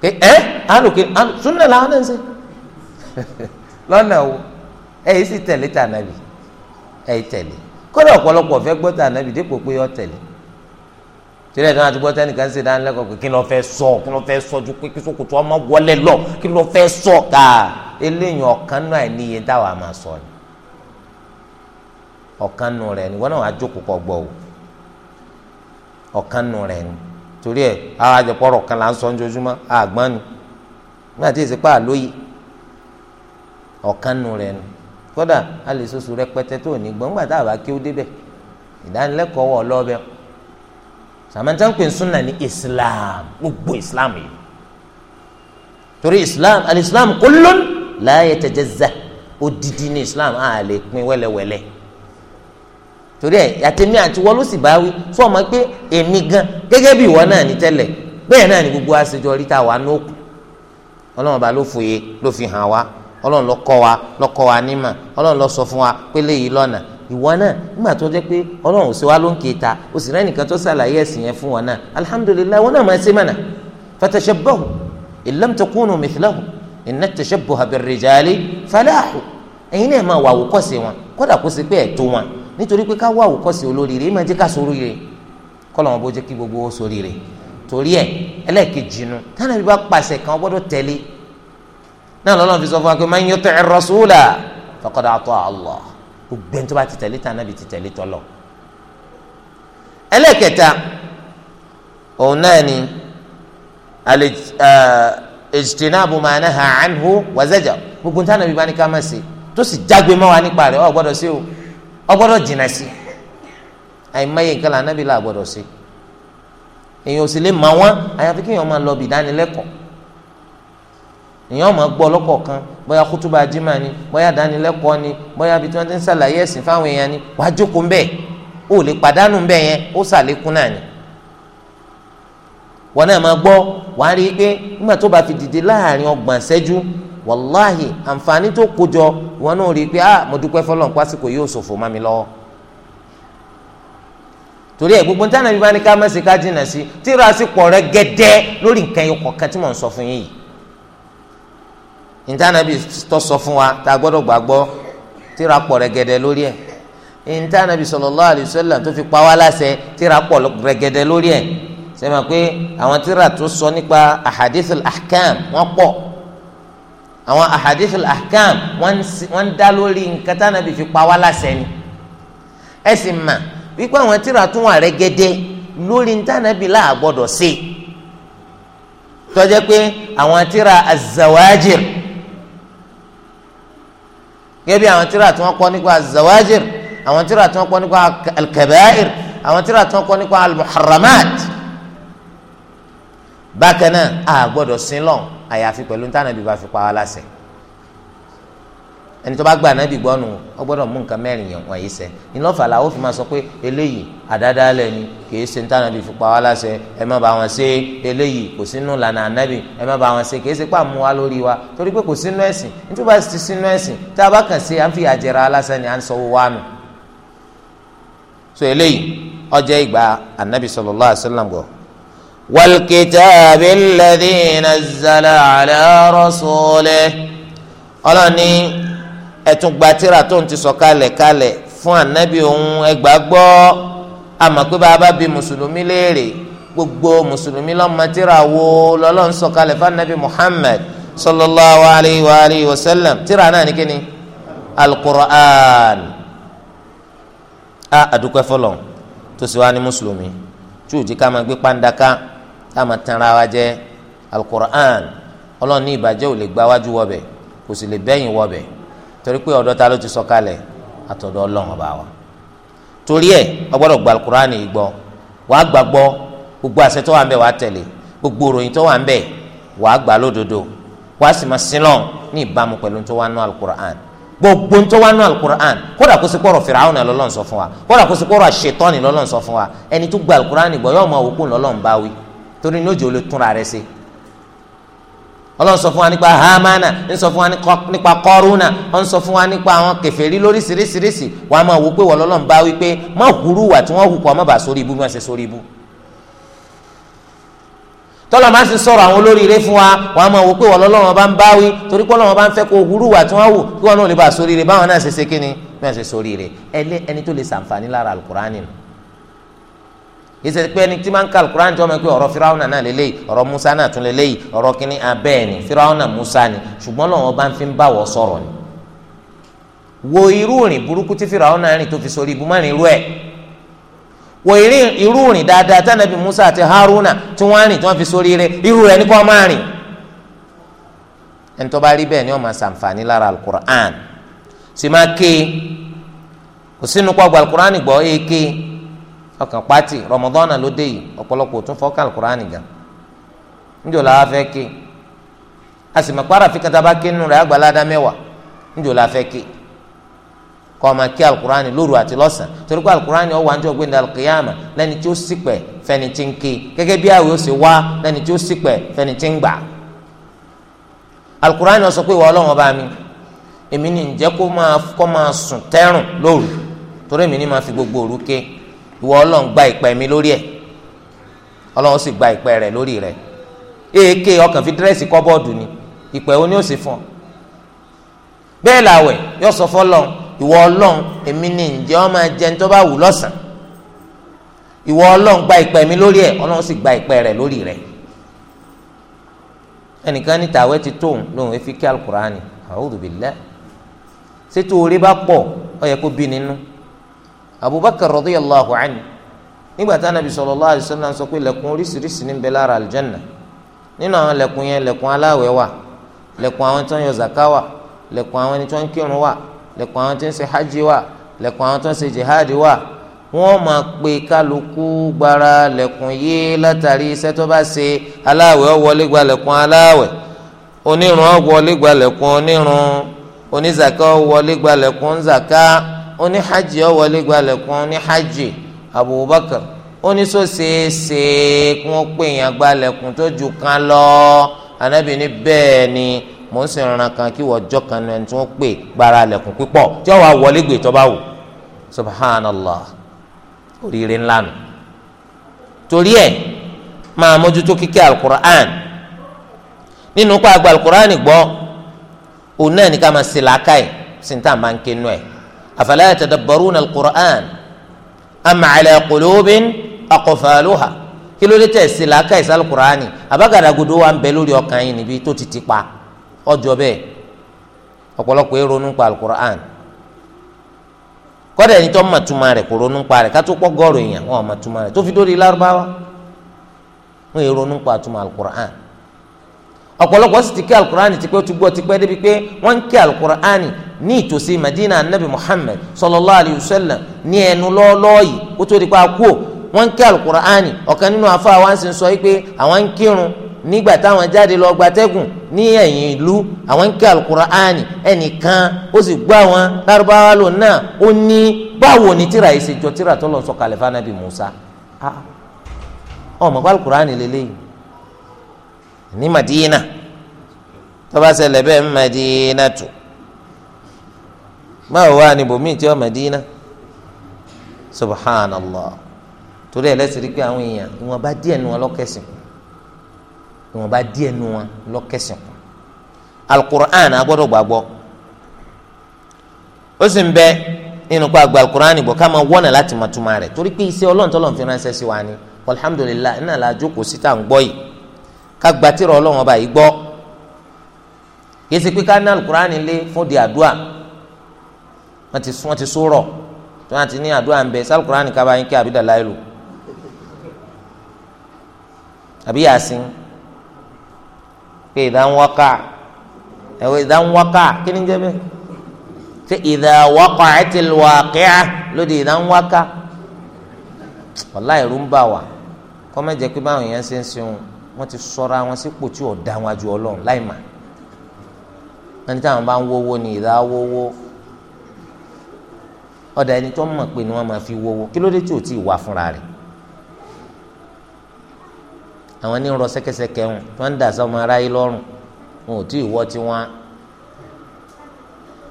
pé ẹ alùpùpù súnà wo ẹ yìí sì ẹ yìí ọ̀pọ̀lọpọ̀ fẹ́ gbọ́ dípò pé nìkan ṣe pé kí ló fẹ́ sọ kí ló fẹ́ sọ ju pé kí ọmọ wọlé lọ kí ló fẹ́ sọ ká eléyìí ọ̀kan náà níye táwa máa sọ ni ọ̀kan nù rẹ̀ ni wọ́n náà wàá jókòó kọ́ gbọ́ torí ẹ ara jẹ pọrọ kan là ń sọ ojoojúmọ́ àgbọn ni nígbà tí èsì pa àlóyè ọ̀kan nù rẹ nù kódà a lè soso rẹpẹtẹ tó ní gbọǹgbà tá a bá kí ó débẹ̀ ìdánilẹ́kọ̀ọ́ wọ ọlọbẹ sàmẹtà ń pè súnà ní islam gbogbo islam yìí torí islam alislam kullun la yatajazza odidi ní islam a lè wẹ́lẹ́wẹ́lẹ́ torí ẹ yàtẹ̀mí àti wọ́n ló sì bá wí fún ọmọ pé èmi gan gẹ́gẹ́ bí ìwọ náà ní tẹ́lẹ̀ bẹ́ẹ̀ náà ní gbogbo àṣejọ rí tá a wà ní òkú ọlọ́run bá ló fòye ló fi hàn wá ọlọ́run ló kọ́ wa ló kọ́ wa nímà ọlọ́run ló sọ fún wa pé léyìí lọ́nà ìwọ náà nígbà tó jẹ́ pé ọlọ́run ò sí wa ló ń kéta o sì rẹ́nìkan tó ṣàlàyé ẹ̀sìn yẹn fún wọn náà alhamdulilayi wọn náà máa ṣe mọ̀nà nítorí pé ká wá àwòkọ́ṣe olóríire ìmọ̀ jẹ́ ká sóríire kọ́lọ̀ wọn bó jẹ́ kí gbogbo ó sóríire torí ẹ̀ ẹlẹ́ẹ̀kejì nu tánà bí bá pàṣẹ kan gbọ́dọ̀ tẹ̀lé náà lọ́nà fi sọ fún wa pé man yuti'i rasula faqad ata'a Allah gbogbo ẹni tó bá ti tẹ̀lé tánà bí ti tẹ̀lé tọ́lọ̀ ẹlẹ́ẹ̀kẹta òun náà ni ijtinabu ma naha anhu wa gbogbo tánà bí bá ní ká má ṣe tó sì jágbe mọ́ wa nípa rẹ̀ ọ̀ gbọ́dọ̀ sí o. Ọgbọdọ jìnnà sí àìmáyé nǹkan là nábìlà àgbọ́dọ̀ sí èèyàn ò sì lè mọ wọn àyàfi kí máa lọ bì ìdánilẹ́kọ̀ọ́ èèyàn máa gbọ́ lọ́kọ̀ kan bóyá kútúbà jimá ni bóyá ìdánilẹ́kọ̀ọ́ ni bóyá tí ti ń ni wàá jókòó ń ó lè pàdánù ń yẹn ó náà ni wọn náà máa rí i pé nígbà tó bá fi dìde láàrin wàláhì àǹfààní tó kojọ wọn náà rí i pé ah mo dúpẹ́ fọlọ́n pásíkò yóò ṣòfò má mi lọ́wọ́ torí ẹ gbogbo nítorí àbí bá ní ká mẹ́sì ká dínà sí tí ìrọ̀ àsìkò rẹ gẹ́dẹ́ lórí nǹkan ẹyọ kọ̀ọ̀kan tí mò ń sọ fún yín yìí nítorí àbí tó sọ fún wa tá a gbọ́dọ̀ gbàgbọ́ tí ìrọ̀ àpọ̀ rẹ gẹ́dẹ́ lórí ẹ̀ nítorí àbí sallallahu alaihi tó fi pa wá láṣẹ tí ìrọ̀ àpọ̀ rẹ gẹ́dẹ́ lórí ẹ̀ sẹ́mi pé àwọn tíra tó sọ nípa ahadithul ahkam wọ́n pọ̀ àwọn ahadithul ahkam wọ́n ń dá lórí nǹkan tá nàbì fi pa wá láṣẹ ni ẹ sì mà wípé àwọn tíra tún wà rẹ́gẹ́dẹ́ lórí nǹkan tá nàbì láà gbọ́dọ̀ ṣe tó jẹ́ pé àwọn tíra azawajir gẹ́gẹ́ bí àwọn tíra tí wọ́n kọ́ nípa azawajir àwọn tíra tí wọ́n nípa alkabair àwọn tíra tí wọ́n nípa almuharramat bákan náà a gbọ́dọ̀ sin àyàfi pẹ̀lú níta nàbí bá fi pa wá láṣẹ ẹni tó bá gba ànábì gbọ́ nù ọ gbọ́dọ̀ mú nǹkan mẹ́rin yẹn wọ̀nyí sẹ́ ìlọ́fà làwọn fi máa sọ pé eléyìí àdádálẹ̀ ni kì í ṣe ní tànàbì fi pa wá láṣẹ ẹ má bá wọn ṣe eléyìí kò sínú lànà ànábì ẹ má bá wọn ṣe kì í ṣe pà mú wa lórí wa torí pé kò sínú ẹ̀sìn nítorí bá ti sínú ẹ̀sìn tá a bá kàn ṣe à ń fi àjẹrà aláṣẹ ni à ń sọwọ́ wa nù. so eléyìí ọjọ́ ìgbà ànábì sallallahu alaihi wasallam والكتاب الذي نزل على رسوله ọlọ́ni ẹ̀tún gba tírà tó ń ti sọ kalẹ̀ kalẹ̀ fún ànábì òun ẹgbà gbọ́ àmọ́ pé bàbá bíi mùsùlùmí léèrè gbogbo mùsùlùmí lọ́mọ tírà wo lọ́lọ́run sọ kalẹ̀ fún ànábì Muhammad sallallahu alayhi wa alayhi wa sallam tírà náà ni kíni alukur'an a àdúpẹ́ fọlọ́ tó sì wá ní mùsùlùmí tí ò jí ká máa gbé pàǹdà ká táwọn tanra wa jẹ alukur'an ọlọ́run ní ìbàjẹ́ ò lè gba wájú wọbẹ̀ kò sì lè bẹ́yìn wọbẹ̀ torí pé ọ̀dọ̀ ta ló ti sọ̀kalẹ̀ àtọ̀dọ̀ ọlọ́run ọba wa torí ẹ̀ ọgbọ́dọ̀ gba alukur'an yìí gbọ́ wàá gbàgbọ́ gbogbo àṣẹ tó wà ń bẹ̀ wàá tẹ̀lé gbogbo òròyìn tó wà ń bẹ̀ wàá gbà lódodo wàá sì máa sin lọ́n ní ìbámu pẹ̀lú tó wà nù alukur'an gbogbo tó wà nù alukur'an kódà kó sì kọ́rọ̀ fìràwọ̀nà sọ fún wa kódà kó sì kọ́rọ̀ àṣetọ́ni sọ fún wa ẹni tó gba alukur'an gbọ́ yóò máa wò kó lọ́lọ́run bá wí torí ní òjò lè túnra rẹ̀ ṣe ọlọ́run sọ fún wa nípa hamana ń sọ fún wa nípa kọ́rúnà ó ń sọ fún wa nípa àwọn kèfèrí lóríṣiríṣiríṣi wàá máa wò pé wọ́n lọ́lọ́run bá wí pé má hurú wà tí wọ́n hù kọ́ má bàa sórí ibú bí wọ́n ṣe sórí ibú tọ́lọ̀ máa ń sì sọ̀rọ̀ àwọn olóríire fún wa wàá máa wò pé wọ́n lọ́lọ́run bá ń bá wí torí pé Ọlọ́run bá ń fẹ́ kó hurú wà tí wọ́n hù kí wọ́n náà lè bàa sóríire báwọn náà ìṣe pé ẹni tí máa ń ka alukur'an jọ máa ń pè ọ̀rọ̀ firawuna náà lélẹ́yìí ọ̀rọ̀ musa náà tún lélẹ́yìí ọ̀rọ̀ kínní abẹ́ẹ̀ ni firawuna musa ni ṣùgbọ́n lọ́wọ́ bá ń fi ń bá wọ́ sọ̀rọ̀ ni. wo irú ìrìn burúkú tí firawuna rìn tó fi sórí ibú má rìn irú ẹ̀ wo irú ìrìn dáadáa tánàbí musa àti haruna tí wọ́n rìn tí wọ́n fi sórí rẹ̀ irú rẹ̀ ní kó máa rìn. ẹni tó bá rí bẹ́ẹ̀ ni ọkàn pátì rọmọdọ́nà ló dé yìí ọ̀pọ̀lọpọ̀ tún fọ́ kàlùkùránì gan níjọ́ la fẹ́ ké a sì mọ̀ kpara fi kata bá ké nínú rẹ̀ àgbàládá mẹ́wàá níjọ́ la fẹ́ ké kọ́ ma ké alukurani lóru àti lọ́sàn torí alukurani ọ̀wà lẹ́ni tí ó sì pẹ̀ fẹ́ni tí ń ké gẹ́gẹ́ bí wá lẹ́ni tí alukurani ìwọ ọlọ́run gba ìpẹ́ mi lórí ẹ̀ ọlọ́run sì gba ìpẹ́ rẹ̀ lórí rẹ̀ èèké ọkàn fi dírẹ́sì kọ́bọ́ọ̀dù ni ìpẹ́ wo ni ó sì fún ọ bẹ́ẹ̀ làwẹ̀ yóò sọ fọlọ́run ìwọ ọlọ́run èmi ni ǹjẹ́ ọ máa jẹun tó bá wù lọ́sàn ìwọ ọlọ́run gba ìpẹ́ mi lórí ẹ̀ ọlọ́run sì gba ìpẹ́ rẹ̀ lórí rẹ̀ ẹnìkan ní tàwẹ́ ti tóun lóun efi kí alukurani a'udhu billah ṣètò orí bá pọ̀ ọ yẹ kó bí nínú. No? abubakar radiyallahu anhu nígbà tá anabi sallallahu alaihi wasallam sọ pé lẹ̀kùn oríṣiríṣi ní bẹ lára aljanna nínú àwọn lẹ̀kùn yẹn lẹ̀kùn aláwẹ̀ wà lẹ̀kùn àwọn tó ń yọ zaka wà lẹ̀kùn àwọn tó ń kírun wà lẹ̀kùn àwọn tó ń ṣe hajj wà lẹ̀kùn àwọn tó ń ṣe jihad wà wọ́n máa pe kálukú gbara lẹ̀kùn yìí látàrí iṣẹ́ tó bá ṣe aláwẹ̀ wọlé gba lẹ̀kùn aláwẹ̀ onírun wọlé gba lẹ̀kùn onírun onízàká wọlé gba lẹ̀kùn zàká oníhajì ọ̀wọ́lé gbalẹ̀kùn oníhajì Abubakar oníṣó ṣeéṣe kí wọ́n pè yàn gbalẹ̀kùn tó ju kan lọ anabi ní bẹ́ẹ̀ ni mò ń sìn ràn kan kí wọ́n jọ kan náà tí wọ́n pè gbára lẹ̀kùn pípọ̀ tí wọ́n wá wọlé gbé tó bá wù subhanallah oríire ńlá nù torí ẹ̀ máa mójútó kíké alukur'an nínú kó agba alukur'an gbọ́ òun náà ní ká máa ṣe làákàyè sí tá à máa ń ké nù ẹ̀ afala yatadabbaruna al-Qur'an am ala qulubin aqfaluha kí ló dé tẹ̀ sí làákà ìsàlù kùránì àbágàdàgodo wa ń bẹ lórí ọkàn yìí níbi tó ti ti pa ọjọ́ bẹ́ẹ̀ ọ̀pọ̀lọpọ̀ èrònú pa alukur'an kọ́dà ẹni tó ń mọ̀túmọ̀ rẹ̀ kò ronú pa rẹ̀ kátó pọ̀ gọ́ọ̀rọ̀ èèyàn wọn ò mọ̀túmọ̀ rẹ̀ tó fi dórí lárúbáwá wọn èrònú pa àtúmọ̀ alukur'an ọ̀pọ̀lọpọ̀ sì ti kí alukur'ani tipẹ́ tó gbọ́ tipẹ́ débi pé wọ́n ń kí alukur'ani ní ìtòsí madina anabi muhammed sallallahu alayhi wa sallam ní ẹnu lọ́ọ́lọ́ọ́ yìí ó tó di pa kú wọ́n ń kí alukur'ani ọ̀kan nínú afa wa ń sin sọ yìí pé àwọn ń kírun nígbà táwọn jáde lọ gbatẹ́gùn ní ẹ̀yìn ìlú àwọn ń kí alukur'ani ẹnìkan ó sì gbọ́ àwọn lárúbáwá lò náà ó ní báwo ni tíra yìí tíra tó lọ sọ kàlẹ́fà anabi musa ah, ọmọ alukur'ani lélẹ́yìí ní Madina tó bá ṣẹlẹ̀ bẹ́ẹ̀ ń Madina tù báwo wá ni bòmí tí ó Madina subhanallah torí ẹlẹ́sìn rí pé àwọn èèyàn ìwọ̀n bá díẹ̀ nu wọn lọ́kẹ̀sìn ìwọ̀n bá díẹ̀ nu wọn lọ́kẹ̀sìn alukur'an agbọ́dọ̀ gbàgbọ́ ó sì ń bẹ nínú pa àgbà alukur'an gbọ́ ká máa wọ́nà láti máa túmọ̀ torí pé iṣẹ́ ọlọ́run lọ́n fi ránṣẹ́ sí wa ni alhamdulilayi náà la jókòó síta ń gbọ́ yìí ká gbatí rọ Ọlọ́run ọba yìí gbọ́ yẹsi pé ká ní alukurani lé fún di àdúà wọn ti wọn ti sọ̀rọ̀ tí wọn ti ní àdúà ń bẹ salukurani kaba yín kí abidà láìlú àbí yasin pé ìdánwọ́ká ẹ̀wọ̀ ìdánwọ́ká kí ni jẹ́ bẹ́ẹ̀ ṣe ìdánwọ́ká ẹ̀ ti lọ àkẹ́yà lóde ìdánwọ́ká wàláì rúmbà wà kọ́mẹ́jẹ pé báwọn yẹn ṣe ń ṣe wọn wọ́n ti sọra wọn sípò tí ọ̀dà wọn ju ọlọ́run láì mà ẹni táwọn bá ń wówó ni ìdá wówó ọ̀dà ẹni tó mọ̀ pé ni wọ́n máa fi wówó kí ló dé tí ò tí ì wá fúnra rẹ̀ àwọn ní rọ sẹ́kẹsẹ́kẹ́ wọn tí ń dà sọ́mọ aráyé lọ́rùn wọn ò tí ì wọ́ tí wọ́n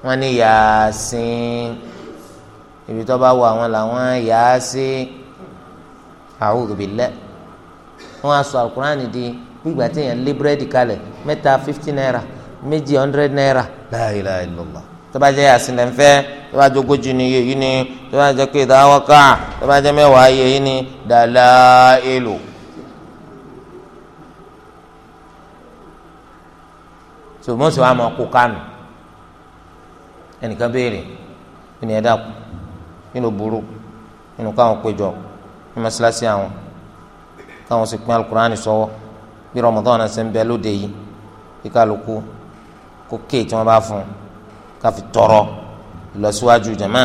wọ́n ní yàásín ibi tó bá wọ àwọn làwọn yàásín a'udhu billah wọ́n á sọ alukurani di gbígbà tí èèyàn lé búrẹ́dì kalẹ̀ mẹ́ta fifty naira méjì hundred naira la ilaha illallah tọ́ba jẹ́ yasin lẹ́ ń fẹ́ tọ́ba jẹ́ ogójì ni yìí ni tọ́ba jẹ́ pé ìdáwọ́ ká tọ́ba jẹ́ mẹ́wàá yìí ni dàlá èlò. sòmọ́sì wa máa kó kánù ẹnìkan béèrè ẹnì ẹ̀dá nínú burú nínú káwọn péjọ ní mọ́ṣáláṣí àwọn táwọn sì pín alukurani sọ́wọ́ bí Ramadan náà ṣe ń bẹ lóde yìí kí kálukú kó kéè tí wọn bá fún un káfi tọrọ lọsíwájú jama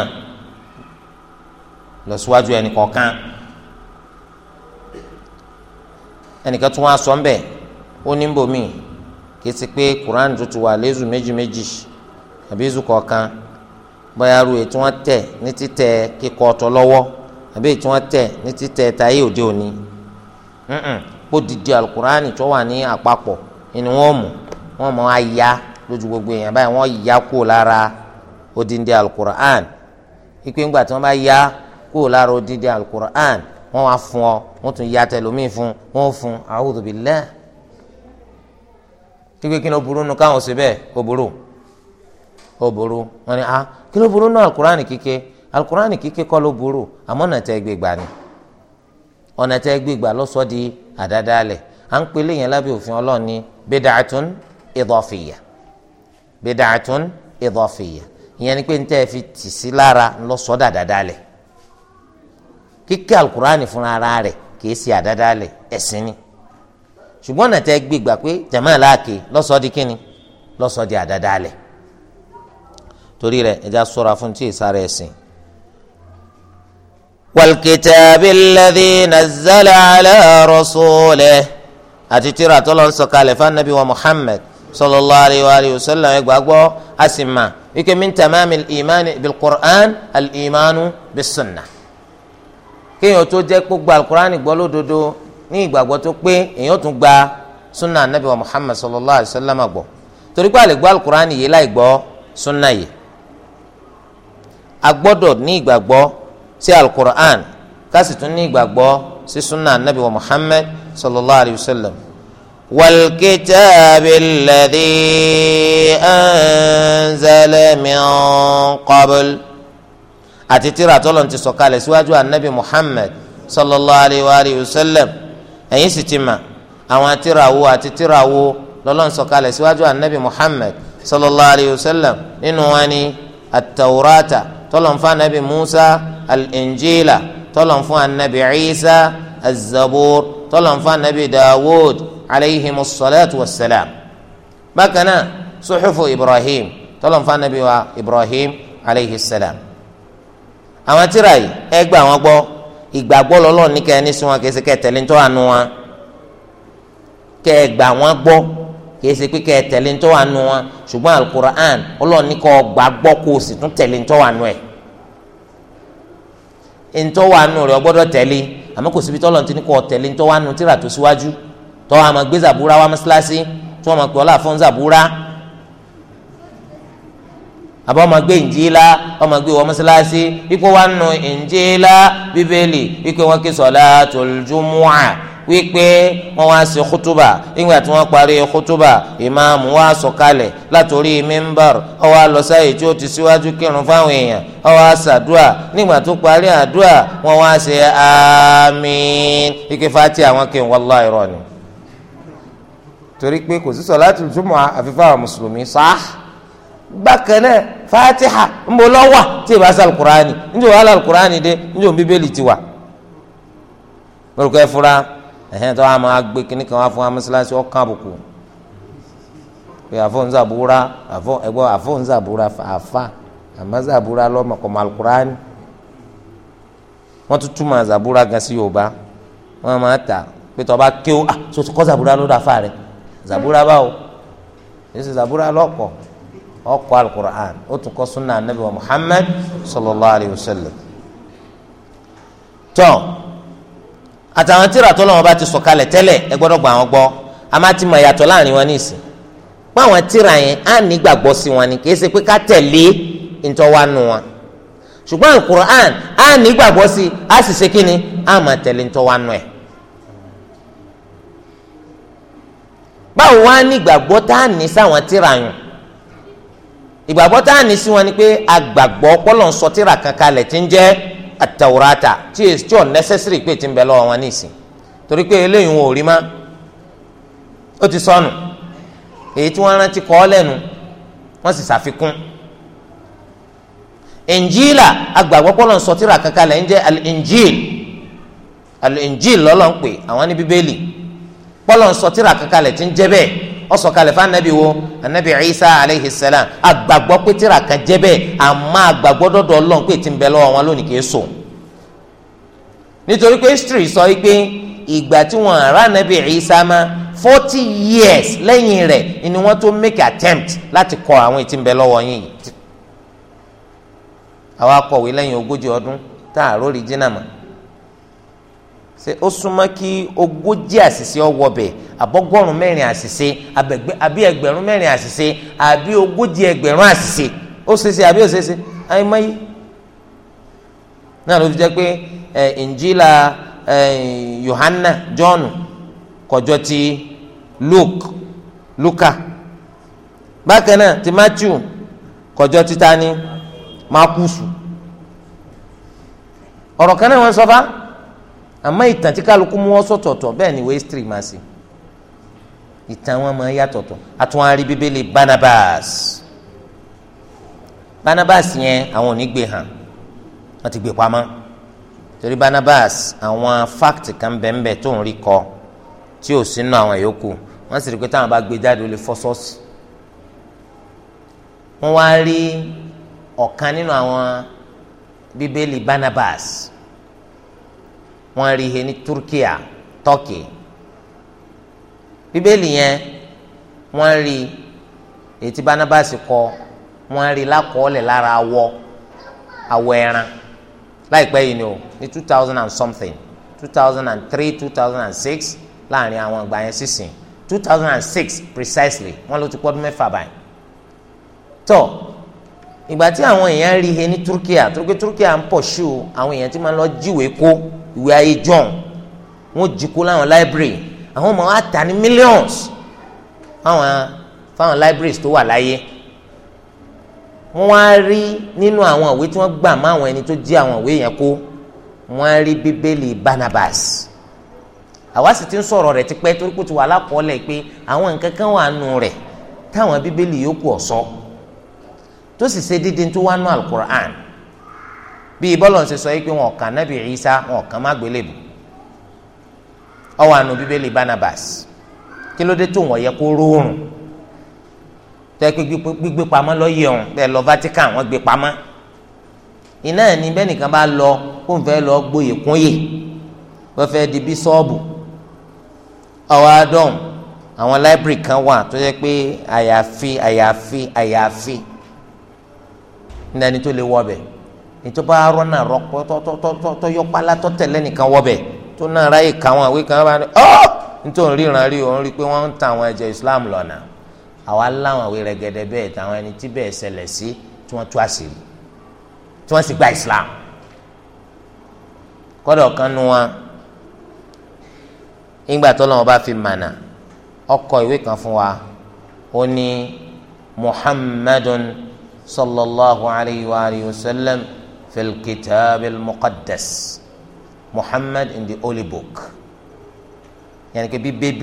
lọsíwájú ẹnì kọ̀ọ̀kan ẹnìkan tún wá sọ ń bẹ ó ní bòmí kì í ti pé kuran tó ti wà lézu méjì méjì àbí zu kọ̀ọ̀kan bóyá ru ètò wọn tẹ̀ ní títẹ̀ kíkọ ọ̀tọ̀ lọ́wọ́ àbí ètò wọn tẹ̀ ní títẹ̀ táyé òde òní kó dìde alukurani tó wà ní àpapọ̀ ni wọ́n mú wọ́n mọ̀ á ya lójú gbogbo èèyàn báyìí wọ́n ya kó lára odindi alukur'an ikú ńgbà tí wọ́n bá ya kó lára odindi alukur'an wọ́n wá fún ọ wọ́n tún ya tẹlómi fún wọ́n fún a'udhu billah ikú kí ló burú nu káwọn ṣe bẹ́ẹ̀ ó burú ó burú wọ́n ní a ah, kí ló burú nu alukur'an kíké alukur'an kíké kọ́ ló burú àmọ́ nàá tẹ́ gbé gbani ọ̀nà tẹ́ gbígbà lọ́sọ̀ di àdádálẹ̀ à ń pè léyìn lábẹ́ òfin ọlọ́run ní bid'atun idafiyya bid'atun idafiyya ìyẹn ni pé ń tẹ́ fi tì sí lára lọ́sọ̀ dàdádálẹ̀ kíké alukurani fúnra ara rẹ̀ kìí ṣe àdádálẹ̀ ẹ̀sìn ni ṣùgbọ́n ọ̀nà tẹ́ gbígbà pé jama láàkè lọ́sọ̀ di kíni lọ́sọ̀ di àdádálẹ̀ torí rẹ̀ ẹja ṣọ́ra fún tí ì sára ẹ̀sìn والكتاب الذي نزل على رسوله àti tírà tí Ọlọ́hun sọ kalẹ̀ fún Ànábì wa Muhammad sallallahu alayhi wa alihi wa sallam ẹ gbàgbọ́ asima wíkẹ́ min tamami al-imani bil-Qur'an al-imanu bis-sunnah. kéèyàn tó jẹ́ gbogbo al-Qur'an gbọ́ lódodo ní ìgbàgbọ́ tó pé èèyàn tún gba sunna Ànábì wa Muhammad sallallahu alayhi wa sallam gbọ́ torí pé a lè gbọ́ al-Qur'an yìí láì gbọ́ sunna yìí. a gbọ́dọ̀ ní ìgbàgbọ́ sí alukur'an ká sì tún ní ìgbàgbọ́ sí sunna anabi wa muhammad sallallahu alayhi wa sallam. والكتاب الذي أنزل من قبل àti tírà t'Ọlọ́run ti sọ̀kalẹ̀ síwájú anabi muhammed sallallahu alayhi wa alayhi wa sallam ẹ̀yin sì ti mà àwọn tírà wo àti tírà wo l'Ọlọ́run sọ̀kalẹ̀ síwájú anabi muhammed sallallahu alayhi wa sallam nínú wọn ni atawurata tọ́lọ̀ ń fún anabi musa al-injila tọ́lọ̀ ń fún anabi isa az-zabur tọ́lọ̀ ń fún anabi dawud alayhi musalatu wa salam bákan náà suhufu ibrahim tọ́lọ̀ ń fún anabi wa ibrahim alayhi salam àwọn tíra yìí ẹ gbà wọn gbọ́ ìgbàgbọ́ lọ́lọ́ọ̀ ní kẹ́ ẹ ní sunwọn kẹsíkẹ́ tẹ̀lé ń tọ́ àánú wọn kẹ́ gbà wọn gbọ́ kìí ṣe pé kẹ ẹ tẹ̀lé ntọ́ wa nu wọn ṣùgbọ́n alukur'an ọlọ́run ní kọ́ gbàgbọ́ kó o sì tún tẹ̀lé ntọ́ wa nu ẹ̀ ntọ́ wa nu rẹ̀ ọgbọ́dọ̀ tẹ̀lé àmọ́ kò síbi tọ́lọ̀ ti ní kọ́ tẹ̀lé ntọ́ wa nu tíra tó síwájú tọ́ wa máa gbé zàbúrà wa mọ́sálásí tí wọ́n máa pè ọ́ là fún zàbúrà àbá ọmọ gbé ìnjílá ọmọ gbé wọ mọ́sálásí ikú wa wípé wọ́n wá sí kútúbà nígbà tí wọ́n parí kútúbà ìmáàmù wá sọ̀kalẹ̀ látòrí mímbàr ó wá lọ sáyè tí ó ti síwájú kírun fáwọn èèyàn ó wá sàdúà nígbà tó parí àdúà wọ́n wá ṣe àmín ike fati àwọn kí n wallahi irọ́ ni torí pé kò sí sọ̀láàtì jùmọ̀ àfi fáwọn mùsùlùmí sáà bákan náà fatiha ń bọ lọ́wọ́ tí ìbá sá alukur'ani ń jẹ́ wàhálà alukur'ani dé ń jẹ́ òun bíbélì ti wà lórúkọ ẹ fura ẹ̀hẹ́n tó wà máa gbé kíní kan wá fún wa mọ́sálásí ọ̀kan àbùkù pé àfọ̀nzàbúra àfọ̀ ẹ̀gbọ́n àfọ̀nzàbúra àfa àmọ́zàbúra lọ́mọ kọ́ malukurani wọ́n tún túmọ̀ àzàbúra gan sí yorùbá wọ́n máa tà pé tọ́ba kéwò à tó ah, ti kọ́ zàbúra lọ́dọ̀ àfa rẹ̀ zàbúra báwo èsì zàbúra lọ́kọ̀ ọkọ̀ alukur'an ó tún kọ́ sunna anabi wa muhammad sallallahu alayhi wa sallam tán àtàwọn tíra tó lọ́wọ́ bá ti sọ̀kalẹ̀ tẹ́lẹ̀ ẹ gbọ́dọ̀ gbà wọ́n gbọ́ a máa ti mọ ìyàtọ̀ láàrin wọn nísìn pé àwọn tíra yẹn á ní gbàgbọ́ sí wọn ni kì í ṣe pé ká tẹ̀lé ntọ́wánu wọn ṣùgbọ́n alukur'an á ní gbàgbọ́ sí á sì ṣe kí ni á máa tẹ̀lé ntọ́wánu ẹ̀. báwo wá ní ìgbàgbọ́ tá a ní sáwọn tíra yẹn ìgbàgbọ́ tá a ní sí wọn ni pé agbàgbọ́ pọ́lọ́ atawurata tí èsì tí ò necessary pé ti ń bẹ lọ́wọ́ wọn nísìn torí pé eléyìí wọn ò rí má ó ti sọnù èyí tí wọ́n rántí kọ́ lẹ́nu wọ́n sì ṣàfikún injila agbàgbọ́ pọ́lọ́ ń sọ tíra kankan lẹ́yìn jẹ́ al-injil lọ́lọ́ ń pè àwọn ní bíbélì pọ́lọ́ ti ń jẹ́ ó sọ̀kalẹ̀ fún anabi wo anabi isa aleyhi salam agbàgbọ́ pé tíra kan jẹ́ bẹ́ẹ̀ àmọ́ agbàgbọ́ dọ́dọ̀ ọlọ́run pé ti ń bẹ lọ́wọ́ wọn lónìí kìí sùn nítorí pé history sọ pé ìgbà tí wọn ará anabi isa ma forty years lẹ́yìn rẹ̀ ni wọ́n tó make attempt láti kọ àwọn tí ń bẹ lọ́wọ́ yín àwa kọ̀wé lẹ́yìn ogójì ọdún tá a rórí jìnnà mọ́ se o suma ki ogoji asise ọwọ bẹ abọgọrun mẹrin asise abẹgbẹ abi ẹgbẹrun mẹrin asise abi ogoji ẹgbẹrun asise o sese abi o sese ayi mayi naa ló fi jẹ pé ẹ njila yohana john kọjọ ti luke luka bákan náà ti matthew kọjọ ti ta ni makusu ọrọ kan náà wọn sọ àmọ́ ìtàn tí kálukú mú wọn sọ̀tọ̀ọ̀tọ̀ bẹ́ẹ̀ ni wéésítírì máa ṣe ìtàn wọn máa yàtọ̀tọ̀ àtúwọn arí bíbélì Barnabas Barnabas yẹn àwọn ò ní gbé hàn wọn ti gbé pamọ́ torí Barnabas àwọn fáktì kan bẹ́ẹ̀nbẹ́ẹ̀ tó ń rí kọ tí ò sínú àwọn yòókù wọ́n sì rí pé táwọn bá gbé jáde ó lè fọ́ sọ́ọ̀sì wọ́n wá rí ọ̀kan nínú àwọn bíbélì Barnabas wọ́n rí he ní Turkiya Turkey bíbélì yẹn wọ́n rí ètí Barnabas kọ wọ́n rí lákọọ́lẹ̀ lára awọ awọ ẹran láìpẹ́ yìí ni o ní two thousand and something two thousand and three two thousand and six láàrin àwọn ìgbà yẹn sísìn two thousand and six precisely wọ́n ló ti pọ́ ọdún mẹ́fà báyìí tọ́ ìgbà tí àwọn èèyàn rí he ní Turkiya Turkiya ń pọ̀ sí o àwọn èèyàn ti máa lọ jíwèé kó ìwé ayé john wọ́n jikó láwọn library àwọn ọmọ wa tà ní millions fáwọn fáwọn libraries tó wà láyé wọ́n wá rí nínú àwọn ìwé tí wọ́n gbà má àwọn ẹni tó jí àwọn ìwé yẹn kó wọ́n á rí bíbélì barnabas àwa sì ti ń sọ̀rọ̀ rẹ̀ tipẹ́ torí kò ti wà lákọọ́lẹ̀ pé àwọn nǹkan kan wà nù rẹ̀ táwọn bíbélì yòókù ọ̀sọ́ tó sì ṣe dídín tó wà nù alukur'an bíi bọ́lọ̀ ṣe sọ yìí pé wọn kàn nábì Ìsá wọn kàn má gbélébù ọwọ́ àánú bíbélì Barnabas kí ló dé tó wọ́n yẹ kó róòrùn tẹ́ pé gbígbé pamọ́ lọ́yẹ̀ ọ̀hún bẹ́ẹ̀ lọ Vatican wọ́n gbé pamọ́ iná ẹ̀ ní bẹ́ẹ̀ nìkan bá lọ kó n fẹ́ lọ gbóyè kúnyè wọ́n fẹ́ di bíṣọ́ọ̀bù ọwọ́ adọ́n àwọn láìbírì kan wà tó yẹ pé àyàfi àyàfi àyàfi ní ẹni tó lè wọ́ bẹ́ẹ̀ ìjọba arọ náà rọpò tọyọpálá tọtẹlẹ nìkan wọbẹ tó náà ráyè káwọn àwé kan bá ní ọ nítorí ríran rí òun rí i pé wọn ń ta àwọn ẹ̀jẹ̀ Islam lọ́nà àwa láwọn àwé rẹ̀gẹ̀dẹ̀ bẹ́ẹ̀ táwọn ẹni tí bẹ́ẹ̀ ṣẹlẹ̀ sí tí wọn tú àṣírí tí wọn sì gba Islam kọdọ kan nu wọn ìgbà tó lọ́wọ́ bá fi mànà ọkọ̀ ìwé kan fún wa ó ní muhammadun sallallahu alayhi wa sallam fil kitab al muqaddas muhammad in the holy book yẹn kí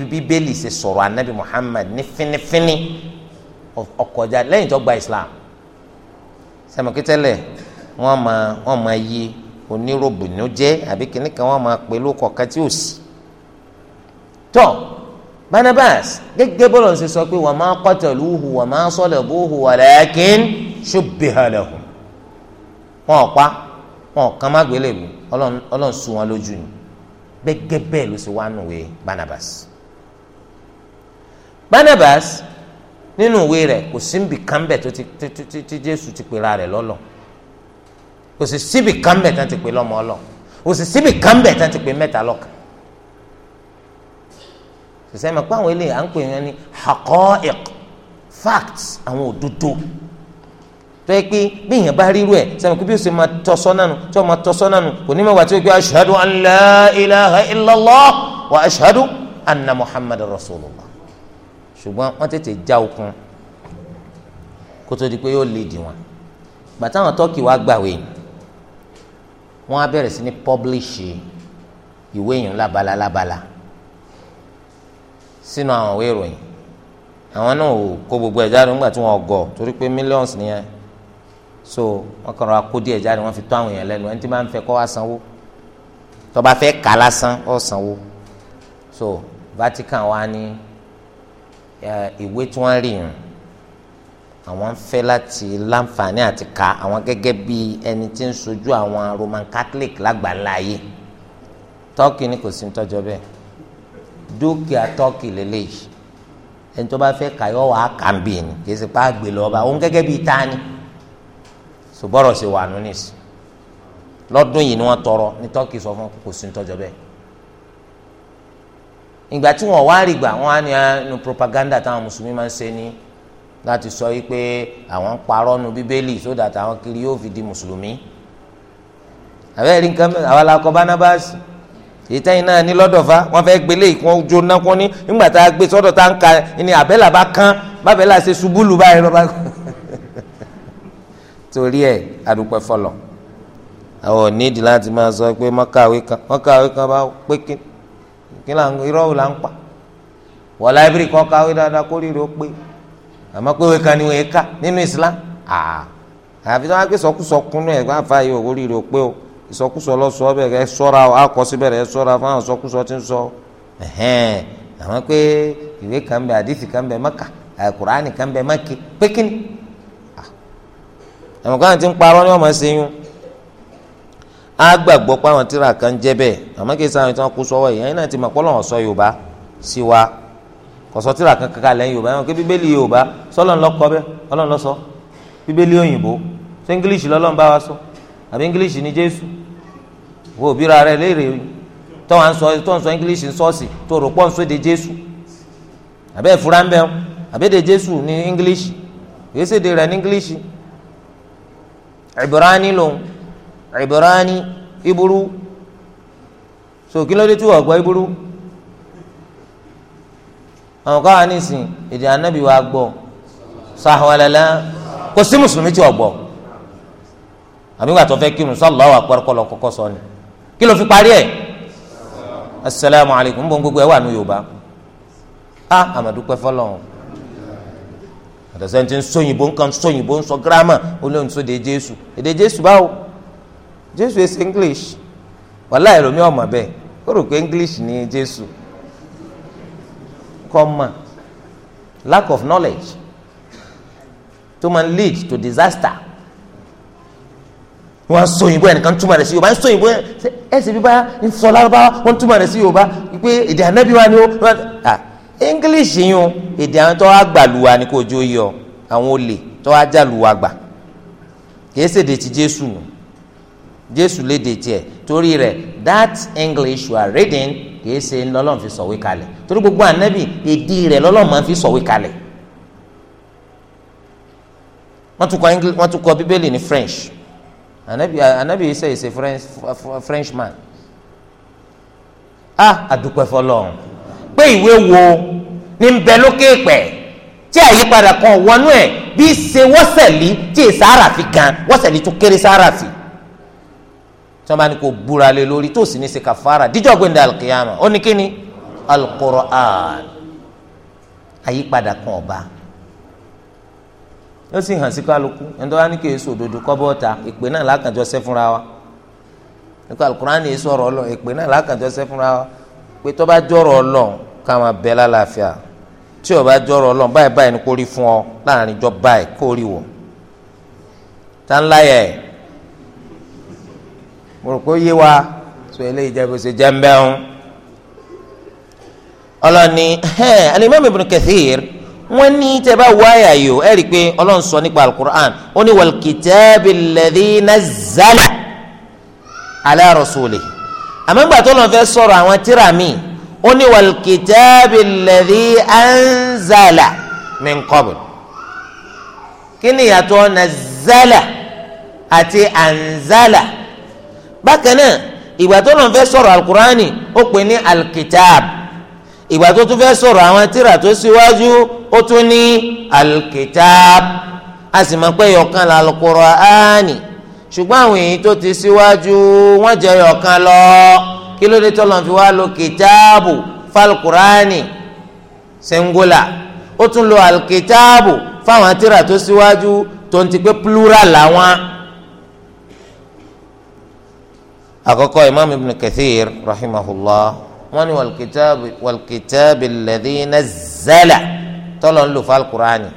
bíbélì ṣe sọ̀rọ̀ anabi muhammad ní fínífíní ọkọjá lẹ́yìn tó gba islam sẹ́mọ̀kítẹ́lẹ̀ wọ́n máa wọ́n máa yí oníròbìnújẹ́ àbí kìnnì kan wọ́n máa pè lóko ọ̀ka tí ò sí. tọ́ barnabas gẹ́gẹ́ bọ́lọ̀ ṣe sọ pé wa ma qataluhu wa ma salabuhu walakin shubbiha lahu wọn ò pa wọn ò kàn má gbélébù ọlọ́run sùn wọn lójú ni gbẹgẹ bẹ́ẹ̀ ló ṣe wá nù wé Barnabas Barnabas nínú ìwé rẹ̀ kò sí níbi kan bẹ̀ tó ti Jésù ti pera rẹ̀ lọ́lọ́ kò sí síbi kan bẹ̀ tán ti pè lọ́mọ ọlọ́ kò sí síbi kan bẹ̀ tán ti pè mẹ́ta lọ́kàn sọsẹ́ mi pa àwọn eléyìí à ń pè wọn ní haqa'iq facts àwọn òdodo tọ́yẹ pé bí èèyàn bá rírú ẹ̀ sẹ́mi kí bí ó ṣe máa tọ́ sọ́nà nu tí wọ́n máa tọ́ sọ́nà nu kò ní mẹ́wàá tí ó gbé ashhadu an la ilaha illallah wa ashhadu anna muhammadu rasulullah ṣùgbọ́n wọ́n tètè já okun kó tó di pé yóò lè dì wọn gbàtà wọn tọ́kì wá gbàwé wọn á bẹ̀rẹ̀ sí ní pọ́blíṣì ìwé yìí lábala lábala sínú àwọn ìwé ìròyìn àwọn náà kó gbogbo ẹ̀ jáde nígbà tí wọ́n gọ̀ torí pé millions nìyẹn so wọn kàn ra kó díẹ̀ jáde wọn fi tó àwọn èèyàn lẹ́nu ẹni tí máa ń fẹ́ kọ́ wá sanwó tó bá kà lásán ó sanwó so Vatican wa ní ìwé tí wọ́n rí yàn àwọn fẹ́ láti láǹfààní àti ka àwọn gẹ́gẹ́ bí ẹni tí ń sojú àwọn Roman Catholic lágbàlá ayé tọ́kì ni kò sí ń tọ́jọ́ bẹ́ẹ̀ dúkìá tọ́kì lélẹ́yìí ẹni tó bá fẹ́ kà yọ wàá kà ń bì ní kì í sì pa àgbè lọ́ba òun gẹ́gẹ́ bí ta ṣùgbọ́rọ̀ ṣe wà nínú ìsìn lọ́dún yìí ni wọ́n tọrọ ní turkey sọ fún kò sí ní tọ́jọ́ bẹ́ẹ̀ ìgbà tí wọ́n wá rí gbà wọ́n á ní ẹnu ah, propaganda táwọn mùsùlùmí máa ń ṣe ní láti sọ yìí pé àwọn parọ́ nu bíbélì so that àwọn kiri yóò fi di mùsùlùmí àbẹ́rẹ́ rí nǹkan àwọn alakọ barnabas ìtẹ́yìn náà ní lọ́dọ̀fà wọ́n fẹ́ gbélé ìkún jóná kún ní nígbà tá a gbé sọ́dọ̀ tá a ń ka ni àbẹ́là bá kán bábẹ́là ṣe ṣubú báyìí lọ́ba kún torí ẹ̀ adúpẹ́ fọlọ́ àwọn onídìí láti máa sọ pé maka kan mọ́kàwé kan bá pé kí kí ń irọ́ wò là ń láìbírì kan kàwé dáadáa kó rí pé àmọ́ pé ni Islam àfi tí wọ́n á gbé yìí ò rí pé o ìsọkúsọ lọ́sọ ọbẹ̀ ẹ sọ́ra ọ akọsíbẹ̀ rẹ sọ́ra fún àwọn ń sọ ẹ̀hẹ́n àmọ́ pé ìwé kan àmọ́ káwọn ti ń parọ́ ni wọ́n máa ṣe yún á gbàgbọ́ pé àwọn tíra kan jẹ́ bẹ́ẹ̀ àmọ́ kí sáwọn tí wọ́n kú sọ́wọ́ yìí ẹ̀yin náà ti mọ̀ pé Ọlọ́run sọ Yorùbá sí wa kò sọ tíra kan kankan lẹ́yìn Yorùbá ẹ̀wọ̀n kí bíbélì Yorùbá sọ́lọ́n lọ́kọ bẹ́ẹ̀ Ọlọ́run ló sọ bíbélì òyìnbó ṣé English lọ́lọ́run bá wa sọ àbí English ni Jésù wo òbí ra rẹ léèrè tó ń sọ English ń sọ́ọ̀sì tó rò pọ́ ń Jésù àbẹ́ English Ibrani lòun Ibrani iburu so kí ló dé tí wọ́n gbọ́ iburu àwọn káwa nísìn èdè anábì wa gbọ́ sàhùnàlẹ́lá kò sí mùsùlùmí tí wọ́n gbọ́ àbí wàá tó fẹ́ kírun sọ́ọ̀lọ́ wà pẹ́rẹ́kọ́lọ́ kọ́kọ́ sọ ni kí ló fi parí ẹ̀ asalaamualeykum bọ́n gbogbo ẹ̀ wà ní Yorùbá ah, a àmàdúpẹ́ fọlọ́run àtàsẹ́ni tí ń sọ òyìnbó nǹkan sọ òyìnbó ń sọ gírámà ó lóun sọ èdè jésù èdè jésù báwo jésù èsì english wàhálà ẹlòmíì ọmọ bẹ́ẹ̀ ó rò pé english ni jésù kọ́mà lack of knowledge tó máa lead to disaster wọn sọ òyìnbó ẹnìkan túmọ̀ rẹ̀ sí yorùbá ń sọ òyìnbó ẹ̀ ẹ̀ sì bí bá ń sọ lárúbáwá wọn túmọ̀ rẹ̀ sí yorùbá pé èdè ànábì wa ni ó english yun èdè àwọn tó wá gbà lùwà ni kò jó yọ àwọn olè tó wá já lùwà gbà kìí ṣèdè ti jésù nù jésù léde tiẹ̀ torí rẹ̀ that english you are reading kìí ṣe lọ́lọ́run fi sọ̀wé kalẹ̀ torí gbogbo ànábì èdè rẹ̀ lọ́lọ́run máa fi sọ̀wé kalẹ̀ wọ́n tún kọ english wọ́n tún kọ bíbélì ní french anabi, anabi yìí ṣe french man ah àdúpẹ́ fọlọ́run pé ìwé wo ní bẹ lókè pẹ̀ tí àyípadà kan wọnú ẹ̀ bí ṣe wọ́sẹ̀lì tí èsì àràfi gan wọ́sẹ̀lì tó kéré sáràfi tí wọ́n bá ní kó búra lé lórí tó sì ní ṣe kàfàrà díjọ́ gbẹ̀ndẹ̀ alkiyama ó ní kíni alqur'an àyípadà kan ọba yóò sì hàn sí kálukú ẹni tó wá ní kí èso òdodo kọ́ bọ́ta ìpè náà lákànjọ́ fúnra wa nípa alukóran ní èso ọ̀rọ̀ lọ ìpè náà lákànjọ́ fúnra wa pé tó bá jọ̀rọ̀ ọlọ́run ká máa bẹ lálàáfíà tí ó bá jọ̀rọ̀ ọlọ́run báyìí báyìí ni kò rí fún ọ láàrin ìjọ báyìí kò rí wò tá ń láyà ẹ̀ mo rò pé ó yé wa sọ eléyìí jẹ́ bó ṣe jẹ́ ń bẹ́hùn ọlọ́ni alimami ibn kathir wọ́n ní tẹ́ bá wáyà yìí o ẹ rí i pé ọlọ́run sọ nípa alukur'an ó ní wal kitabil ladhi nazzala àmọ́gbà tó lọ́n fẹ́ sọ̀rọ̀ àwọn tíra mi ó ní wal kitabi alladhi anzala min qabl kí ni ìyàtọ̀ nazala àti anzala bákan náà ìgbà tó lọ́n fẹ́ sọ̀rọ̀ alukurani ó pè ní alkitab ìgbà tó tún fẹ́ sọ̀rọ̀ àwọn tíra tó síwájú ó tún ní alkitab a sì máa pẹ́ yọkan lálùkùránì. Al ṣùgbọ́n àwọn èyí tó ti síwájú wọ́n jẹ́ ọ̀kan lọ kí ló dé tọ́lọ̀ fi wá lo kìtáàbù falkurani singular ó tún lo alkìtáàbù fáwọn àtìrà tó síwájú tó ń ti pé plural làwọn. àkọ́kọ́ imam ibn kathir rahimahullah wọ́n ní walkitaabi alladhi nazzala tọ́lọ̀ ń lo falkurani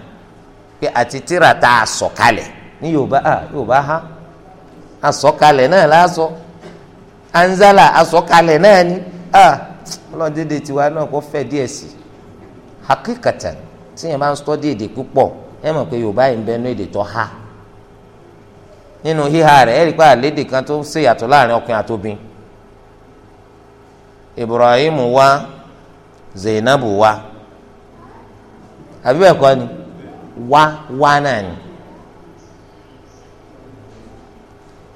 pé àti tìrà tá a sọ̀kalẹ̀ ní yorùbá ah, ha yorùbá asọ̀kalẹ̀ náà lásọ anzala asọ̀kalẹ̀ náà ni tiwa náà kò fẹ́ díẹ̀ sí i hakikatan tí yẹn bá ń sọ́dí èdè púpọ̀ ẹ mọ̀ ha nínú híha rẹ̀ àlédè kan tó ṣèyàtọ̀ láàrin ọkùnrin àtòbin Ibrahim wa Zainab wa àbí ni wa wa náà ni.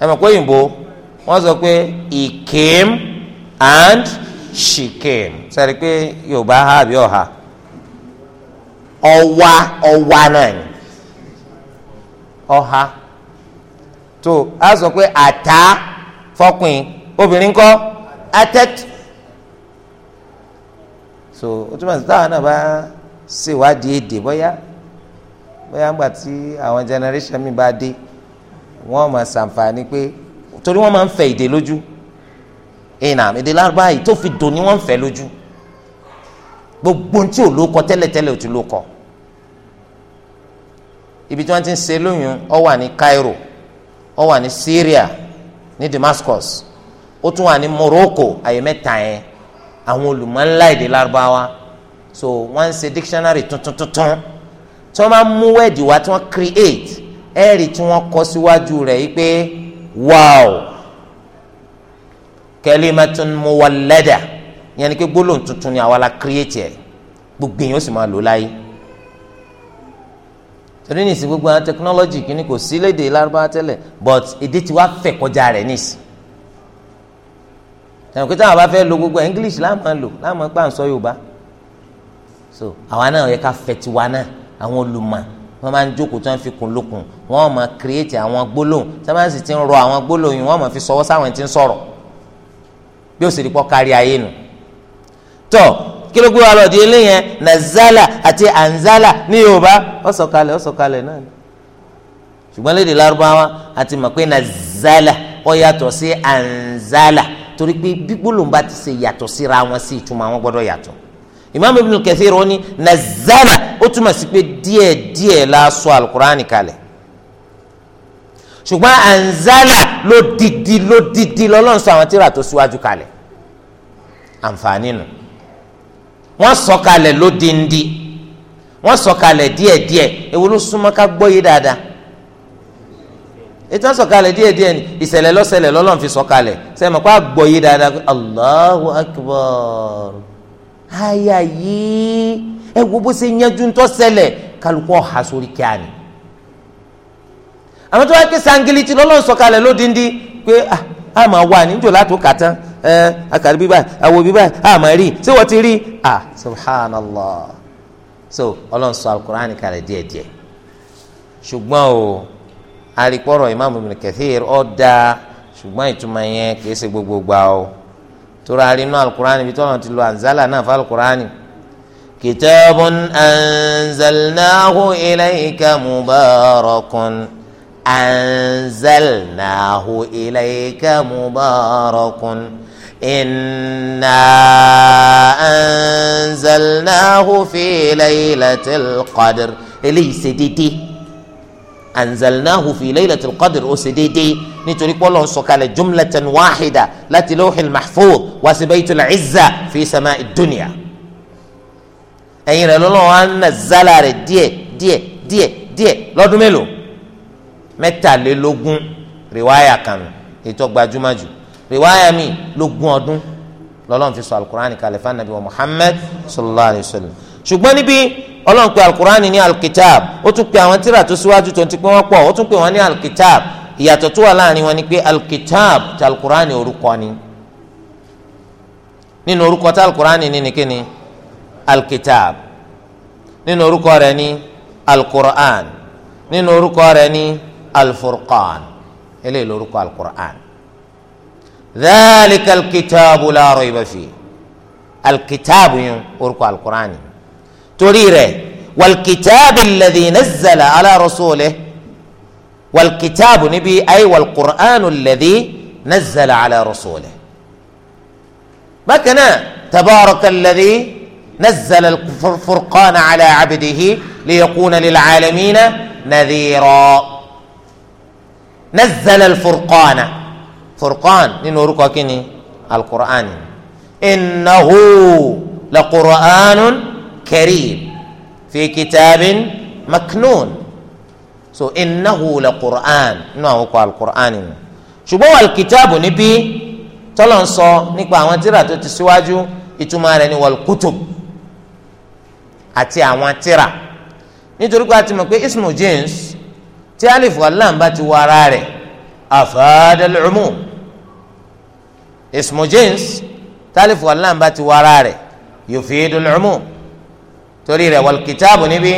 ẹ̀mọ̀ pé òyìnbó wọ́n sọ pé he came and she came sẹ́ni pé yorùbá ha àbí ọ̀ha ọwa ọwa náà ni ọha tó a sọ pé àtá fọkùn obìnrin kọ́ atẹ́tù so ó túmọ̀ sí táwọn náà bá ṣèwádìí èdè bóyá bóyá ńgbà tí àwọn generation mi bá dé wọ́n máa ṣàǹfààní pé torí wọ́n máa ń fẹ́ èdè lójú ìnà eh, èdè lárúbáwá yìí tó fi dùn ni wọ́n ń fẹ́ lójú gbogbo tí ò ló kọ tẹ́lẹ̀tẹ́lẹ̀ ò ti ló kọ ibi tí wọ́n ti ń ṣe lóyún ó wà ní Cairo ó wà ní Syria ní Damascus ó tún wà ní Morocco àyè mẹ́ta yẹn àwọn olùmọ̀ńlá èdè lárúbáwá so wọ́n ń ṣe dictionary tuntun tuntun tí wọ́n máa mú wẹ́ẹ̀dì wá tí wọ́n create ẹ̀rí tí wọ́n kọ síwájú rẹ̀ yìí pé wáò kẹlímẹ́tún muwalada yẹn ni pé gbólóhùn tuntun ni àwa la kírètì ẹ̀ gbogbo èèyàn sì máa lò láyé torí nìsí gbogbo àwọn tẹkinọ́lọ́jì kìíní kò sí léde lárúbáwá tẹ́lẹ̀ but èdè tí wàá fẹ̀ kọjá rẹ̀ nìsí tẹ̀wọ̀n pé táwọn bá fẹ́ lo gbogbo english láàmú lò láàmú pàǹsọ yorùbá so àwa náà yẹ ká fẹ̀ tiwa náà àwọn olùmọ̀ wọ́n máa ń jókòó tí wọ́n fi kùn lókun wọ́n máa kírètì àwọn gbólóhùn tí wọ́n bá sì ti ń rọ àwọn gbólóhùn yìí wọ́n máa fi sọwọ́ sáwọn tí ń sọ̀rọ̀ bí ó sì rí pọ́ kárí ayé nu. tọ́ kí ló gbé wa lọ́ọ́ di eléyẹn nazala àti anzala ní yorùbá ó sọ̀kalẹ̀ náà ni ṣùgbọ́n lédè lárúbáwá àti mọ̀ pé nazala ó yàtọ̀ sí anzala torí pé bí gbólóhùn bá ti ṣe yàtọ̀ síra wọn sí ìtumọ̀ àwọn gbọ́dọ̀ yàtọ̀ imam ibn kathir ó ní nazala ó túmọ̀ sí pé díẹ̀ díẹ̀ la sọ alukur'ani kalẹ̀ ṣùgbọ́n anzala lódìdí lódìdí lọ́lọ́run sọ àwọn tíra tó síwájú kalẹ̀ àǹfààní nù wọ́n sọ kalẹ̀ lódìndí wọ́n sọ kalẹ̀ díẹ̀díẹ̀ èwo ló súnmọ́ ká gbọ́ yé dáadáa ètò sọ̀kalẹ̀ díẹ̀díẹ̀ ni ìṣẹ̀lẹ̀ lọ́sẹ̀lẹ̀ lọ́lọ́run fi sọ kalẹ̀ sẹ́mi kó a gbọ́ yé dáadáa Allahu akbar àyà yìí ẹ wo bó ṣe yanjú ń tọ́ ṣẹlẹ̀ kálukú ọ̀hà sórí kíá ni àmọ́ tó wá ké sangiliti lọ́lọ́ sọ̀kalẹ̀ lódindi pé ah, a máa wà níjò látò kàtán ẹ bíbá àwọ̀ bíbá a máa rí ṣé wọ́n ti rí a ah, subhanallah so ọlọ́run sọ alukur'an kalẹ̀ díẹ̀díẹ̀ ṣùgbọ́n o àríkpọ́rọ̀ Imam Ibn Kathir ọ̀ da ṣùgbọ́n ìtumọ̀ yẹn kì í ṣe gbogbo gbà tura nu alukurani bi tọ́lọ̀ ti lu anzala náà fa alukurani. kitabun anzalnahu ilayka mubarakun anzalnahu ilayka mubarakun inna anzalnahu fi laylatil qadr eléyìí ṣe déédéé. anzalnahu fi laylatil qadr ó ṣe déédéé nítorí pọ́lọ́ ń sọ̀kalẹ̀ jumlatan wahida láti lawhil mahfuz wá sí baytul izza fi sama'id dunya ẹ̀yin rẹ̀ lọ́lọ́wọ́ á nà zálà rẹ̀ díẹ̀ díẹ̀ díẹ̀ díẹ̀ lọ́dún mélòó mẹ́tàlélógún rìwáyà kan ètò gbajúmọ̀jù rìwáyà mi lógún ọdún lọ́lọ́run fi sọ alukur'an kalẹ̀ fún wa muhammad sallallahu alayhi wa sallam ṣùgbọ́n níbi ọlọ́run pè alukur'ani ní alukitab ó tún pè àwọn tíra tó síwájú tó ti pé wọ́n pọ̀ ó tún pè wọ́n ní alukitab ìyàtọ̀ tó wà láàrin wọn ni pé alukitab ti alukur'ani orúkọ ni nínú orúkọ tí alukur'ani ní nìkíni alukitab nínú orúkọ rẹ̀ ní alukur'an nínú orúkọ rẹ̀ ní alfurqan eléyìí lórúkọ alukur'an dhalika alkitabu la rayba fi alkitabu yun orúkọ alukur'ani. تريره والكتاب الذي نزل على رسوله والكتاب نبي أي والقرآن الذي نزل على رسوله ما كان تبارك الذي نزل الفرقان على عبده ليكون للعالمين نذيرا نزل الفرقان فرقان لنورك كني القرآن إنه لقرآن karim fi kitabin maknun so innahu la qur'an inú àwọn kọ alukur'an ni ṣùgbọ́n wà kìtàbù níbí tọ́lọ̀ ń sọ nípa àwọn tíra tó ti síwájú ìtumọ̀ rẹ̀ ni wàlkútùb àti àwọn tíra nítorí pé a ti mọ̀ pé ismu jins tí alif wàllam bá ti wọ ara rẹ̀ afadal umum ismu jins tí alif wàllam bá ti wọ ara rẹ̀ yufidul umum torí rẹ̀ wal kitabu níbí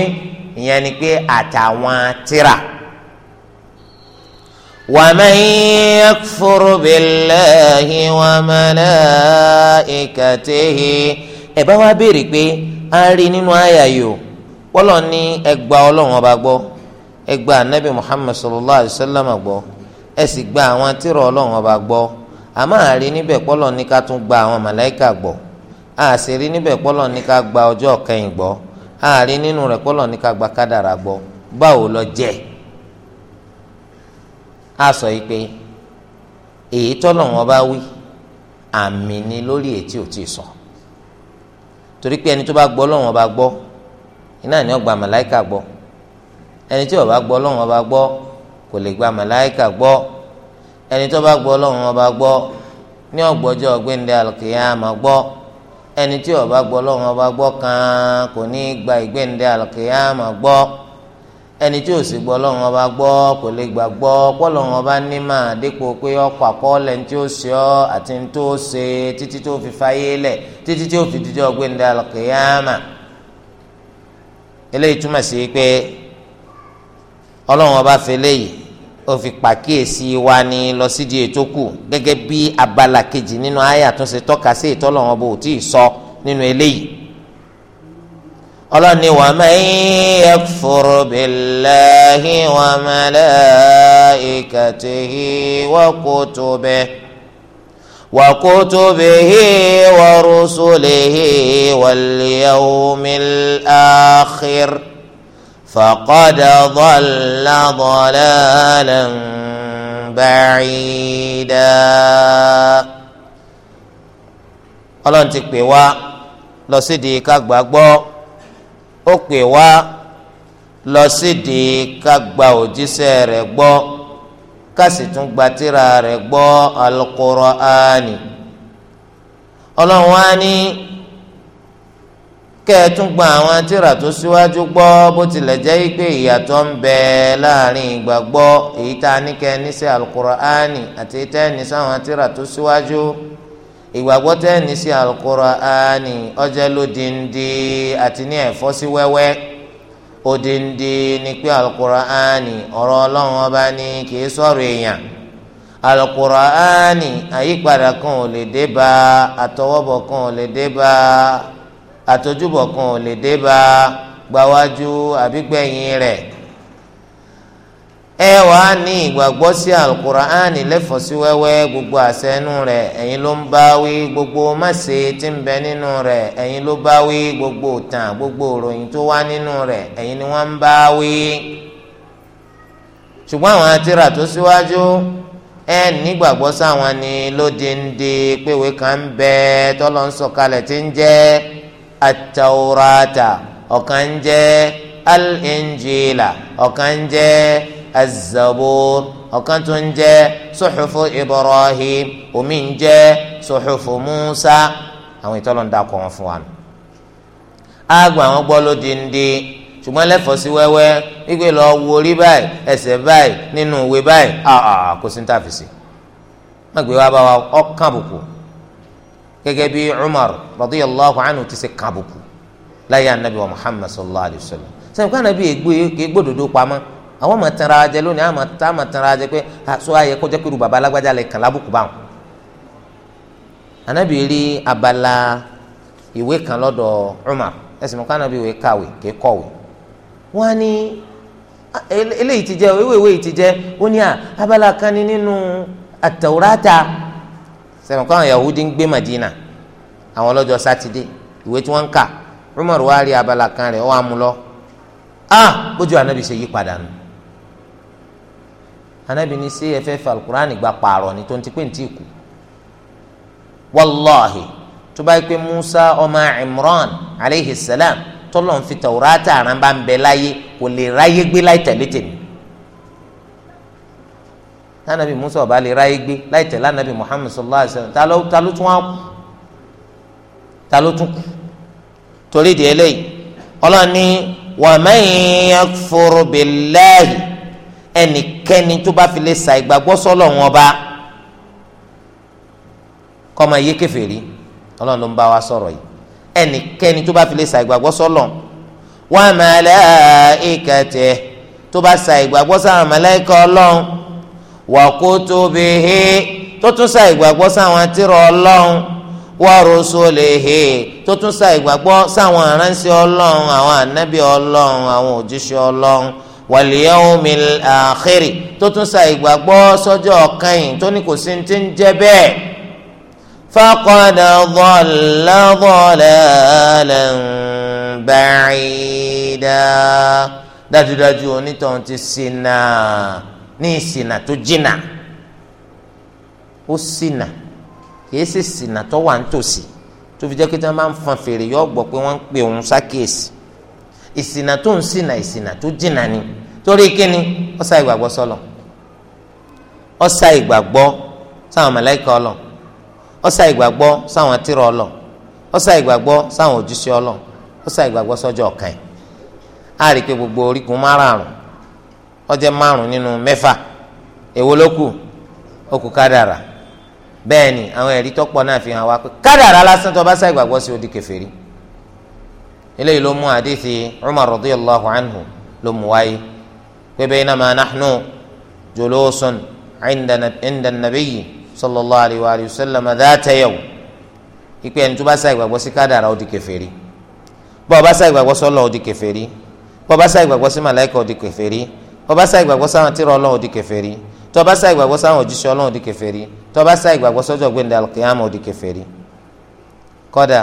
ìyẹn ni pé àtàwọn tírà wa man yakfur billahi wa malaikatihi ẹ bá wá béèrè pé a rí nínú àyà yìí o wọ́lọ̀ ní ẹgbà ọlọ́run ọba gbọ́ ẹgbà anabi muhammad sallallahu alayhi wa sallam gbọ́ ẹ sì gba àwọn tírà ọlọ́run ọba gbọ́ àmọ́ àárín níbẹ̀ pọ́lọ̀ ní ká tún gba àwọn màláìkà gbọ́ àṣírí níbẹ̀ pọ́lọ̀ ní ká gba ọjọ́ kẹyìn gbọ́ àárí nínú rẹ̀ pọ́lọ̀ ní ká gba kádàrà gbọ́ báwo lọ jẹ́ a sọ yìí pé èyí tọ́lọ̀ wọn bá wí àmì ni lórí ètí ò tí ì sọ torí pé ẹni tó bá gbọ́ lọ́wọ́n bá gbọ́ iná ni ó gba màláìkà gbọ́ ẹni tí ó bá gbọ́ lọ́wọ́n bá gbọ́ kò lè gba màláìkà gbọ́ ẹni tó bá gbọ́ lọ́wọ́n bá gbọ́ ní ọgbọ́jọ́ ọgbẹ́ndẹ́ àlùkìyámà gbọ́ ẹni tí ọba bá gbọ́ lọ́wọ́ ọba gbọ́ kan kò ní gba ìgbéǹde àlùkìyàmà gbọ́ ẹni tí òsì sì gbọ́ lọ́wọ́ ọba gbọ́ kò lè gbà gbọ́ pọ́lọ́wọ́ ọba ní mà dípò pé ọkọ̀ àkọọ́lẹ̀ ní tí ó ṣe ọ́ àti ní tó ṣe títí tó fi fáyé lẹ̀ títí tó fi dídí ọgbéǹde àlùkìyàmà eléyìí túmọ̀ sí pé ọlọ́wọ́ ọba fẹ́ léyìí ó fi pàkíyèsí wa ní lọ sídìí ètò kù gẹ́gẹ́ bí abala kejì nínú àyà tó ṣe tọ́ka sí ìtọ́lọ̀ wọn bò tí ì sọ nínú eléyìí. ọlọ́ni wa man yakfur billahi wa malaikatihi wa kutubihi wa kutubihi wa rusulihi wal yawmil akhir. فقد ضل ضلالا بعيدا ọlọ́run ti pè wá lọ sídìí ká gbàgbọ́ ó pè wá lọ sídìí ká gba òjíṣẹ́ rẹ̀ gbọ́ ká sì tún gba rẹ̀ gbọ́ Al-Qur'ani ọlọ́run wá ní kẹ́ẹ̀tún gba àwọn tíra tó síwájú gbọ́ bó tilẹ̀ jẹ́ pé ìyàtọ̀ ń bẹ láàrin ìgbàgbọ́ èyí tá a ní kẹ́ ní sí alukur'ani àti tẹ́ ní sáwọn tíra tó síwájú ìgbàgbọ́ tẹ́ ní sí alukur'ani ọjọ́ lódìndí àti ní ẹ̀fọ́ sí wẹ́wẹ́ òdìndí ni pé alukur'ani ọ̀rọ̀ ọlọ́run ọba ni kì sọ̀rọ̀ èèyàn alukur'ani àyípadà kan ò lè dé bá àtọwọ́bọ̀ kan ò lè dé bá àtọ́júbọ̀ kan ò lè dé bá gbáwájú àbígbẹ̀yìn rẹ̀ ẹ wàá ní ìgbàgbọ́ sí alukur'ani lẹ́fọ̀ọ́ sí wẹ́wẹ́ gbogbo àṣẹnu rẹ̀ ẹ̀yin ló ń bá wí gbogbo máṣe tí ń bẹ nínú rẹ̀ ẹ̀yin ló bá wí gbogbo tàn gbogbo ìròyìn tó wá nínú rẹ̀ ẹ̀yin ni wọ́n ń bá wí. ṣùgbọ́n àwọn àtìrà tó síwájú ẹ nígbàgbọ́ sáwọn ni lóde ń de pé ìwé kan ń bẹ tọ́lọ́ ń sọ̀kalẹ̀ tí ń jẹ́ atawurata ọ̀kan ń jẹ́ al-injila ọ̀kan ń azabur ọ̀kan tún ibrahim omi ń musa àwọn ìtọ́lọ̀ ń dakọ̀ wọn fún wa di ń di ṣùgbọ́n wẹ́wẹ́ wípé wo orí báyìí ẹsẹ̀ báyìí nínú ìwé báyìí kò sí ní gẹ́gẹ́ bí Umar radiyallahu anhu ti ṣe kàbùkù láyé anabi wa Muhammad sallallahu alayhi wa sallam sẹ́yìn kí anabi ègbódodo pamọ́ àwọn ọmọ tẹnra ajẹ lónìí àwọn ọmọ tẹnra ajẹ pé aṣọ ayẹ kọjá pẹ̀lú baba alágbájá lẹ kàn lábùkù báwọn. anabi rí abala ìwé kan lọ́dọ̀ Umar ẹ̀sìn mọ́ká anabi ìwé kàwé kì í kọ̀wé wọ́n á ní eléyìí ti jẹ́ ewéwé yìí ti jẹ́ ó ní abala kan ní nínú àtàwùrátà sẹ́nu káwọn Yahudi ń gbé Madina àwọn ọlọ́jọ́ sátidé ìwé tí wọ́n ń kà Umar wá rí abala kan rẹ̀ ó wà mú lọ ah bójú anabi ṣe yí padà nù anabi ní sí ẹ fẹ́ fẹ́ alukur'an gba pààrọ̀ ní tó ń ti pé ní tí kù wàláhi tó bá yẹ pé Musa ọmọ Imran aleyhi salam tọ́lọ̀ ń fi tawurata àrán bá ń bẹ láyé kò lè ráyé gbé láì tẹ̀lé tèmi tánàbí musa ọba lè ráyé gbé láì tẹ̀lé ànàbí muhammed sallallahu alayhi wa sallam ta ló tún á kú ta ló tún kú torí di eléyìí ọlọ́run ní wa man yakfur billahi ẹnikẹ́ni tó bá fi lè sa ìgbàgbọ́ sọ́lọ̀ wọn bá kọ́mọ yé kèfèrí ọlọ́run ló ń bá wa sọ̀rọ̀ yìí ẹnikẹ́ni tó bá fi lè sa ìgbàgbọ́ sọ́lọ̀ wa malaikatihi tó bá sa ìgbàgbọ́ sáwọn màláíkà ọlọ́run wa kutubihi tó tún sa ìgbàgbọ́ sáwọn tírà ọlọ́run wa rusulihi tó tún sa ìgbàgbọ́ sáwọn aránṣẹ́ ọlọ́run àwọn ànábì ọlọ́run àwọn òjíṣẹ́ ọlọ́run wal yawmil akhiri tó sa ìgbàgbọ́ sọ́jọ́ kẹ́yìn tó ní kò sí ti ń jẹ́ bẹ́ẹ̀ faqad dhalla dhalalan ba'ida dájúdájú onítọ̀hún ti sin náà ní ìsìnà tó jìnà ó ṣìnà kìí ṣe ṣìnà tó wà nítòsí tó fi jẹ́ pé tí wọ́n máa ń fan fèrè yọ gbọ́ pé wọ́n ń pè òun ni torí kíni ó ìgbàgbọ́ sọlọ ó ìgbàgbọ́ sáwọn màláíkà ọlọ ó ìgbàgbọ́ sáwọn tírà ọlọ ó ìgbàgbọ́ sáwọn òjíṣẹ́ ọlọ ó ìgbàgbọ́ sọ́jọ́ ọ̀kan ó jẹ́ márùn nínú mẹ́fà èwo ló kù ó kù kádàrà bẹ́ẹ̀ ni àwọn ẹ̀rí tó pọ̀ náà fi hàn wá pé kádàrà lásán tó bá sá ìgbàgbọ́ sí ó di kèfèrí eléyìí ló mú àdìsí Umar radiyallahu anhu ló mú wáyé pé baynama nahnu julusun inda nabiyyi sallallahu alayhi wa sallam dhata yawm ìpè ẹni tó bá sá ìgbàgbọ́ sí kádàrà ó di bọ́ọ̀ bá sá ìgbàgbọ́ sọ́lọ́ ó di bọ́ọ̀ bá sá ìgbàgbọ́ sí màláìkà ó di ọba sá ìgbàgbọ́ sáwọn tírà ọlọ́run di kèfèrí tọba sá ìgbàgbọ́ sáwọn òjíṣẹ́ ọlọ́run di kèfèrí tọba sá ìgbàgbọ́ sọ́jọ́ gbẹ̀ndẹ̀ alùkìyàmù di kèfèrí kọ́dà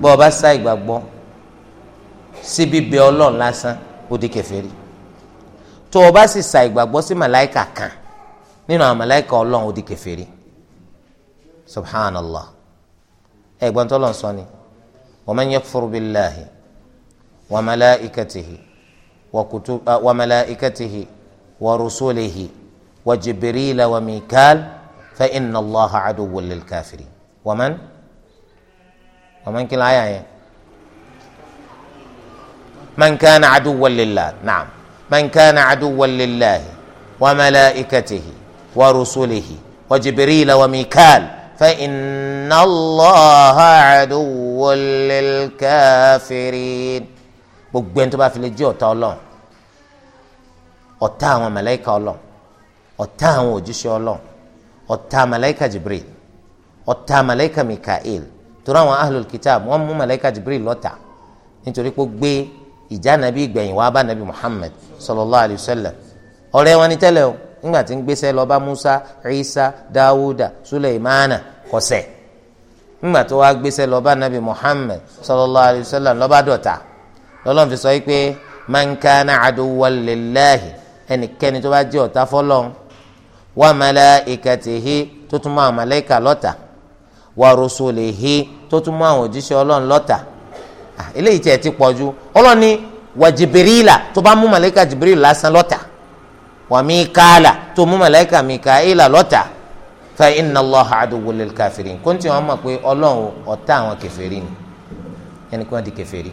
bọ́ ọba sá ìgbàgbọ́ sí bíbẹ ọlọ́run lásán ó di kèfèrí tó ọba sì sá ìgbàgbọ́ sí màláìkà kan nínú àwọn màláìkà ọlọ́run ó di kèfèrí subhanallah ẹ̀gbọ́n tọ́lọ́ آه، وملائكته ورسله وجبريل وميكال فإن الله عدو للكافرين ومن ومن كل آية, آية من كان عدوا لله نعم من كان عدوا لله وملائكته ورسله وجبريل وميكال فإن الله عدو للكافرين gbogbo ẹni tó bá fi lè jẹ́ ọ̀tá ọlọ́run ọ̀tá àwọn màláíkà ọlọ́run ọ̀tá àwọn òjíṣẹ́ ọlọ́run ọ̀tá màláíkà jibril ọ̀tá màláíkà mikael torí àwọn ahlul kitab wọ́n mú màláíkà jibril lọ́tà nítorí pé gbé ìjà nàbí ìgbẹ̀yìn wá bá nàbí muhammad sallallahu alayhi wa wọn ni tẹ́lẹ̀ o nígbà tí ń gbéṣẹ́ musa isa dawuda suleimana kọsẹ̀ nígbà tó wá gbéṣẹ́ lọ nàbí muhammad sallallahu alayhi wa sallam lọ́lọ́run fi sọ yìí pé man kana aduwwan lillahi ẹnikẹ́ni tó bá jẹ́ ọ̀tá fọ́lọ́run wa malaikatihi tó tún mọ́ àwọn màláíkà lọ́tà wa rusulihi tó tún mọ́ àwọn òjíṣẹ́ ọlọ́run lọ́tà eléyìí tiẹ̀ ti pọ̀ ju ọlọ́run ni wa jibirila tó bá mú màláíkà jibirila lásán lọ́tà wa mikaala tó mú màláíkà mikaela lọ́tà fa inna allaha aduwwun lil kafirin kó mọ̀ pé ọlọ́run ọ̀tá àwọn kèfèrí ni ẹnikẹ́ni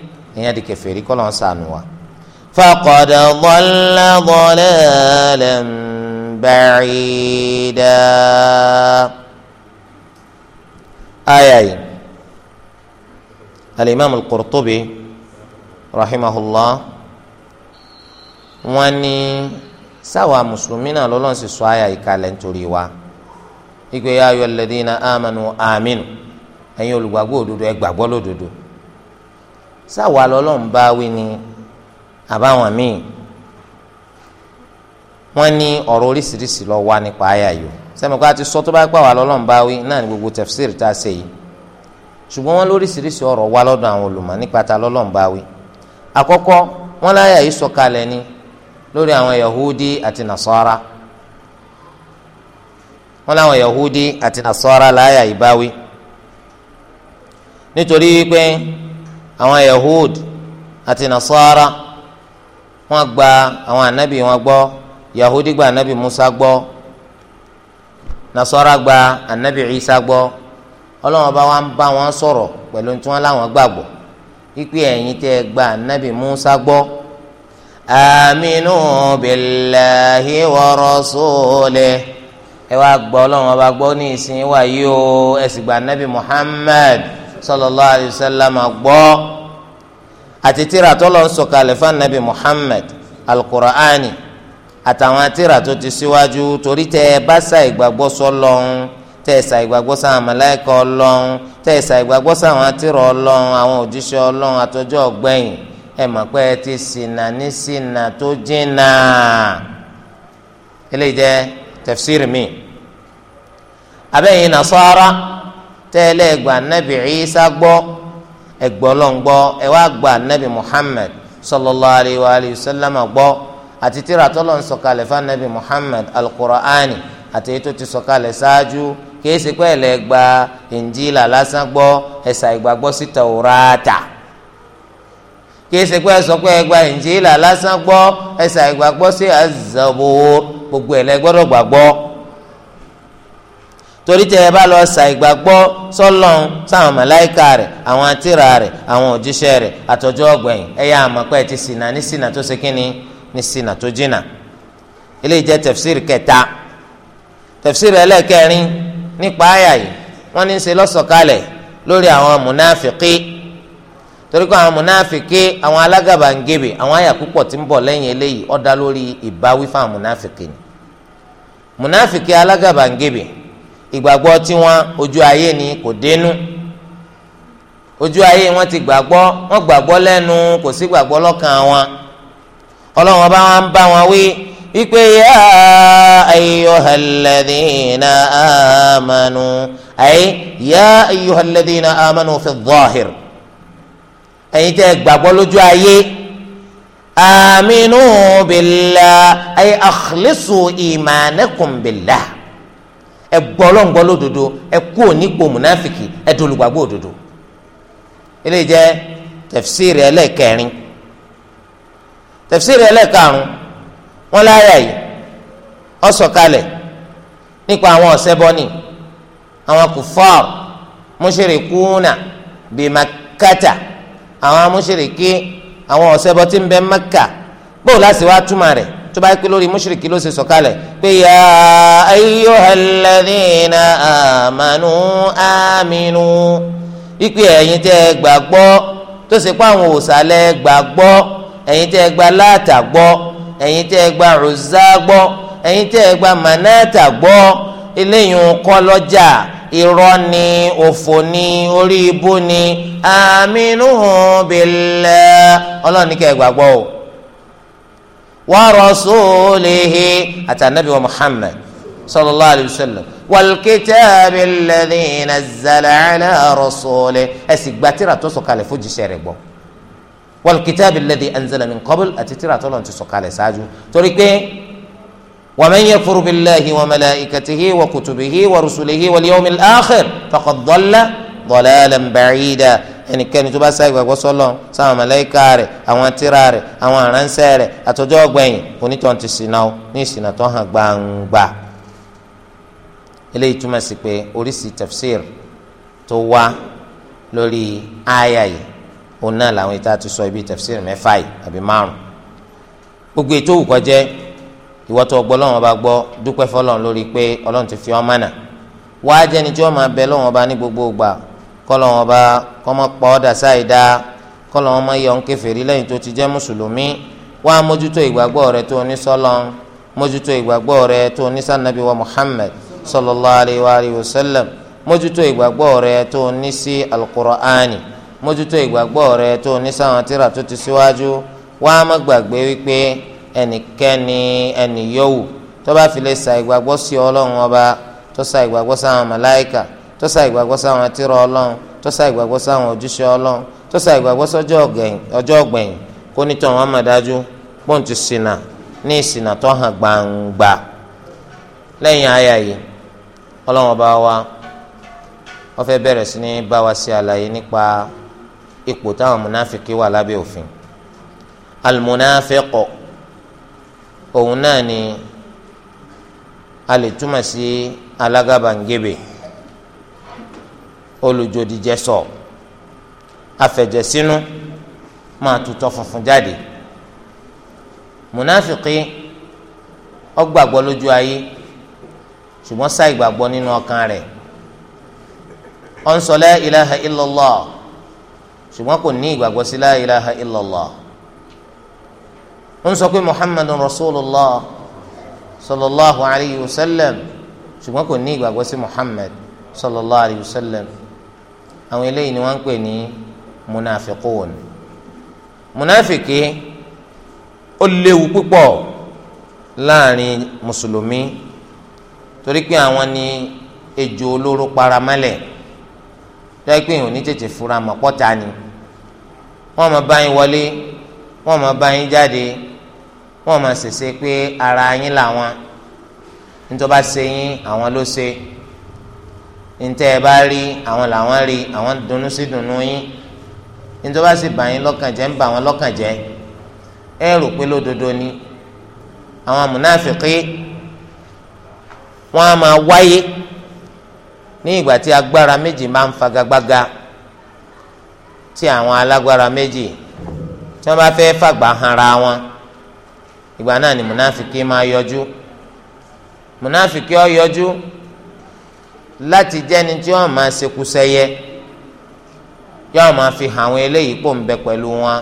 ìyẹn di kèfèrí kọ́ lọ́n sànù wa. faqad dhalla dhalalan ba'ida. ayayi alimami al-Qurtubi rahimahullah wọ́n ní sáwà mùsùlùmí náà lọ́lọ́n sì sọ àyà ìkàlẹ̀ nítorí wa ìgbéyàwó alladhina amanu aminu ẹ̀yin olùgbàgbọ́ òdodo ẹ gbàgbọ́ lódodo sáwa lọ́lọ́run bá wí ni àbáwọn míì wọ́n ní ọ̀rọ̀ oríṣiríṣi lọ wá nípa àyà yìí sẹ́mikọ́ àti sọ tó bá gbà wá lọ́lọ́run bá wí náà ní gbogbo tafsir tá a ṣe yìí ṣùgbọ́n wọ́n lóríṣiríṣi ọ̀rọ̀ wá lọ́dọ̀ àwọn olùmọ̀ nípa ta lọ́lọ́run bá wí àkọ́kọ́ wọ́n láyà yìí sọ̀kalẹ̀ ni lórí àwọn yahudi àti nasara wọ́n láwọn yahudi àti nasara láyà yìí bá wí nítorí wípé àwọn Yahud àti Nasara wọ́n gba àwọn anabi wọn gbọ́ Yahudi gba anabi Musa gbọ́ Nasara gba anabi Isa gbọ́ Ọlọ́run bá wọn bá wọn sọ̀rọ̀ pẹ̀lú tí wọ́n láwọn gbàgbọ́ ipe ẹ̀yin tẹ́ gba anabi Musa gbọ́ aminu bilahi wa rasulihi ẹ wá gbọ́ Ọlọ́run bá gbọ́ ní ìsìn wáyé o ẹ gba anabi Muhammad sallallahu alayhi wa sallam gbọ́ àti tíra tó lọ sọ̀kalẹ̀ fún anabi muhammed alukur'ani àtàwọn tíra tó ti síwájú torí tẹ ẹ bá sa ìgbàgbọ́ sọlọ́n tẹ ẹ sa ìgbàgbọ́ sáwọn màláíkà Ọlọ́run tẹ ẹ sa ìgbàgbọ́ sáwọn àtìrọ̀ Ọlọ́run àwọn òjíṣẹ́ Ọlọ́run àtọjọ́ ọgbẹ́yìn ẹ mọ̀ pé ẹ ti ṣìnà ní ṣìnà tó jìnnà eléyìí jẹ́ tafsir abẹ́yìn nasara. tẹ́lẹ̀ gba anabi Isa gbọ́ ẹgbọ́ lọ́n gbọ́ ẹ wá gba anabi muhammed sallallahu alayhi wa sallam àti tíra tọ́lọ̀ ń sọ̀kalẹ̀ fún anabi àti ètò ti sọ̀kalẹ̀ ṣáájú kìí pé gba lásán sí torí tẹ ẹ bá lọ sa ìgbàgbọ́ sọlọ́n sáwọn màláìka rẹ̀ àwọn àtìrà rẹ̀ àwọn òjíṣẹ́ rẹ̀ àtọ́jú ọ̀gbẹ̀yìn ẹ yá àmọ́ pé ẹ ti ṣìnà ní ṣìnà tó ṣe kínní ní ṣìnà tó jìnà eléyìí jẹ́ tẹ̀fsírì kẹta tẹ̀fsírì ẹlẹ́kẹrin nípa àyà yìí wọ́n ní í ṣe lọ́sọ̀kalẹ̀ lórí àwọn mùnáfìkì torí pé àwọn mùnáfìkì àwọn alágàbàǹgebè àwọn àyà púpọ̀ tí ń bọ̀ lẹ́yìn eléyìí ó lórí ìbáwí fáwọn mùnáfìkì ni alágàbàǹgebè ìgbàgbọ́ tiwọn ojú ayé ni kò dénú ojú ayé wọn ti gbàgbọ́ wọn gbàgbọ́ lẹ́nu kò sí gbàgbọ́ lọ́kàn wọn ọlọ́run ọba wọn ń bá wọn wí wípé yá ayyuhalladhina amanu ayé yá ayyuhalladhina amanu fi dhahir ẹ̀yin tẹ́ gbàgbọ́ lójú ayé aminu billah ay akhlisu imanakum billah ẹ gbọ́ ọlọ́ngbọ́ lódodo ẹ kú onípò múnáfìkì ẹ dolùgbàgbọ́ òdodo eléyìí jẹ́ tẹ̀físìrì ẹlẹ́ẹ̀kẹrin tẹ̀físìrì ẹlẹ́ẹ̀karùn wọn láyà yìí ó sọ̀kalẹ̀ nípa àwọn ọ̀sẹ́bọ́nì àwọn kùfọ́ọ̀ mushrikuna bí Makkata àwọn mushriki àwọn ọ̀sẹ́bọ́ tí ń bẹ Makka bóòlù àti wàá túmọ̀ rẹ̀ tó bá yẹ pé lórí mushriki ló ṣe sọ̀kalẹ̀ pé ya ayyuhalladhina amanu aminu ìpè ẹ̀yin tẹ́ ẹ gbàgbọ́ tó ṣe pé àwọn òsàlẹ̀ gbàgbọ́ ẹ̀yin tẹ́ ẹ gba láàtà gbọ́ ẹ̀yin tẹ́ ẹ gba Uzza gbọ́ ẹ̀yin tẹ́ ẹ gba manata gbọ́ eléyìí kọ́ lọ́jà irọ́ ni òfò ni orí ibú ni aminu billah ọlọ́ọ̀ni kẹ́ ẹ gbàgbọ́ o wa rasulihi àti anabi wa muhammad sallallahu alayhi wa sallam walkitaabi alladhi nazzala ala rasulihi ẹ sì gba tírà tó sọ̀kalẹ̀ fún jíṣẹ́ rẹ̀ gbọ́ walkitaabi alladhi anzala min qabl àti tírà tó lọ́n ti sọ̀kalẹ̀ ṣáájú torí pé wa man yakfur billahi wa malaikatihi wa kutubihi wa rusulihi wal yawmil akhir faqad dalla dalalan ba'ida ẹnikẹ́ni tó bá sá ìgbàgbọ́ sọ́lọ́ sáwọn màláíkà rẹ̀ àwọn tírà rẹ̀ àwọn aránṣẹ́ rẹ̀ àtọ́jọ́ ọgbẹ̀yìn onítọ̀hún ti ṣìnà o ní ìṣìnà tó hàn gbangba. eléyìí túmọ̀ sí pé oríṣi tafsir tó wá lórí àyà yìí òun náà làwọn ìta ti sọ ibi tafsir mẹ́fà yìí àbí márùn gbogbo ètò òwò kọjẹ ìwọ tó gbọ́ lọ́wọ́n bá gbọ́ dúpẹ́ fọlọ́run lórí pé ọlọ́run kọlọ́wọ́n bá kọ́mọ́ pọ́ dàsá ìdá kọlọ́wọ́n má yọ̀ ń kèfèrí lẹ́yìn tó ti jẹ́ mùsùlùmí wá mójútó ìgbàgbọ́ rẹ tó ní sọ́lọ́n mójútó ìgbàgbọ́ rẹ tó ní sànàbí wa Muhammad sallallahu alayhi wa alihi wa sallam mójútó ìgbàgbọ́ rẹ tó ní sí alukur'ani mójútó ìgbàgbọ́ rẹ tó ní sáwọn tíra tó ti síwájú wá má gbàgbé wípé ẹnikẹ́ni ẹniyọ́wù tó bá fi sa ìgbàgbọ́ sí ọlọ́run ọba tó sa ìgbàgbọ́ sáwọn màláìka tó sá ìgbàgbọ́ sáwọn àtìrọ ọlọ́run tó sá ìgbàgbọ́ sáwọn ojúṣe ọlọ́run tó sá ìgbàgbọ́ sọ́jọ́ ọ̀gbẹ̀yìn kó ní tọ̀hún amadájú pọ́ǹtù ṣìnà ní ìṣìnà tó hàn gbangba lẹ́yìn àyà yìí ọlọ́run ọba wa wọ́n fẹ́ bẹ̀rẹ̀ sí ní bá wa ṣe àlàyé nípa ipò táwọn múnáfìkì wà lábẹ́ òfin almunafiqo òun náà ni a lè túmọ̀ sí alágàbàǹgebè olùjòdìjẹ sọ afẹ̀jẹ̀sínú máa tutọ́ funfun jáde munafiki ó gbàgbọ́ lójú ayé ṣùgbọ́n sáì gbàgbọ́ nínú ọkàn rẹ̀ ó ń sọ la ilaha illallah ṣùgbọ́n kò ní ìgbàgbọ́ sí la ilaha illallah ó ń sọ pé muhammadun rasulullah sallallahu alayhi wa sallam ṣùgbọ́n kò ní ìgbàgbọ́ sí muhammad sallallahu alayhi wa sallam àwọn eléyìí ni wọ́n ń pè ní munafikun munafiki ó léwu púpọ̀ láàrin mùsùlùmí torí pé àwọn ni ejò olóró paramọ́lẹ̀ tó yẹ pé èèyàn ní tètè fura mọ̀ pọ́ta ni wọ́n máa bá yín wọlé wọ́n máa bá yín jáde wọ́n máa ṣèṣe pé ara yín làwọn nítorí bá ṣe yín àwọn ló ṣe ntẹ ẹ bá rí àwọn làwọn rí àwọn dunnú sí dunnú yín nítorí bá sì bà yín lọ́kàn ń bà wọ́n lọ́kàn ẹ rò pé lódodo ni àwọn amúnáfìkì wọn a máa wáyé ní ìgbà tí agbára méjì máa ń fagagbága tí àwọn alágbára méjì tí wọn bá fẹ́ fàgbà hanra wọn ìgbà náà ni múnáfìkì máa yọjú múnáfìkì ó yọjú láti jẹ́ni tí wọ́n máa ṣekú sẹ́yẹ́ yóò máa fi hàn àwọn eléyìí pò ń bẹ pẹ̀lú wọn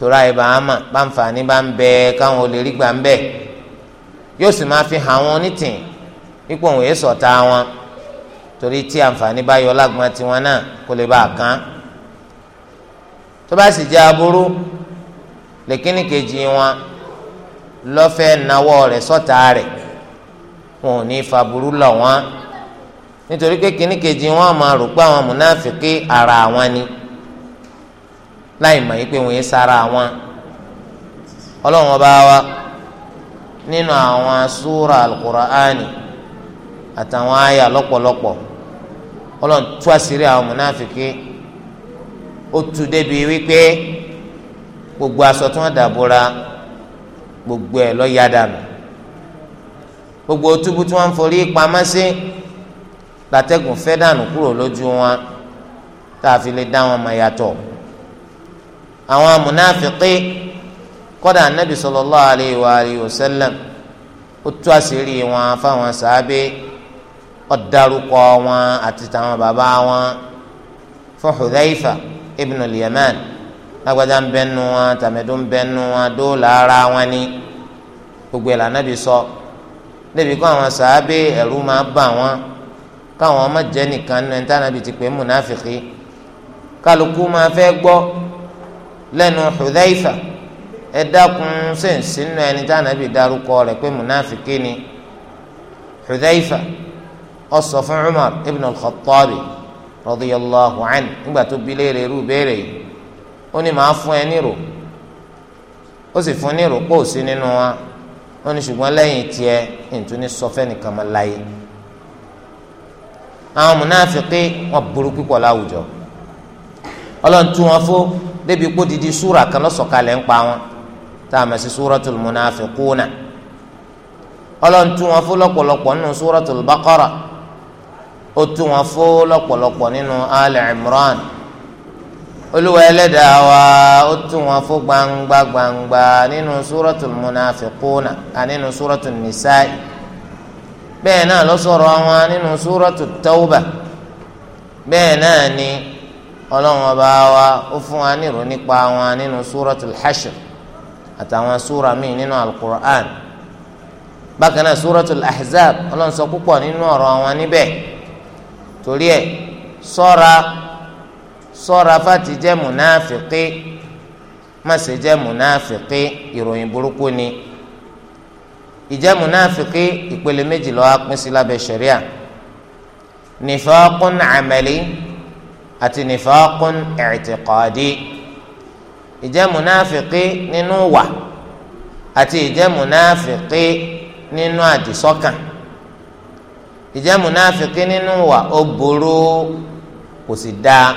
torá ẹ̀ bàámà báǹfààní bá ń bẹ káwọn olè rí gbà ń bẹ yóò sì máa fi hàn àwọn onítìǹ ipò òun èso ta wọn torí tí àǹfààní bá yọ lágbọ́n tiwọn náà kó lè bá a kán tó bá sì jẹ́ aburú lèkínní kejì wọn lọ́fẹ̀ẹ́ náwó rẹ̀ sọ́ta rẹ̀ wọn ò ní fa burú lọ wọn nítorí pé kínní kejì wọn máa rò pé àwọn múnáfìkì ara àwọn ni láì mọ̀ yìí pé wọ́n yé sára àwọn ọlọ́run ọba wa nínú àwọn súra alukur'ani àtàwọn àyà lọ́pọ̀lọpọ̀ ọlọ́run tú àṣírí àwọn múnáfìkì ó tu débi wípé gbogbo aṣọ tí wọ́n dàbora gbogbo ẹ̀ lọ́ọ́ yá dànù gbogbo túbú tí wọ́n ń forí pamọ́ sí. Si, látẹ́gùn fẹ́ dànù kúrò lójú wọn tá a fi lè dá wọn mọ̀ yàtọ̀ àwọn amúnáfiqí kọ́dà anábì sallallahu alayhi wa alihi wa sallam ó tú àṣírí wọn fáwọn sàábé ọ̀dàrúkọ wọn àti tàwọn bàbá wọn fún Hudhaifa ibn al-Yaman lágbájá ń bẹnu wọn tàmẹ̀dó ń bẹnu wọn dóòlà ara wọn ni gbogbo ẹ̀ lànà sọ débi kọ́ àwọn sàábé ẹ̀rú máa bà wọn káwọn ọmọ jẹ́ nìkan nínú ẹni tánàbì ti pè múnáfìkì kálukú máa fẹ́ gbọ́ lẹ́nu Hudhaifa ẹ dákun sẹ́ǹsì nínú ẹni tánàbì dárúkọ rẹ̀ pé múnáfìkì ni Hudhaifa ó sọ fún Umar ibn al-Khattabi radiyallahu anhu nígbà tó bi léèrè irú béèrè yìí ó ní màá fún ẹ nírò ó sì fún nírò pò sí nínú wa ó ní ṣùgbọ́n lẹ́yìn tiẹ̀ ntúni sọ fẹ́ nìkan máa láyé àwọn mùnáfìkì wọn burú pípọ̀ láwùjọ ọlọ́run tún wọn fó débi kó didi súra kan lọ́sọ̀kalẹ̀ ń pa wọn tá a mọ̀ sí súratul munafiquna ọlọ́run tún wọn fó lọ́pọ̀lọpọ̀ nínú súratul baqara ó tún wọn fó lọ́pọ̀lọpọ̀ nínú ali imran olúwa ẹlẹ́dàá wa ó tún wọn fó gbangba gbangba nínú súratul munafiquna à nínú súratul nisa'i bẹ́ẹ̀ náà ló sọ̀rọ̀ wọn nínú súrọ́tù tẹ́wọ́bà bẹ́ẹ̀ náà ni ọlọ́run ọba wa ó fún wa nírò nípa wọn nínú súrọ́tù hashr àtàwọn súra míì nínú alukur'an bákan náà súrọ́tù ahzab ọlọ́run sọ púpọ̀ nínú ọ̀rọ̀ wọn níbẹ̀ torí ẹ̀ sọ́ra sọ́ra fati jẹ́ múnáfìkì má ṣe jẹ́ múnáfìkì ìròyìn burúkú ni ìjẹ́ munafiki ìpele méjì lọ́wọ́ pín sí lábẹ́ ṣẹ̀ríà nifaqun amali àti nifaqun i'tiqadi ìjẹ́ munafiki nínú wà àti ìjẹ́ munafiki nínú àdìsọ́kàn ìjẹ́ munafiki nínú wà ó burú kò sì dáa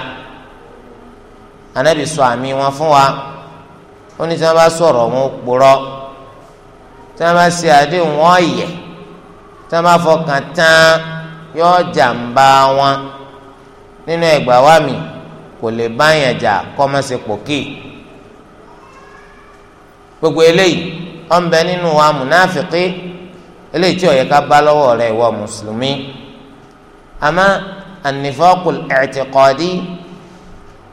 anabi àmì wọn fún wa ó ní tí wọn bá sọ̀rọ̀ wọn ó purọ́ tí wọ́n bá ṣe àdéhùn wọ́n yẹ̀ tí wọ́n bá fọkàn tán yọ jàǹbá wọn nínú ẹ̀gbà wa mi kò lè báyàn jà kọ́ má ṣe pòkì gbogbo eléyìí wọ́n bẹ nínú wa múnáfìkì eléyìí tí ó ká bá lọ́wọ́ rẹ̀ ìwọ mùsùlùmí àmọ́ ànífọ́kù ẹ̀tìkọ́dí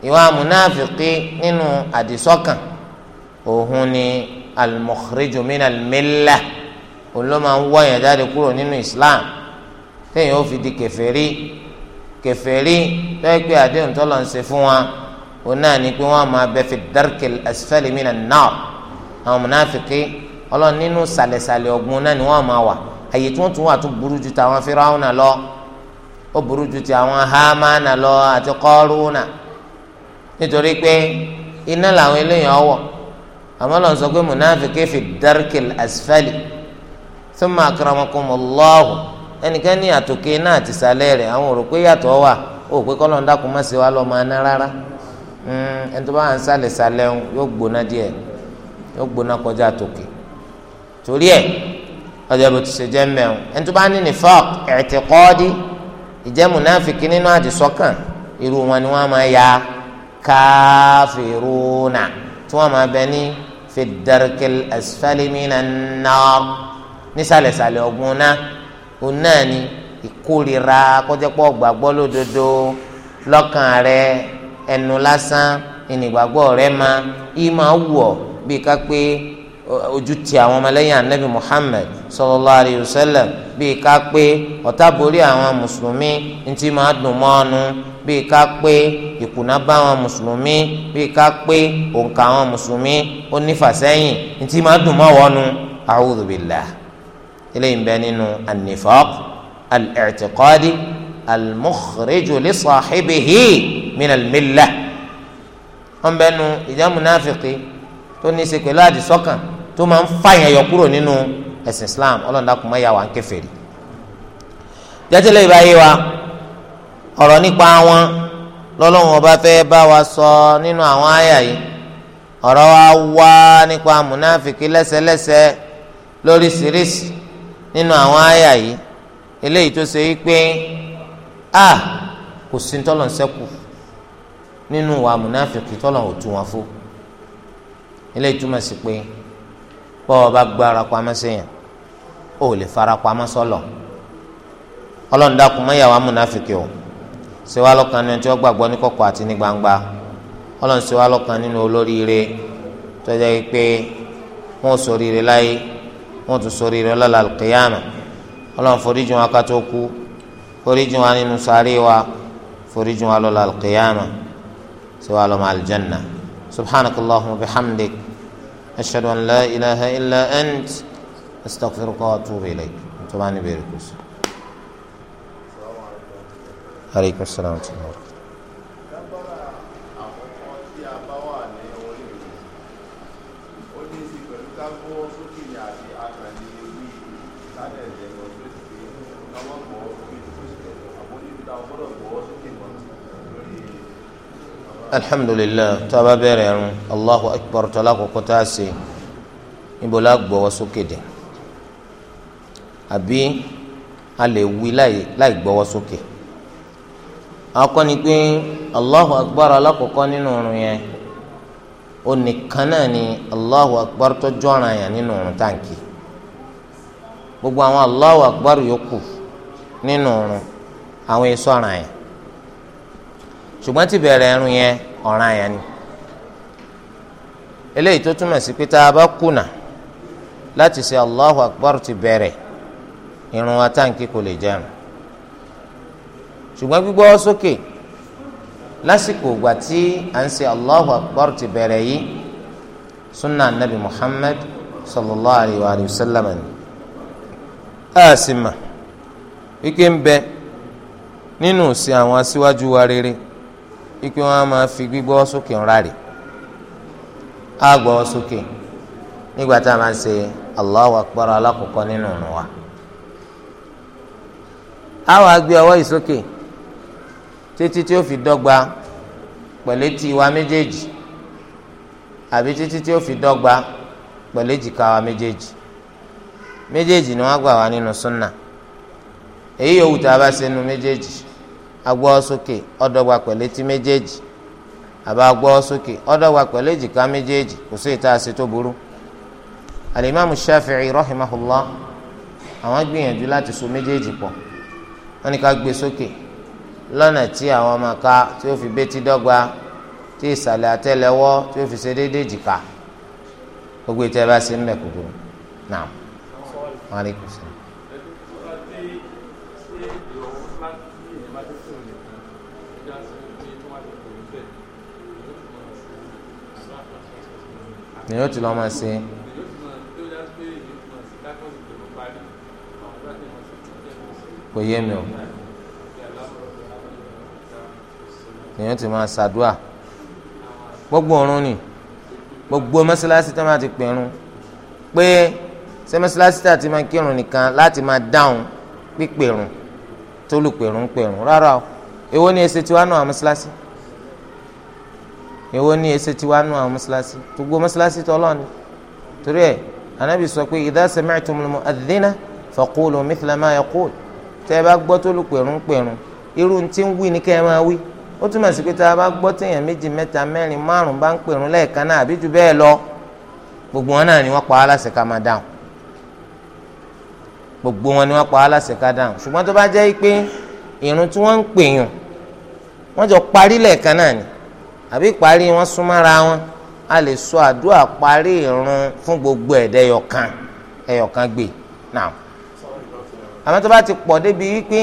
ìwà múnáfìkì nínú àdìsọ́kàn òhun ni al-mukhriju min al-millah olóò máa ń wọ́ yẹn jáde kúrò nínú islam téèyàn ó fi di kèfèrí kèfèrí tọ́yẹ pé àdéhùn tó lọ́n ṣe fún wa òun náà ni pé wọ́n máa bẹ fi darkil asfali mina náà àwọn mùnáfìkì ọlọ́run nínú sàlẹ̀sàlẹ̀ ọ̀gbun náà ni wọ́n máa wà àyè tí wọ́n tún wà tó burú ju tàwọn firawuna lọ ó burú ju ti àwọn hamana lọ àti kọ́rùnà nítorí pé iná làwọn eléyàn ọwọ́ àmọ́ lọ́n sọ pé munafiki fi darkil asfali thumma akramakumullahu ẹnikẹ́ni ní àtòkè náà ti sàlẹ̀ rẹ̀ àwọn òrò pé yàtọ̀ wà ó pé kọ́lọ́ ń dákun má ṣe wá lọ́ọ́ máa ná rárá hmm, ẹni tó bá ń sàlẹ̀ sàlẹ̀ ń yóò gbóná díẹ̀ yóò gbóná kọjá àtòkè torí ẹ̀ ọjọ́ bó ti ṣe jẹ́ mẹ́rin ẹni tó bá ní nifaq i'tiqadi ìjẹ́ munafiki nínú àdìsọ́kàn irú wọn ni wọ́n máa ya káfírúnà tí wọ́n máa bẹ ní fi darkil asfalimina náà nísàlẹ̀sàlẹ̀ ọ̀gbun náà òun náà ni ìkórira kọjọpọ̀ gbàgbọ́ lódodo lọ́kàn rẹ ẹnu lásán ìnìgbàgbọ́ rẹ máa ìmọ̀ wù bí ká pé ojú ti àwọn ọmọlẹ́yìn anabi muhammed sallallahu alayhi wa sallam bíi ká pé ọ̀tá borí àwọn mùsùlùmí ntí máa dùn mọ́ ọ́nu bíi ká pé ìkùnà bá àwọn mùsùlùmí bíi ká pé òǹkà àwọn mùsùlùmí ó nífàsẹ́yìn ntí máa dùn mọ́ wọ́nu a'udhu billah eléyìí ń nínú an-nifaq al sahibihi min ọ̀nbẹ́nu ìjà munafiki tó ní í ṣe pẹ̀lú àdìsọ́kàn tó máa ń fà yẹn yọ kúrò nínú ẹ̀sìn islam ọlọ́run dákun má yà wá ń ìbáyé wa ọ̀rọ̀ nípa wọn lọ́lọ́run ọba fẹ́ bá wa sọ nínú àwọn àyà ọ̀rọ̀ wa wá nípa múnáfìkì lẹ́sẹ̀lẹ́sẹ̀ lóríṣiríṣi nínú àwọn àyà yìí eléyìí tó ṣe a kò sí sẹ́kù nínú wa bọ́ ọ bá gbára pamọ́ sẹ́yìn ó lè fara pamọ́ sọ́lọ̀ ọlọ́run dákun mọ́yàwó amúnáfíkì o ṣe wá lọ́kàn nínú tí wọ́n gbàgbọ́ ní kọ̀kọ̀ àti ní gbangba ọlọ́run ṣe wá lọ́kàn nínú olóríire tó jẹ́ pé wọ́n ṣoríire láyé wọ́n tún ṣoríire lọ́la kìyàmà ọlọ́run foríjì wọn ká kú foríjì wọn nínú sáré wa foríjì wọn lọ́la kìyàmà ṣe wá lọ́mọ àlùjànnà subhanakallahumma bihamdik. أشهد أن لا إله إلا أنت أستغفرك وأتوب إليك أنتم عن بيركوس عليكم السلام ورحمة الله alhamdulilayi tá a bá bẹ̀rẹ̀ ẹ̀rùn allahu akbar tó alákọ̀ọ́kọ́ tá a ṣe níbo la gbọ́wọ́ sókè dé àbí a lè wí láì gbọ́wọ́ sókè akọ́ ni pé allahu akbar alákọ̀ọ́kọ́ nínú ọ̀run yẹn ó nìkan náà ni allahu akbar tó jọ́ra yẹn nínú ọ̀run táǹkì gbogbo àwọn allahu akbar yòókù nínú ọ̀run àwọn èso ara yẹn ṣùgbọ́n ti bẹ̀rẹ̀ irun yẹn ọ̀ràn yẹn ni eléyìí tó túmọ̀ sí pé tá a bá kùnà láti ṣe allahu akbar ti bẹ̀rẹ̀ irun wa táǹkì kò lè jẹun ṣùgbọ́n gbígbọ́ sókè lásìkò ìgbà tí à ń ṣe allahu akbar ti bẹ̀rẹ̀ yìí sunna anabi muhammad sallallahu alayhi wa sallam ni a sì mà wíkẹ́ ń bẹ nínú sí àwọn aṣíwájú wa rere. ikpe wọn máa fi gbígbọ́ sókè ńlá rè á gbọ́ sókè nígbà tá a máa ń ṣe Allahu Akbar alákọ̀ọ́kọ́ nínú ọ̀run wa á wà gbé ọwọ́ yìí sókè títí tí ó fi dọ́gba pẹ̀lú ti wa méjèèjì àbí títí tí ó fi dọ́gba pẹ̀lú èjìká wa méjèèjì méjèèjì ni wọ́n gbà wá nínú súnà èyí yòówù tá a bá ṣe nu méjèèjì. agba sókè ọ̀dọ́gba pẹ̀lú etí méjèèjì àbá agbọ́ sókè ọ̀dọ́gba pẹ̀lú èjìká méjèèjì kò sí ìta àṣetó burú alimami shafi'i rahimahullah àwọn gbìyànjú láti so méjèèjì pọ̀ wọ́n ní ká gbé sókè lọ́nà tí àwọn ọmọ ká tí ó fi bétí dọ́gba tí ti àtẹ́lẹwọ́ tí ó fi ṣe déédéé jìká gbogbo ìtẹ́ ni yóò ti lọ́ máa ṣe. kò yé mi o ni yóò ti máa ṣàdúà gbogbo ọ̀run ni gbogbo mọ́sálásí tó máa ti pẹ̀rùn pé ṣé mọ́sálásí tá a ti máa kírun nìkan láti máa dáhùn pípẹ̀rùn tó lù pẹ̀rùn pẹ̀rùn rárá o èwo ni èsì tiwa náà mọ́sálásí èwo ni èsè tiwa nù àwọn mọ́sálásí gbogbo mọ́sálásí tó ọlọ́ọ̀ni torí ẹ̀ anábì sọ pé idha sami'tumul mu'adhdhina faqulu mithla ma yaqul tẹ́ ẹ bá gbọ́ tó lu pẹ̀rún pẹ̀rún irú ti ń wí ni kẹ́ ẹ máa wí ó túmọ̀ sí pé tá a bá gbọ́ téèyàn méjì mẹ́ta mẹ́rin márùn-ún bá ń pẹ̀rún lẹ́ẹ̀kan náà àbí jù bẹ́ẹ̀ lọ gbogbo wọn náà ni wọ́n pa á ká máa dáhùn gbogbo wọn ni wọ́n pa á ká dáhùn ṣùgbọ́n tó bá jẹ́ pé ìrun tí wọ́n ń pèèyàn wọ́n jọ parí lẹ́ẹ̀kan náà ni àbí parí wọn súnmọ́ra wọn a lè sọ àdúrà parí irun fún gbogbo ẹ̀dá ẹyọkan ẹyọkan gbé náà àmọ́ tó bá ti pọ̀ débi wípé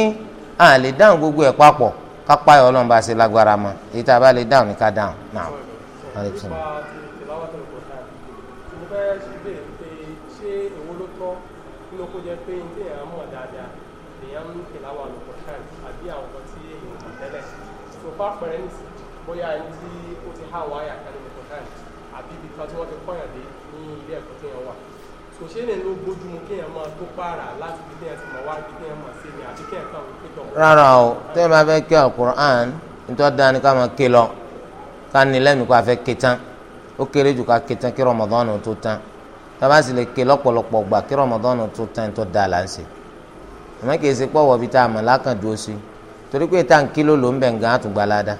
a lè dáhùn gbogbo ẹ̀ papọ̀ kápá ẹ̀ ọlọ́run bá ṣe lágbára mọ́ èyí tá a bá lè dáhùn ní ká dáhùn náà. Fáfẹ́rẹ́ nìsí bóyá ẹni tí ó ti há wáyà kan nínú kọ̀ọ̀kan àbí ibi kan tí wọ́n ti kọ́yàn dé ní ilé ẹ̀kọ́ tí wọ́n wà kò ṣe kéèyàn máa tó pààrà láti fi kéèyàn ti mọ̀ wá kéèyàn máa ṣe ni àti kéèyàn ni ká máa ké lọ ká ní lẹ́nu kó a fẹ́ ké tán ó kéré jù ká ké tán kí rọmọdán tó tán sì lè ké lọ́pọ̀lọpọ̀ gbà kí rọmọdán tó tán tó ṣe àmọ́ kì tá a mọ̀ sí torí pé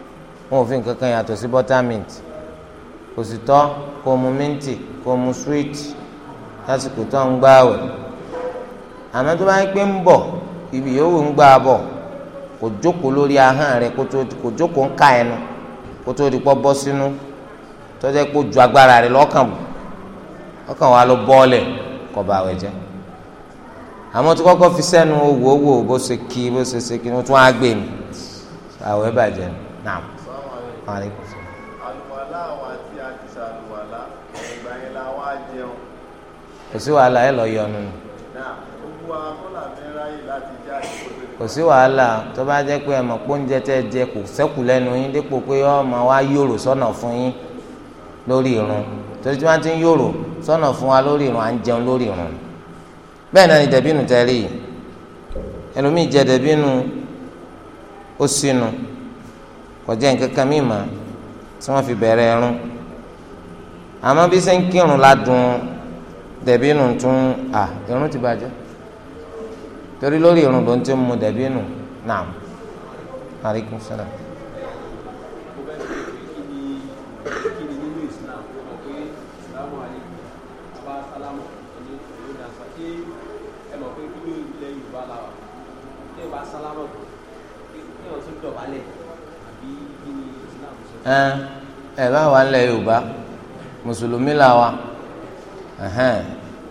wọn ò fi nǹkan kan yàtọ̀ sí buttermint kò sì tọ́ mu minti kó mu sweet lásìkò tó ń gbààwẹ̀ àmọ́ tó bá pé ń bọ̀ ibi yòówù ń gbà bọ̀ kò jókòó lórí ahọ́n rẹ̀ kò jókòó ń ka ẹnu kó tó di pọ́ bọ́ sínú tọ́jà pé ju agbára rẹ̀ lọ́kàn bù ọkàn wa ló bọ́ọ̀lẹ̀ kó jẹ́ àmọ́ tó kọ́kọ́ fi ni bàjẹ́ aleykum salaam. àlùwàlá àwọn àti àti sàlùwàlá ìgbà yẹn la wá jẹun. kò sí wàhálà ẹ lọ yọnu nù. kò sí wàhálà tó bá jẹ́ pé ẹ̀mọ̀ pọ́njẹ tẹ́ jẹ kò sẹ́kù lẹ́nu yín dípò pé ọmọ wa yòrò sọ́nà fún yín lórí irun torí tí wọ́n ti ń yòrò sọ́nà fún wa lórí irun à ń jẹun lórí irun bẹ́ẹ̀ náà ni dẹ̀bínú tẹ́lẹ̀ yìí ẹlòmíì jẹ dẹ̀bínú ó sínú kọjá nǹkan kan mí mà tí wọ́n fi bẹ̀rẹ̀ ẹrún àmọ́ bí ṣe ń kírun ládùn dẹ̀bínú tún à irun ti bàjẹ́ torí lórí irun ló ń ti mú dẹ̀bínú naam alaikum salaam. ẹ ẹ bá wà nílẹ̀ yorùbá mùsùlùmí la wa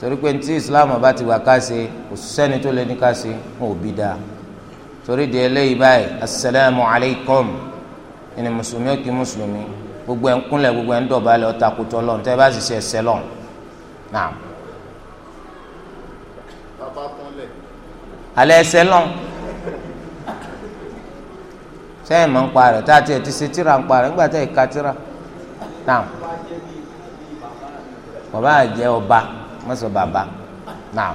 torí pé tí islam bá ti wà ká ṣe kò tó lé ní ká ṣe ń òbí dáa torí di eléyìí báyìí asalaamu alaykum ẹni mùsùlùmí ó mùsùlùmí gbogbo ẹ̀ ń kúnlẹ̀ gbogbo ẹ̀ ń dọ̀bálẹ̀ ọ̀tá kutọ́ lọ́n bá sì sẹ́yìn mọ̀ ń pa rẹ̀ tá a ti ti ṣe tíra ń pa rẹ̀ nígbà tá a ìka tíra náà bàbá àjẹ́ ọba mọ́sọ̀ bàbá naam.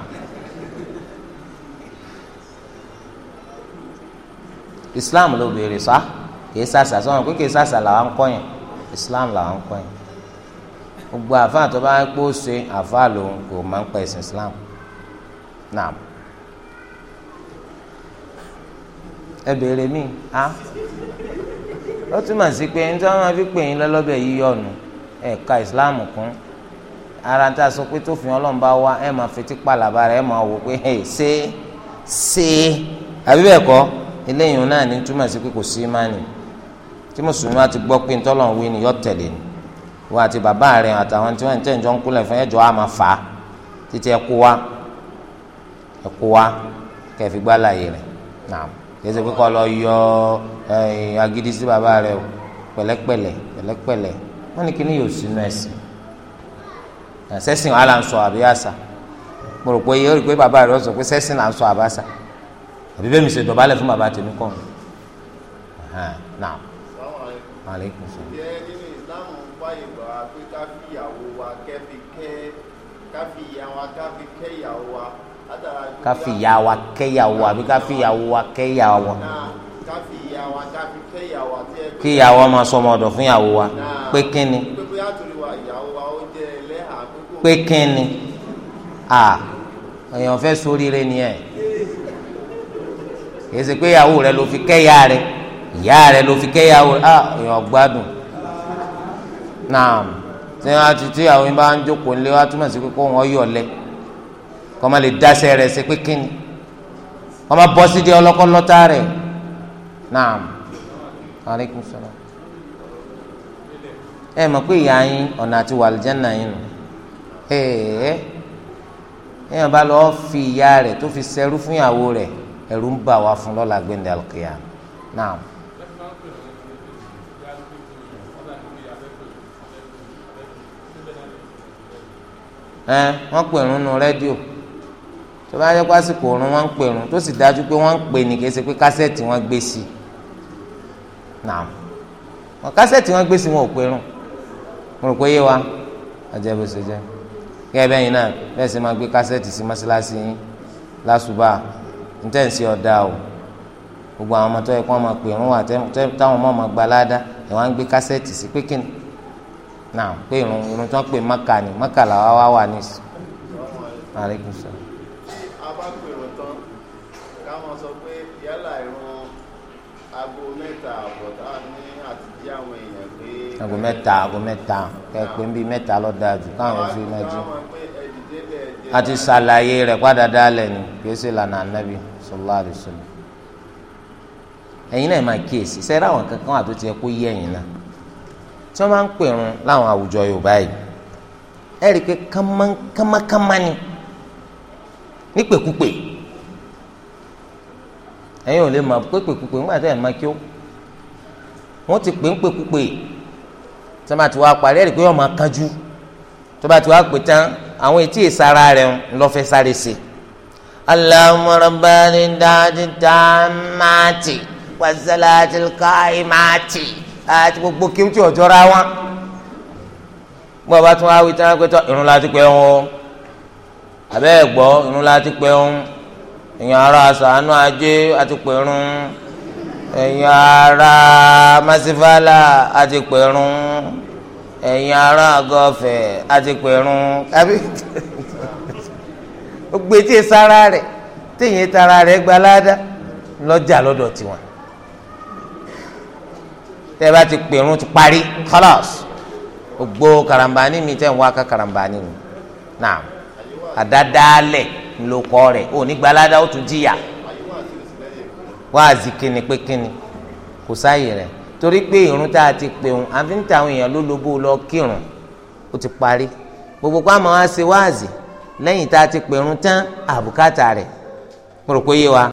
Islam ló béèrè sá kìí sàṣà sọ́wọ́n kìí sàṣà làwọn ń Islam làwọn ń gbogbo àfa àtọ́ bá ṣe àfa lòun kò máa ń pa ẹ̀sìn Islam naam. ẹ béèrè mí a ó túmọ̀ sí pé ní tí wọ́n máa fi pè yín lọ́lọ́bẹ̀ yìí yọ̀nù ẹ̀ka ìsìláàmù kún ara tá a sọ pé tó fi ọlọ́run bá wá ẹ̀ máa fetí pàlàbà rẹ̀ ẹ̀ máa wò pé ẹ̀ ṣe é ṣe é àbí bẹ́ẹ̀ kọ́ eléyìí náà ní túmọ̀ sí pé kò sí ìmánì tí mùsùlùmí wa ti gbọ́ pé ntọ́lọ́run wí ni yọ tẹ̀lé ni wọ́n àti bàbá rẹ̀ àtàwọn tí wọ́n ń tẹ̀jọ́ ń kúlẹ̀ fún ẹ̀jọ́ á máa fà á títí ẹ̀kú wa ẹ̀kú wa kẹfì gbá láàyè rẹ̀ náà. kẹsẹ pé kọ lọ yọ eh, agídí sí bàbá rẹ o pẹlẹpẹlẹ wọn ni kini yóò Na ẹsìn sẹsìn wàhálà ń àbí àṣà mo rò pé yóò rí pé bàbá rẹ sọ pé sẹsìn là ń sọ àbí bẹ́ẹ̀ mi dọ̀bálẹ̀ fún tèmi kọ́ ká fi ìyá wa kẹ́yàwó àbí ká fi ìyàwó wa kẹ́yàwó kí ìyàwó máa sọ ọmọ ọ̀dọ̀ fún ìyàwó wa pé kíni pé kíni à èèyàn fẹ́ ṣoríire ni ẹ̀ kì í ṣe pé ìyàwó rẹ ló fi kẹ́yà rẹ ìyá rẹ ló fi kẹ́yàwó rẹ à èèyàn gbádùn náà tí wọ́n ti tí àwọn yìí bá ń jókòó ńlé wá túmọ̀ sí pé kó wọ́n yọ̀ lẹ́ẹ̀ kọ́má lè dáṣẹ́ rẹ̀ ṣe pé kíni kọ́má bọ́ sí di ọlọ́kọ́ lọ́tà rẹ̀ naam aleykum salaam ẹ mọ̀ pé ìyá yín ọ̀nà àti wàlìjánà yín nù ẹ̀ẹ́ èèyàn bá lọ́ọ́ fi ìyá rẹ̀ tó fi ṣẹrú fún ìyàwó rẹ̀ ẹ̀rù ń bà wá fún lọ́la gbẹ̀ndẹ̀ àlùkìyà naam. ẹ wọ́n pè ń nu rédíò tó bá yẹ kó àsìkò òrùn wọn ń pè tó sì dájú pé wọn ń pè ní kí ẹ ṣe pé kásẹ̀tì wọn gbé sí i náà kásẹ̀tì gbé sí wọn ò pè mo rò pé jẹ́ bẹ́yìn náà gbé kásẹ̀tì o gbogbo àwọn ọmọ tó yẹ kó wọn máa pè wà gba ẹ̀ wọ́n gbé kásẹ̀tì sí maka maka wá wà ní aago mẹ́ta aago mẹ́ta kẹ́pẹ́ ń bí mẹ́ta lọ jù káwọn oṣù náà jù a ti ṣàlàyé rẹ̀ padà dálẹ̀ ni kì í ṣe lànà ànábì sallallahu alaihi wasallam ẹ̀yin náà máa kíyèsí sẹ́rẹ́ àwọn kankan wà tó ti yẹ kó yé ẹ̀yin náà tí wọ́n máa ń pèrun láwọn àwùjọ Yorùbá yìí ẹ rí i pé kámákámá ni nípèkúpè ẹ̀yin ò lè máa pépèkúpè ńgbà tẹ́ ẹ̀ máa kí ó wọ́n ti pè ń pèkúpè yìí tó bá ti wá parí ẹ̀rí pé ọmọ kanjú tó bá ti wá pè tán àwọn etí ìsara rẹ̀ ń sáré sí i. Allahumma rabbani dáadé dáamáàtì wàzàlàtì káìmáàtì àti gbogbo kí n tí ọjọ́ ra wọn. bọ́ọ̀ bá tún wá wí tán pé tọ́ irun la ti pẹ́ wọn abẹ́ ẹ̀ gbọ́ irun la ti pẹ́ wọn èèyàn ara àṣà àánú ajé àti pẹ̀rùn. ẹ̀yin ara masifala àti pẹ̀rún ẹ̀yin ará agọ́fẹ̀ àti pẹ̀rún àbí gbé tí sára rẹ̀ téèyàn tara rẹ̀ gbalada lọ́jà lọ́dọ̀ tiwọn tẹ́ bá ti pẹ̀rún ti parí kọ́lọ́s gbogbo karambani mi tẹ ń wá ká karambani mi náà àdádálẹ̀ ló kọ́ rẹ̀ ò ní gbalada ó tún jìyà. wáàzì kíni pé kíni kò sáàyè rẹ̀ torí pé ìrun tá a ti pè òun àfi ń ta àwọn èèyàn ló lobó lọ kírun ó ti parí gbogbo pa máa wá ṣe wáàzì lẹ́yìn tá a ti pè òun tán àbùkátà rẹ̀ mo rò pé yé wa.